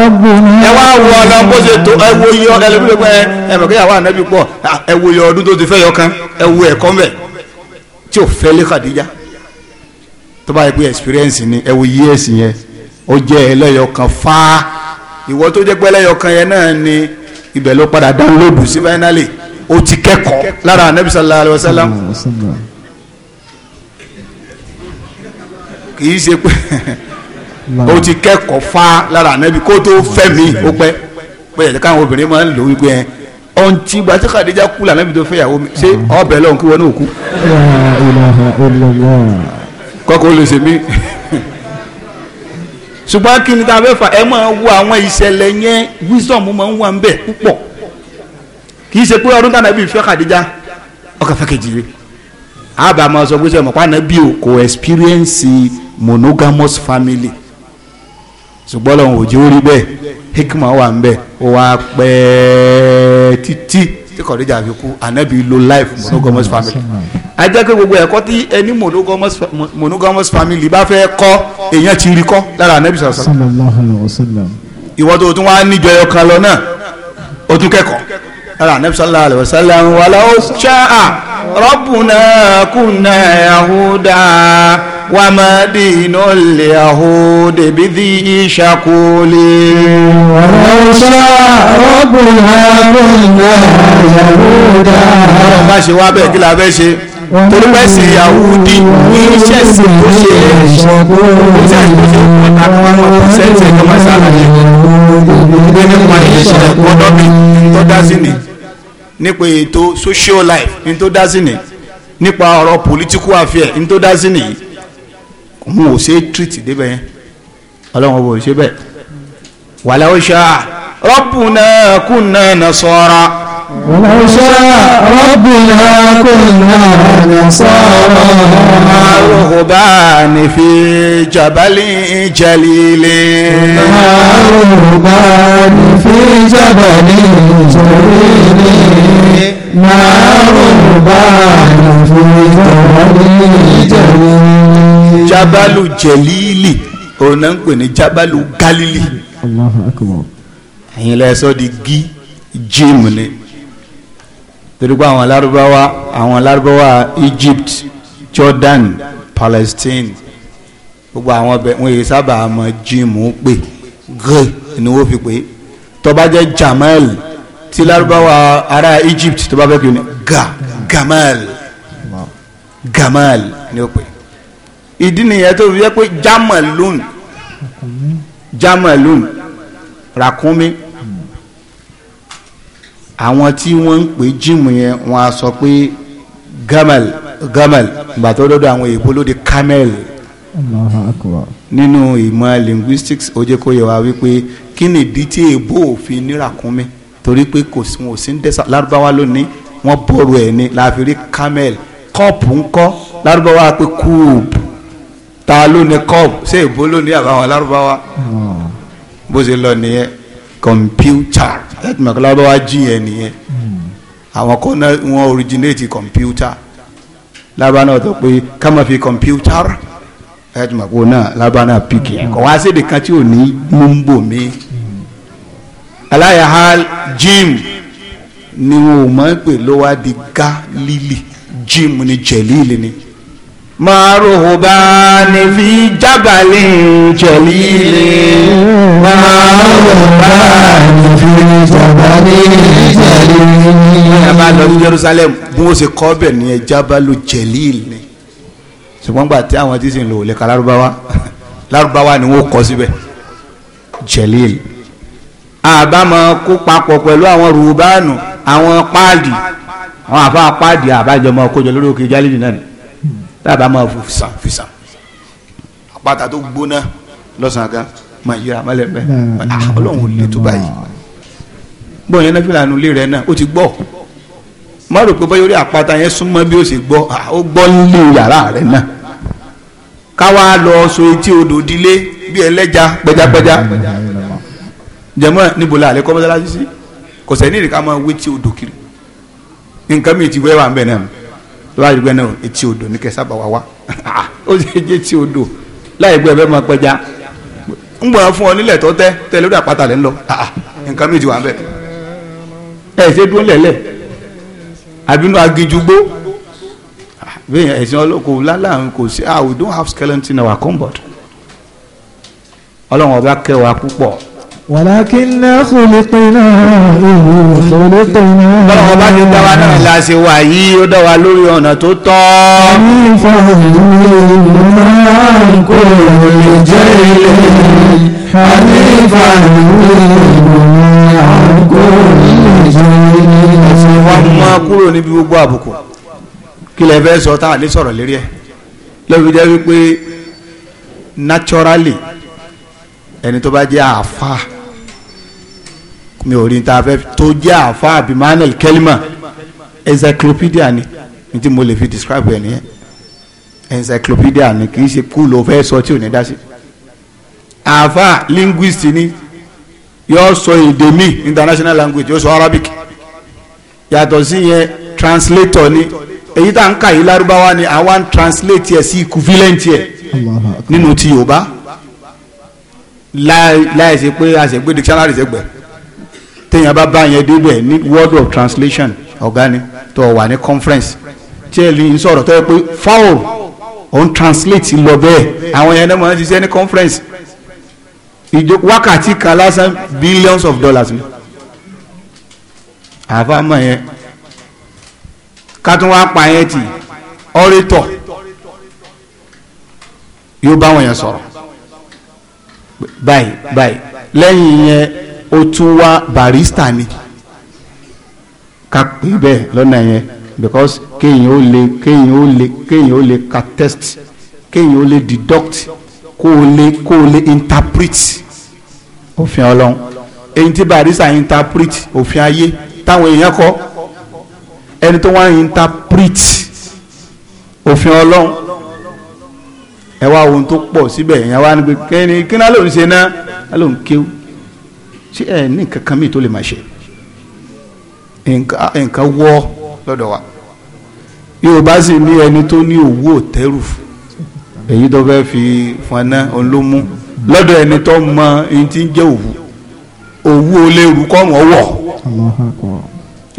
ẹ wá wo ọ̀nà bó ṣe tó ẹ wo iye ọ̀nà ẹlẹ́bí pé ẹ mọ̀ kéyàwó ànábì pọ̀ ẹ wo iye ọdún tó ti fẹ́ yọ kan ẹ wo ẹ̀kọ́ mẹ́ tí ò fẹ́ lé Khadija tó bá yẹ pé experience ni ẹ wo years yẹn ó jẹ́ ẹlẹ́yọ kan fáá ìwọ tó jẹ́ pé ẹlẹ́yọ kan yẹn náà ni ibẹ̀ ló padà download sí finally o ti kẹ́kọ̀ọ́ lára anabi sallallahu alayhi wa sallam kì í ṣe pé o ti kẹ́kọ̀ọ́ fa lára anabi kó tó fẹ́ mi ó pẹ́ pé ẹ̀ka àwọn obìnrin máa ń lò wípé ẹ̀ ọ̀n tí gba tí kàdéjà kú lànà ibi tó fẹ́ yàwó mi ṣé ọbẹ̀ lọ́hùn kí wọ́n náà kú. kọ́kọ́ lè ṣe mí. ṣùgbọ́n kí ni tá a fẹ́ fà ẹ máa wo àwọn ìṣẹ̀lẹ̀ yẹn wisdom máa ń wà ń bẹ̀ púpọ̀ kì í ṣe pé ọdún tánà bíi fẹ́ Khadija ọkọ̀ fẹ́ kejì rẹ̀ àbá máa sọ pé ṣe mọ̀pá náà bí o kò experience monogamous family ṣùgbọ́n lọ́wọ́n òjò rí bẹ́ẹ̀ hikma wà ń bẹ́ẹ̀ ó wá pẹ́ títí tí Khadija fi kú ànábì lo life monogamous family ajá pé gbogbo ẹ̀kọ́ tí ẹni monogamous monogamous family bá fẹ́ kọ́ èèyàn ti rí kọ́ lára ànábì sallallahu alaihi wasallam ìwọ́n tó tún wá níjọ ẹ̀yọ kan lọ náà ó tún kẹ́kọ̀ọ́ ẹ̀rọ anabi sallallahu alayhi wa sallam walaw sha'a rabbuna kunna yahuda wa ma dinul yahudi bidhi shakuli. walaw sha'a rabbuna kunna yahuda. ọlọ́run bá ṣe wá bẹ́ẹ̀ kí la bẹ́ẹ̀ ṣe torí pé ṣe Yahudi ní iṣẹ́ sí tó ṣe iṣẹ́ tó ṣe kọ́ta kọ́mọ sẹ́ńtì ẹ̀kọ́ máa ṣàlàyé ìgbé nípa ìṣẹ̀lẹ̀ kọ́dọ́bì tó dá sí ni nípa ètò social life ní tó dá sí ni nípa ọ̀rọ̀ political affair ní tó dá sí ni òun ò ṣe treat débẹ̀ yẹn ọlọ́run ò ṣe bẹ́ẹ̀ wàlẹ́ ó ṣá rabbuna kunna nasara. ولو شاء ربنا كنا نصارى مع الرهبان في جبل جليل مع الرهبان في جبل جليل مع الرهبان في جبل جليل جبل جليل òun náà ń pè ní jabalu galili. Allahu akbar. ẹ̀yin torí pé àwọn lárúbáwá àwọn lárúbáwá Egypt Jordan Palestine gbogbo àwọn ọbẹ̀ wọn èyí sábà mọ jíìmù pé gé ni wọ́n fi pé tó bá jẹ́ Jamal tí lárúbáwá ará Egypt tó bá fẹ́ pè ní ga Gamal Gamal ni ó pè ìdí nìyẹn tó fi jẹ́ pé Jamalun Jamalun ràkúnmí àwọn tí wọ́n ń pè jíìmù yẹn wọ́n á sọ pé gamal gamal ìgbà tó dọ́dọ̀ àwọn èèbó ló di camel nínú ìmọ̀ linguistics ó jẹ́ kó yẹ wá wípé kí ni ìdí tí èèbó òfin níràkúnmí torí pé kò sí wọn ò sí ń dẹ́sà lárúbáwá lónìí wọ́n bọ̀rù ẹ̀ ni la rí camel kọ́ọ̀pù ńkọ́ lárúbáwá pé kúùbù ta ló ní kọ́ọ̀pù ṣé èèbó ló àbáwọn lárúbáwá bó ṣe lọ nìyẹn kọ̀mpútà ẹ̀tùmọ̀ kí lábọ́ wá jiyàn nìyẹn àwọn kan náà wọ́n originate kọ̀mpútà lábá náà tó pé ká máa fi kọ̀mpútà ẹ̀tùmọ̀ kó náà lábá náà pìkì yẹn kọ̀ wá séde kan tí ò ní mú ń bò mí. aláyàhá jim ni wọn ò mọ̀ pé ló wá di gá lílì jim ni jẹ̀líìlì ni maruhubani fi jabalin jalili maruhubani fi jabalin jalili. ẹ bá lọ sí Jerusalem bí wọ́n ṣe kọ́ bẹ̀ ní ẹ jabalu jalil ni ṣùgbọ́n gbà tí àwọn tí sì ń lò lè ka lárúbáwá ni wọ́n kọ́ síbẹ̀ jalil. àbámọ̀ kó papọ̀ pẹ̀lú àwọn rúbánù àwọn páàdì àwọn àfa páàdì àbájọmọ kójọ lórí òkè jalili náà ni dábàá máa fò fisa. fìsàn àpáta tó gbóná lọ́sàn-án kan máa yíra mọ́lẹ̀ bẹ́ẹ̀ ah, ọlọ́run ò lè tó báyìí bọ́ọ̀ yẹn náà fìlà nulẹ̀ rẹ̀ náà ó ti gbọ́ má rò pé báyọ̀ rí àpáta yẹn súnmọ́ bí ó sì gbọ́ ah, ó gbọ́ nílé yàrá rẹ̀ náà káwá lọ so etí odò dilé bí ẹlẹ́ja pẹjapẹja jẹmọ́ níbo la àlẹ́ kọ́ sí kò sẹ́ni ìrìkà máa wé tí odò kiri nǹkan mi ti wẹ́ ń bẹ̀ náà. láì gbẹ náà etí odò ní kẹsà bá wa wá ó sì jẹ etí odò láì gbẹ bẹ́ẹ̀ máa pẹja ń fún ọ nílẹ̀ tó lórí àpáta lẹ́ lọ nǹkan méjì wà bẹ́ẹ̀ ẹ̀ ṣe dúró lẹ̀lẹ̀ àbínú bẹ́ẹ̀ ẹ̀sìn kò sí ah we don't have skeleton in our ọlọ́run ọba kẹwàá púpọ̀ wàlákínná kòlíkínná ìlú kòlíkínná. bọ́lá ọba ti dá wa náà la ṣe wà yìí ó dá wa lórí ọ̀nà tó tọ́. ní ìfọ̀hìnlẹ̀ máa ń kó lè jẹ́ ilé àní ìfọ̀hìnlẹ̀ máa ń kó lè jẹ́ ilé. ẹ̀sìn wa máa kúrò níbi gbogbo àbùkù kí lè fẹ́ sọ tá a lè sọ̀rọ̀ lérí ẹ̀ lọ́bi jẹ́ wípé naturally ẹni tó bá jẹ́ àáfàá mi ò rí ta fẹ́ tó jẹ́ àfa àbí manuel kelman encyclopedia ni ní tí mo lè fi describe ẹ̀ nìyẹn encyclopedia ni kì í ṣe kú ló fẹ́ sọ tí ò ní dá sí àfa linguist ni yóò sọ èdè mi international language yóò sọ arabic yàtọ̀ sí yẹn translator ni èyí tá n kà yí lárúbáwá ni àwa ń translate ẹ sí equivalent ẹ nínú ti yorùbá láì ṣe pé a ṣe gbé dictionary ṣe gbẹ téèyàn bá bá yẹn débẹ̀ ní word of translation ọ̀gá ni tó wà ní conference tí ẹ lè sọ̀rọ̀ tó yẹ pé fowl òun translate lọ bẹ́ẹ̀ àwọn yẹn náà máa ń ṣiṣẹ́ ní conference ìjọ wákàtí kan lásán billions of dollars ni àbámọ̀ yẹn ká tún wá pa yẹn tì ọ́rẹ́tọ̀ yóò bá wọn yẹn sọ̀rọ̀ báyìí báyìí lẹ́yìn yẹn ó tún wá barista ni ká pè bẹ́ẹ̀ lọ́nà yẹn because kéèyàn ó lè kéèyàn ó lè kéèyàn ó lè ka test kéèyàn ó lè deduct kó o lè kó o lè interpret òfin ọlọ́run èyí tí barista interpret òfin ayé táwọn èèyàn kọ ẹni tó wá interpret òfin ọlọ́run ẹ wá ohun tó pọ̀ síbẹ̀ èèyàn wá ní pé kí ni kí ni alóhùn náà ṣé ẹ ní nǹkan kan míì tó lè máa ṣe nǹkan ah, wọ́ lọ́dọ̀ wa yorùbá sì ní ẹni tó ní òwú òtẹ́rù èyí tó fẹ́ fi fọnà òun ló mú lọ́dọ̀ ẹni tó mọ ẹni tí ń jẹ́ òwú òwú olérù kọ́mọ wọ̀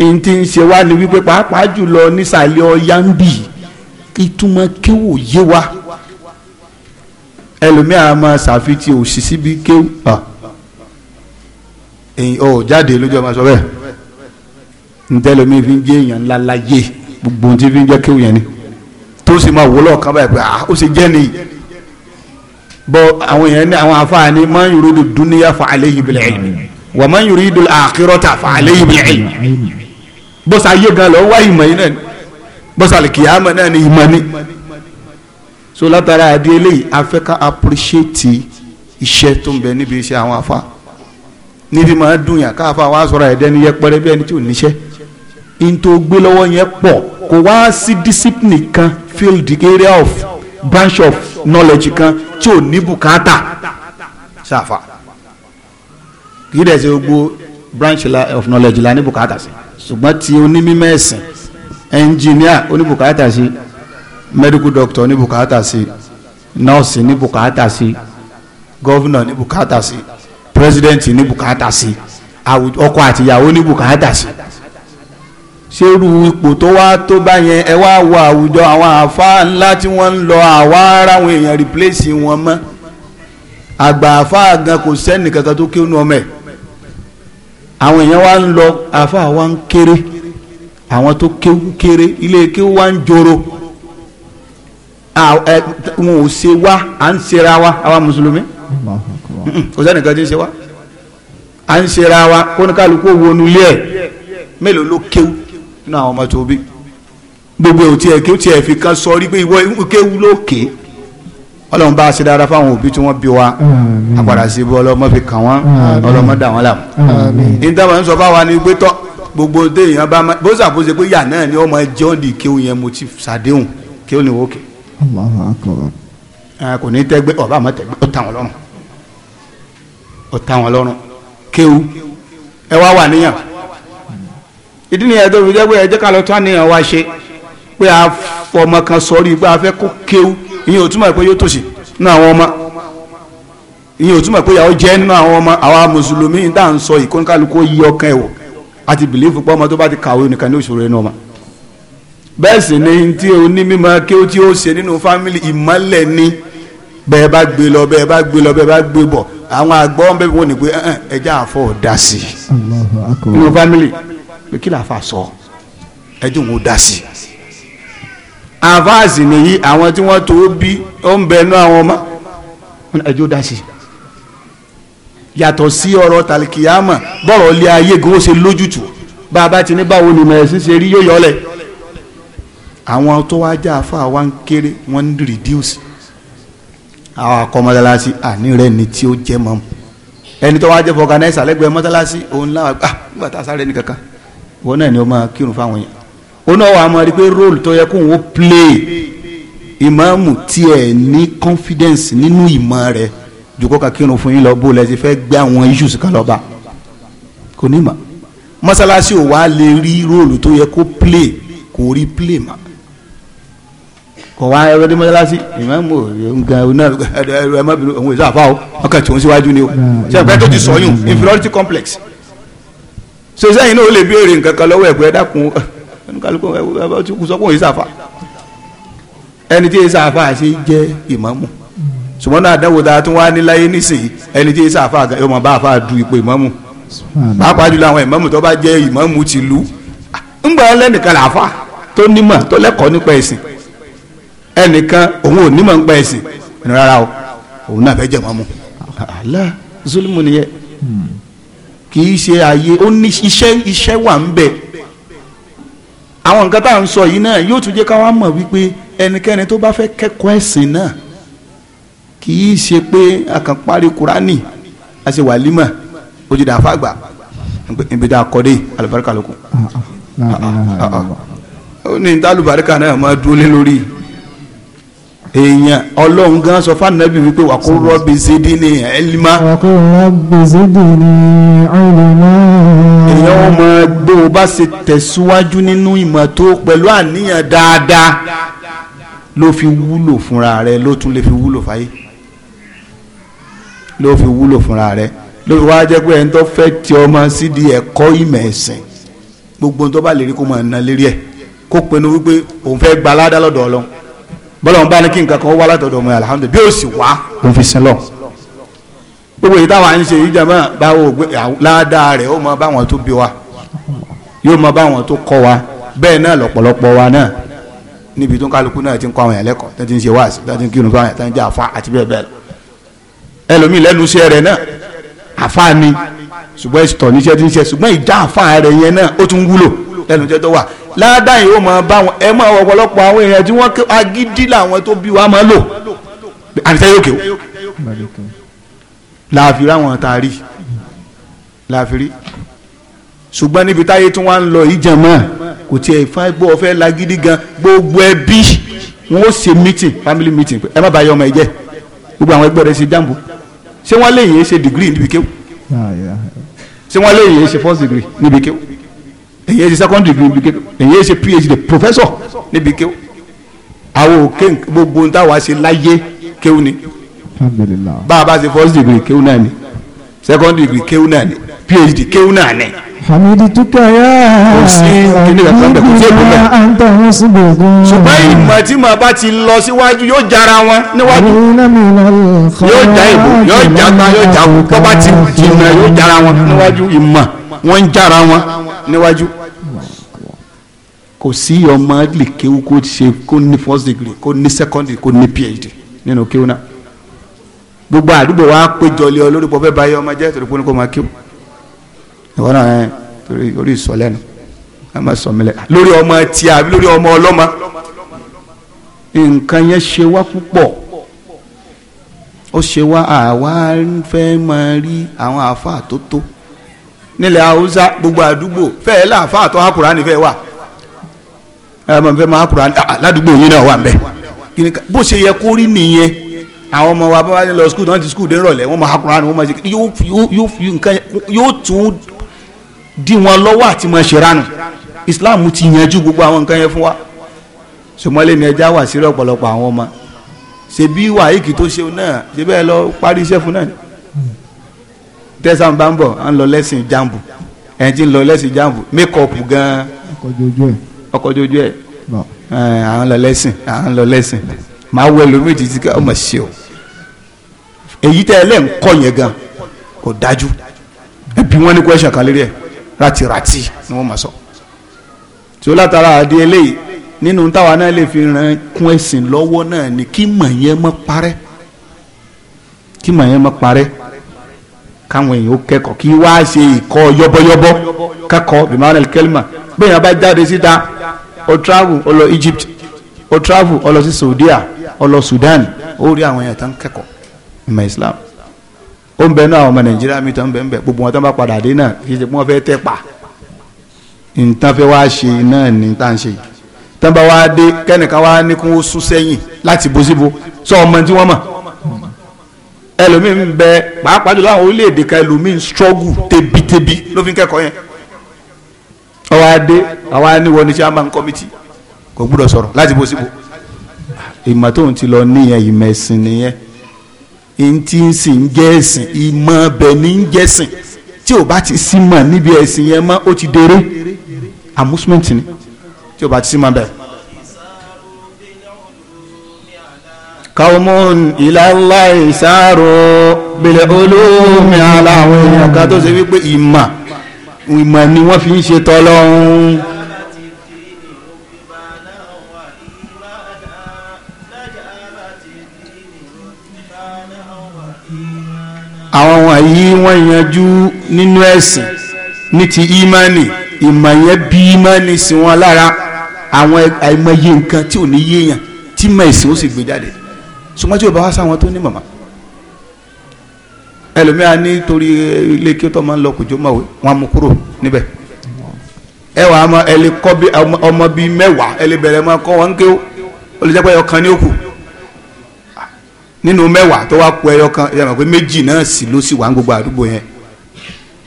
ẹni tí ń ṣe wá ni wípé pàápàá jùlọ nísàlẹ̀ ọ̀yá ń bì ìtumọ̀ kéwò yé wa ẹlòmíà máa ṣàfitì òṣìṣì bí kéwò. Ah èyí ò jáde lójú ọmọ sọ bẹ́ẹ̀ ntẹ́lómi fi ń jẹ́ èèyàn ńlá láyé gbogbo ohun tí fi ń jẹ́ kéwù yẹn ni tó sì máa wò lọ́ọ̀kan báyìí pé ah ó sì jẹ́ nìyí bọ́ àwọn èèyàn ní àwọn afáàní máa ń yòrò dúníyà fa alayhi bil ilmi wà máa ń yòrò ìdòlù akhirata fa alayhi bil ilmi bọ́sà ayé gan lọ wá ìmọ̀ yìí náà ni bọ́sà kìyàmọ̀ náà ni ìmọ̀ ni so látara adé eléyìí afẹ́ká appreciate iṣẹ́ tó ń bẹ níbi iṣẹ́ àwọn afáà níbi máa dùn yàn káfa wá sọ̀rọ̀ ẹ̀dẹ́ ni yẹpẹrẹ bí ẹni tí ò níṣẹ́ in tó gbé lọ́wọ́ yẹn pọ̀ kò wá sí discipline kan field area of branch of knowledge kan tí ò ní bùkátà ṣàfà kì í dẹ̀ ṣe gbogbo branch of knowledge la ní bùkátà sí ṣùgbọ́n ti onímọ̀ ẹ̀sìn engineer oníbùkátà sí medical doctor oníbùkátà sí nurse oníbùkátà sí governor oníbùkátà sí president ní bùkátà sí ọkọ àtìyàwó ní bùkátà sí ṣerú ipò tó wá tó bá yẹn ẹ wá wo àwùjọ àwọn àáfàá ńlá tí wọ́n ń lọ àwa ara àwọn èèyàn replace wọn mọ́ àgbà àáfàá gan kò sẹ́ni kankan tó kéwọn ọmọ ẹ̀ àwọn èèyàn wá ń lọ àáfàá wa ń kéré àwọn tó kéwú kéré ilé kéwú wa ń joro wọn ò ṣe wá à ń ṣera wa àwa mùsùlùmí kò sẹ́ni kan ti ń ṣe wá à ń ṣera wa kó ní kálukú wo nulẹ̀ ẹ̀ mélòó ló kéwú nínú àwọn ọmọ tó bí gbogbo ò tiẹ̀ kéwú tiẹ̀ fi kan sọ rí pé ìwọ kéwú ló ké ọlọ́run bá a ṣe dára fáwọn òbí tí wọ́n bí wa àpàdà sí ibi ọlọ́mọ fi kàn wọ́n ọlọ́mọ dà wọ́n là ní táwọn ń sọ fáwa ni pé tọ́ gbogbo téèyàn bá bó ṣàkóso pé yà náà ni ọmọ ẹjẹ́ òǹdì kéwú yẹn mo ti ṣàdéhùn kéwú ni wọ́n kè. kò ní tẹ́gbẹ́ ọ̀bá àmọ́ tẹ́gbẹ́ ó tàn wọ́n ọ̀tá wọn lọ́rùn kéwu ẹ wá wà níyàn ìdí nìyẹn tó fi jẹ́ pé ẹ ká lọ tán níyàn wá ṣe pé a fọmọ kan sọrí pé a fẹ́ kó kéwu ìyẹn ò túmọ̀ pé yóò tòṣì nínú àwọn ọmọ ìyẹn ò túmọ̀ pé yàwó jẹ́ nínú àwọn ọmọ àwa mùsùlùmí dá ń sọ yí ọkàn ẹ̀wọ̀ àti bìlífù ọmọ tó bá ti kàwé nìkan ní ọmọ bẹ́ẹ̀ sì ni tí onímọ̀ ni bẹ́ẹ̀ bá gbé lọ bẹ́ẹ̀ bá gbé lọ bẹ́ẹ̀ bá gbé bọ̀ àwọn àgbọ̀ ń bẹ wọ́n ni pé ẹjẹ́ àfọ̀ dá sí family pé kí làáfà sọ ẹjẹ́ òun dá sí i. àfáàsì nìyí àwọn tí wọ́n tó bí ó ń bẹ inú àwọn ọmọ ẹjẹ́ ó dá sí i. yàtọ̀ sí ọ̀rọ̀ tàlìkìyàmọ̀ bọ́rọ̀ ilé ayé gan ó ṣe lójútùú bá a ti ní báwo ni mẹ̀sìn ṣe rí yóò yọ ọ́ lẹ̀ àwọn tó wá já àfọ̀ kéré wọ́n ń reduce àwọn akọ mọ́sálásí àní rẹ̀ ni tí ó jẹ́ mọ́mù ẹni tó wá jẹ́ fọ̀gánáìsà lẹ́gbẹ̀ẹ́ mọ́sálásí òun láwọn àgbà nígbà tá a sáré ní kankan wọn náà ni ó máa kírun fáwọn yẹn ó náà wàá máa rí pé róòlù tó yẹ kóun ó play ìmáàmù tiẹ̀ ní confidence nínú ìmọ̀ rẹ̀ jòkó ka kírun fún yín lọ bó lẹ́sìn fẹ́ gbé àwọn issues kan lọ́ba kò ní mà mọ́sálásí ò wá lè rí róòlù tó yẹ kó play kò rí play ma kọ̀ wá ẹrọ dé mọ́sálásí ìmáàmù òǹgà ọ̀nà ẹ̀rọ ẹ̀mọ́bìnrin òun ìṣàfà o wọn kàn tí òun síwájú ni o ṣe ẹ̀pẹ́ tó ti sọyún inferiority complex ṣe sẹ́yìn náà ó lè béèrè nǹkan kan lọ́wọ́ ẹ̀gbẹ́ dákun ẹnukálukú ẹ̀wọ́ tí kò sọ pé òun ìṣàfà ẹni tí ìṣàfà ṣe jẹ́ ìmáàmù ṣùgbọ́n náà àdánwò dáa tún wá níláyé nísìnyí ẹni tí ìṣàfà yóò máa bá àfà du ipò ìmáàmù pàápàá jùlọ àwọn ìmáàmù tó bá jẹ́ ìmáàmù tìlú ńgbà ẹlẹ́nìkan làáfà tó nímọ̀ tó lẹ́kọ̀ọ́ nípa ẹ̀sìn ẹnìkan òun ò ní mọ̀ ń pa ẹ̀sìn rárá o òun náà fẹ́ jẹ̀ mọ́ mu Allah zulmu nìyẹn hmm. kì í ṣe ààyè ó ní iṣẹ́ iṣẹ́ wà ń bẹ àwọn nǹkan tá à ń sọ yìí náà yóò tún jẹ́ ká wá mọ̀ wípé ẹnikẹ́ni tó bá fẹ́ kẹ́kọ̀ọ́ ẹ̀sìn náà kì í ṣe pé a parí Kùránì a ṣe wàlímà ojú dàáfà gbà ibi dà alùbáríkà lóko ah, ah. ah, ó ní ìta alùbáríkà náà máa dúró lé lórí yìí èèyàn ọlọ́run gan sọ fánàbí wípé wà kó rọ́bì zidi ní ẹlímà. wà kó rọ́bì zidi ní ẹlímà. èèyàn wọn mọ gbé o bá ṣe tẹ̀síwájú nínú ìmọ̀ tó pẹ̀lú àníyàn dáadáa ló fi wúlò fúnra rẹ ló tún lè fi wúlò fáyé ló fi wúlò fúnra rẹ ló fi wá jẹ́ pé ẹni tó fẹ́ ti ọmọ sídìí ẹ̀kọ́ ìmọ̀ ẹ̀sìn gbogbo tó bá lè rí kó máa ná lérí ẹ̀ kó pinnu wípé òun fẹ́ gbaládá lọ́dọ̀ ọlọ́run bọ́lọ̀n bá ní kí nǹkan kan wá látọ̀dọ̀ ọmọ alhamdulilayi bí ó sì wá òun fi sin lọ. gbogbo yìí táwa ń ṣe yìí jàmọ́ báwo ládàá rẹ̀ ó mọ báwọn tó bí wa yóò mọ báwọn tó kọ́ wa bẹ́ẹ̀ náà lọ́pọ̀lọpọ̀ wa náà níbi tó ń kálukú náà ti ń kọ́ àwọn yẹn lẹ́kọ̀ọ́ tó ti ń ṣe wáàsí tó ti ń kírun fáwọn yẹn tó ń jẹ́ àfa àti bẹ́ẹ̀ bẹ́ẹ̀ lọ. ẹlòmíì lẹ́nu iṣẹ́ rẹ̀ náà àfa ni ṣùgbọ́n ìtọ̀ níṣẹ́ ti ń ṣe ṣùgbọ́n ìdá àfa rẹ̀ yẹn náà ó tún wúlò lẹ́nu iṣẹ́ tó wà ládàá yìí ó mọ báwọn ẹ mọ ọ̀pọ̀lọpọ̀ àwọn èèyàn tí wọ́n agídí làwọn tó bí wa máa lò àtẹ̀yẹ òkè o láàfin ráwọn tá a rí láàfin rí ṣùgbọ́n níbi táyé tí wọ́n ń lọ ìjàmọ́ kò tiẹ̀ fà gbọ́ ọ fẹ́ lagídí gan gbogbo ẹbí wọn ó ṣe meeting family meeting ẹ má bàa yọ ọmọ ẹ jẹ gbogbo àwọn ẹgbẹ́ rẹ ṣe jambo ṣé wọ́n lè yẹn ṣe degree níbi kéwù ah, ṣé wọ́n lè yẹn ṣe first degree níbi kéwù èyí ṣe secondary níbi ké èyí ṣe phd professor níbi ké àwọn òkè gbogbo ń táwa ṣe láyé kéwù ni bá a bá ṣe first degree kéwù náà ni second degree kéwù náà ni phd kéwù náà ni. hamidi tukaya ah, kò ṣùgbọ́n ìmọ̀ tí màá bá ti lọ síwájú yóò jara wọn níwájú yóò já ìbò yóò já gbá yóò já wò tó bá ti jìnnà yóò jara wọn níwájú ìmọ̀ wọ́n ń jára wọn níwájú kò sí ọmọ lè kéwú kó ṣe kó ní first degree kó ní second degree kó ní phd nínú kéwú náà gbogbo àdúgbò wa péjọ lé ọ lórí pọ fẹ́ẹ́ báyọ ọmọ jẹ torí pé ó ní kó máa kéwú ìwọ náà ẹ torí orí ìsọlẹ́nu ẹ má sọ mi lẹ lórí ọmọ tí a lórí ọmọ ọlọ́mọ nǹkan yẹn ṣe wá púpọ̀ ó ṣe wá àwa fẹ́ máa rí àwọn àáfàá tó tó nílẹ̀ haúsá gbogbo àdúgbò fẹ́ẹ́ láàfà àtọ́ àkùrá nífẹ̀ẹ́ wà ẹ mọ̀ fẹ́ máa àkùrá ah, ládùúgbò yín náà wà mbẹ́ bó ṣe yẹ kó rí nìyẹn àwọn ọmọ wa bá wà ní lọ skul náà ti skul dé rọ̀lẹ́ wọ́n máa àkùrá ni wọ́n máa ṣe yóò tún dí wọn lọ́wọ́ àti máa ṣe ránù Islam ti yanjú gbogbo àwọn nǹkan yẹn fún wa sọmọlẹ ni ẹja wà sí ọ̀pọ̀lọpọ̀ àwọn ọmọ ṣebí wàhíkì tó ṣe náà ṣe bẹ́ẹ̀ lọ parí iṣẹ́ fún náà ni tẹsán bá ń bọ̀ à ń lọ lẹ́sìn jambu ẹ̀ ti ń lọ lẹ́sìn jambu mékọ̀pù gan-an ọkọ̀ ojú ẹ̀ à ń lọ lẹ́sìn à ń lọ lẹ́sìn máa wọ ẹlòmíì títí ká ọmọ ṣe o èyí tẹ́ ẹ lẹ́ yẹn gan kò dájú ẹ bí ní question kan lérí ẹ̀ rátirátì ni wọ́n máa sọ tí ó látara àdé eléyìí nínú táwa náà lè fi ran kún ẹ̀sìn lọ́wọ́ náà ni kí mọ̀ yẹn má parẹ́ kí mọ̀ yẹn má parẹ́ káwọn èèyàn ó kẹ́kọ̀ọ́ kí wá ṣe ìkọ́ yọ́bọ́yọ́bọ́ kẹ́kọ̀ọ́ bimanel kelma bẹ́ẹ̀ bá jáde síta ó travel ó lọ Egypt ó travel ó lọ sí Saudiya ó lọ Sudan ó rí àwọn èèyàn tó kẹ́kọ̀ọ́ ìmọ̀ Islam ó ń bẹ náà àwọn ọmọ Nàìjíríà mi tó ń bẹ ń bẹ gbogbo wọn tó ń bá padà dé náà kì í ṣe pé wọ́n fẹ́ tẹ́ pa nǹkan fẹ́ wá ṣe náà ní tá à ń ṣe tán bá wá dé kẹ́nìkan wá ní kó sún sẹ́yìn láti bó síbo sọ ọmọ tí wọ́n mọ̀ ẹlòmíín bẹ pàápàá jùlọ àwọn orílẹ̀-èdè kan ẹlòmíín struggle tebitẹbi ló fi ń kẹ́kọ̀ọ́ yẹn ọwọ́ adé àwọn aníwọ̀ ní chairman committee kò gbúdọ̀ sọ̀rọ̀ láti bó síbò ìmọ̀ tó ń ti lọ níyẹn ìmọ̀ ẹ̀sìn nìyẹn ń tí ń sìn ń jẹ́ ẹ̀sìn ìmọ̀ ọbẹ̀ ní ń jẹ́sìn tí o bá ti sí mọ̀ níbi ẹ̀sìn yẹn mọ́ ó ti dèrè amusement ni tí o bá ti sí mọ̀ bẹ́ẹ̀. kaumun ilàlá الله ساروا بالعلوم على وين èèyàn kan tó ṣe wípé ìmọ̀ ìmọ̀ ni wọ́n fi ń ṣe tọ́lọ́hún. àwọn wọ̀nyí wọ́n yanjú nínú ẹ̀sìn ní ti ìmánì ìmọ̀ yẹn bí ìmánì sí wọn lára àwọn àìmọye nǹkan tí ò ní yéèyàn tí mọ̀ ẹ̀sìn ó sì gbé jáde ṣùgbọ́n tí o bá wá sáwọn tó ní màmá ẹlòmíà nítorí ilé kí tó máa ń lọ kùjọ mọ̀wé wọn mú kúrò níbẹ̀ ẹ wàá ma ẹ lè kọ́ bí ọmọ bíi mẹ́wàá ẹ lè bẹ̀rẹ̀ máa kọ́ wọn ké o ó lè jẹ́ pé ẹyọ ní òkú nínú mẹ́wàá tó wá kú ẹyọ kan ẹ yà pé méjì náà sì ló sì wà ń gbogbo àdúgbò yẹn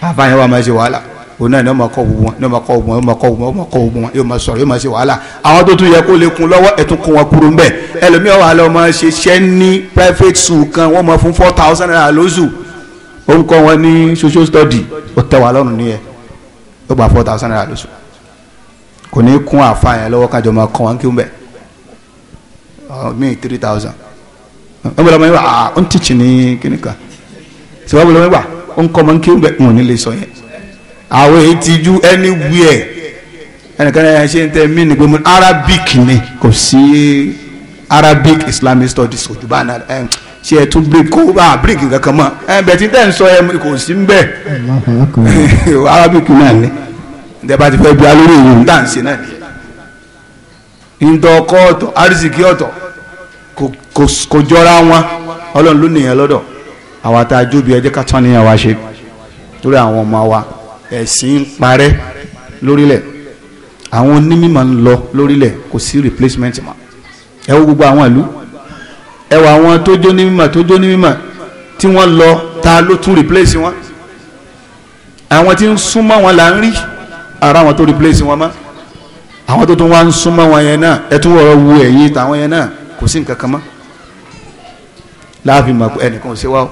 àbáyẹn wàá máa ṣe wàhálà òun náà ni wọ́n máa kọ́ gbogbo wọn ni wọ́n máa kọ́ gbogbo wọn yóò máa kọ́ gbogbo wọn yóò máa sọ̀rọ̀ yóò máa ṣe wàhálà àwọn tó tún yẹ kó lè kun lọ́wọ́ ẹ̀tún kun wọn kúrò ńbẹ̀ ẹlòmíràn wà lọ́ọ́ máa ṣe iṣẹ́ ní private school kan wọ́n máa fún four thousand naira lóṣù orúkọ wọn ní social study ó tẹ́ wa lọ́rùn ní ẹ̀ ó gba four thousand naira lóṣù kò ní kún àfa yẹn lọ́wọ́ kájọ máa kọ́ wọn kí ńbẹ̀ mí three thousand ah, ọmọ ìlọmọ yẹn àwọn èyí ti ju anywhere ẹnìkan ẹ ṣe ń tẹ mí ni pé arabic ni kò sí arabic islamic studies òjúbà náà ẹ ṣe ẹ tún break kó bá break nǹkan kan mọ ẹ bẹ tí tẹ ń sọ ẹ kò sí ń bẹ arabic náà ni ìjọba ti fẹ́ bí alórí ìlú tá à ń ṣe náà ni ntọ́ ọkọ ọ̀tọ̀ arísìkí ọ̀tọ̀ kò jọra wọn ọlọ́run ló nìyẹn lọ́dọ̀ àwọn àtàjọ́ bí ẹ ká tán níyàwó ṣe torí àwọn ọmọ wa ẹ̀sìn ń parẹ́ lórílẹ̀ àwọn onímọ̀ ń lọ lórílẹ̀ kò sí replacement ma ẹ wo gbogbo àwọn ìlú ẹ wo àwọn tó jó ní mímọ̀ tó jó ní mímọ̀ tí wọ́n lọ ta ló tún replace wọn àwọn tí ń súnmọ́ wọn là ń rí ara wọn tó replace wọn mọ́ àwọn tó tún wá ń súnmọ́ wọn yẹn náà ẹ tún wọ́n wo ẹ̀yìn tàwọn yẹn náà kò sí nǹkan kan mọ́ láàfin mọ̀ ẹnìkan ò ṣe wá o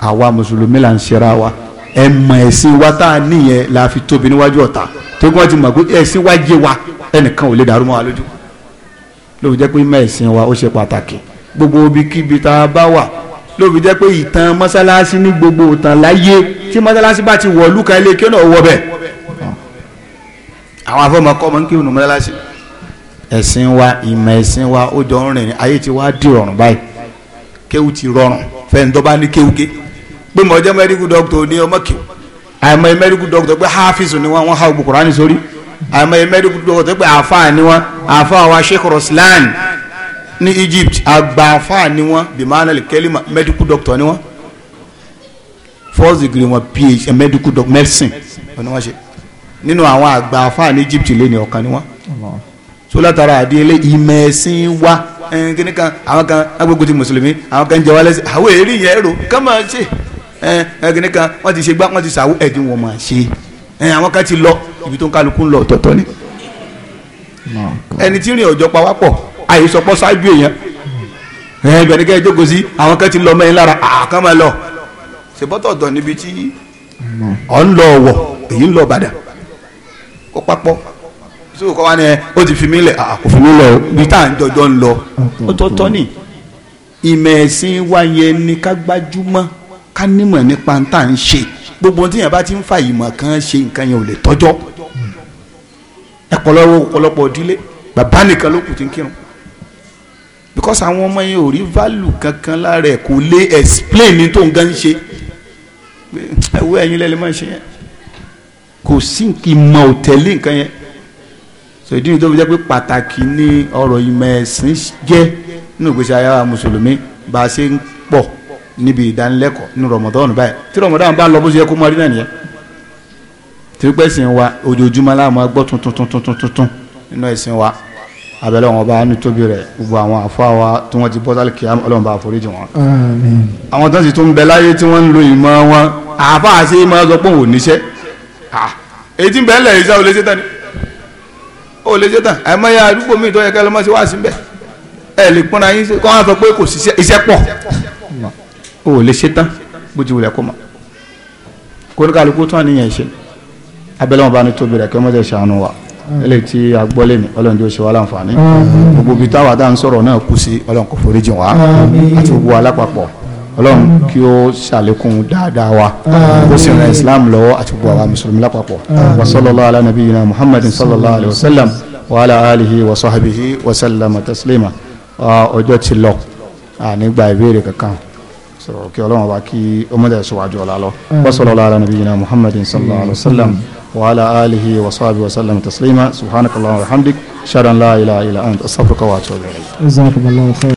àwa mùsùlùmí là ń ṣera wa ẹ̀mọ̀ ẹ̀sìn wa tá a níyẹn la fi tóbi níwájú ọ̀tá tó kí wọ́n ti mọ̀ pé ẹ̀sìn wa jẹ́ wa ẹnìkan ò lè dàrú mọ́ wa lójú ló fi jẹ́ pé mọ̀ ẹ̀sìn wa ó ṣe pàtàkì gbogbo ibikíbi tá a bá wà ló fi jẹ́ pé ìtàn mọ́sálásí ní gbogbo ìtàn láyé tí mọ́sálásí bá ti wọ̀ lùkà ilé kí ó náà wọ bẹ̀ àwọn afọmọkọ mọ́ kí ònà mọ́sálásí ẹ̀sìn wa ìmọ̀ ẹ̀sìn wa ó jọ ń rìn ayé ti wá dìrọ̀rùn báyìí kéwù ti rọrùn fẹ́ẹ́ ń ní kéwù ké pé mo jẹ́ medical doctor ní ọmọ kí àìmọye medical doctor pé hafiz ni wọ́n wọ́n ha ògùn kùránì sórí àìmọye medical doctor pé àáfàá ni wọ́n àáfàá wa sheikh roslan ní Egypt àgbà àáfàá ni wọ́n bimanal kelima medical doctor ni wọ́n first degree wọn phd medical doctor medicine wọn ni wọ́n ṣe nínú àwọn àgbà àáfàá ní Egypt lé ní ọ̀kan ni wọ́n so látara àdéhélé ìmọ̀ ẹ̀sìn wa kíní kan àwọn kan agbègbè ti mùsùlùmí àwọn kan jẹ wá lẹ́sìn àwọn èrè yẹn rò kán ṣe ẹ ẹgìnì kan wọ́n ti ṣe gbá wọ́n ti ṣàwọ́ ẹ̀dín wọ́n máa ṣe ẹ àwọn kan ti lọ ibi tó ń kálukú ń lọ ọ̀tọ̀ọ̀tọ̀ ni ẹni tí rìn ọ̀jọ̀ pa wá pọ̀ àyesọpọ̀ ṣáájú èèyàn ẹ ibẹ̀ ni kẹ́ ẹ jókòó sí àwọn kan ti lọ mẹ́yìn lára àkàn máa lọ ṣèbọ́tọ̀ ọ̀dọ̀ níbi tí ọ̀ ń lọ ọ̀wọ̀ èyí ń lọ Ìbàdàn kó papọ̀ sóò kọ́ wa ni ó ti fi mí lẹ̀ kò fi mí lọ bí tá à ń jọjọ́ ń lọ ó tọ́ tọ́ ni ìmẹ̀ ẹ̀sìn ni ká gbájúmọ́ ká nímọ̀ nípa ń tà ń ṣe gbogbo tí yẹn bá ti ń fa ìmọ̀ kan ṣe nǹkan yẹn ò lè tọ́jọ́ ẹ̀pọ̀lọpọ̀ ọ̀pọ̀lọpọ̀ ìdílé bàbá nìkan ló kù tí ń kírun because àwọn ọmọ yẹn ò rí value kankan lára ẹ̀ kò lè explain ní tó ń gan ṣe ẹ̀wọ́ ẹ̀yin lẹ́lẹ́ máa ṣe yẹn kò sí ìmọ̀ ò tẹ̀lé nǹkan yẹn so ìdí nìyí tó fi jẹ́ pé pàtàkì ní ọ̀rọ̀ ìmọ̀ ẹ̀sìn jẹ́ nínú ìgbésí ayé mùsùlùmí bá a ṣe ń pọ̀ níbi ìdánilẹ́kọ̀ọ́ ní rọmọdọ́nù báyìí tí rọmọdọ́nù bá lọ bó ṣe yẹ kó mọ rí náà nìyẹn torí pé ẹ̀sìn wa ojoojúmọ́ la máa gbọ́ tuntun tuntun tuntun tuntun nínú ẹ̀sìn wa abẹ́lẹ́ wọn bá nítóbi rẹ̀ gbogbo àwọn àfáà wa tí wọ́n ti bọ́ sálẹ̀ kí ọlọ́run bá foríjì wọn. àwọn tó ń sì tún bẹ láyé tí wọ́n ń lo ìmọ̀ wọn àáfà àti ìmọ̀ sọ pé òun níṣẹ́ èyí tí lẹ̀ yìí sá o lè ni o lè ṣe tán àmọ́ ya àdúgbò mi ìtọ́jú kẹlẹ́ mọ́ sí wá sí bẹ́ẹ̀ ẹ̀ lè pọ́nra yín kọ́ wọn sọ pé kò síṣẹ́ iṣẹ́ pọ̀ o ò lè ṣe tán bó ti wulẹ̀ kó mọ̀ kó ní kálukú tán níyẹn ṣe abẹ́lẹ́ wọn bá ní tóbi rẹ̀ kí wọ́n mọ̀ ṣàánú wa eléyìí tí a gbọ́ lé ní ọlọ́run tí ó ṣe wá láǹfààní gbogbo ibi táwa dá ń sọ̀rọ̀ náà kú sí ọlọ́run kò foríjì wá àti gbogbo alápapọ̀ ọlọ́run kí ó ṣàlékún dáadáa wa kó sì ran islam lọ́wọ́ àti gbogbo àwa mùsùlùmí lápapọ̀ wa sallallahu ala nabiyyina muhammadin sallallahu alayhi wa sallam wa ala alihi wa sahbihi wa sallama taslima ọjọ́ ti lọ nígbà ìbéèrè kankan. وصلى الله على نبينا محمد وعلى آله وصحبه وسلم تسليما سبحانك اللهم وبحمدك شهدا لا إله إلا أنت أستغفرك واتوب إليك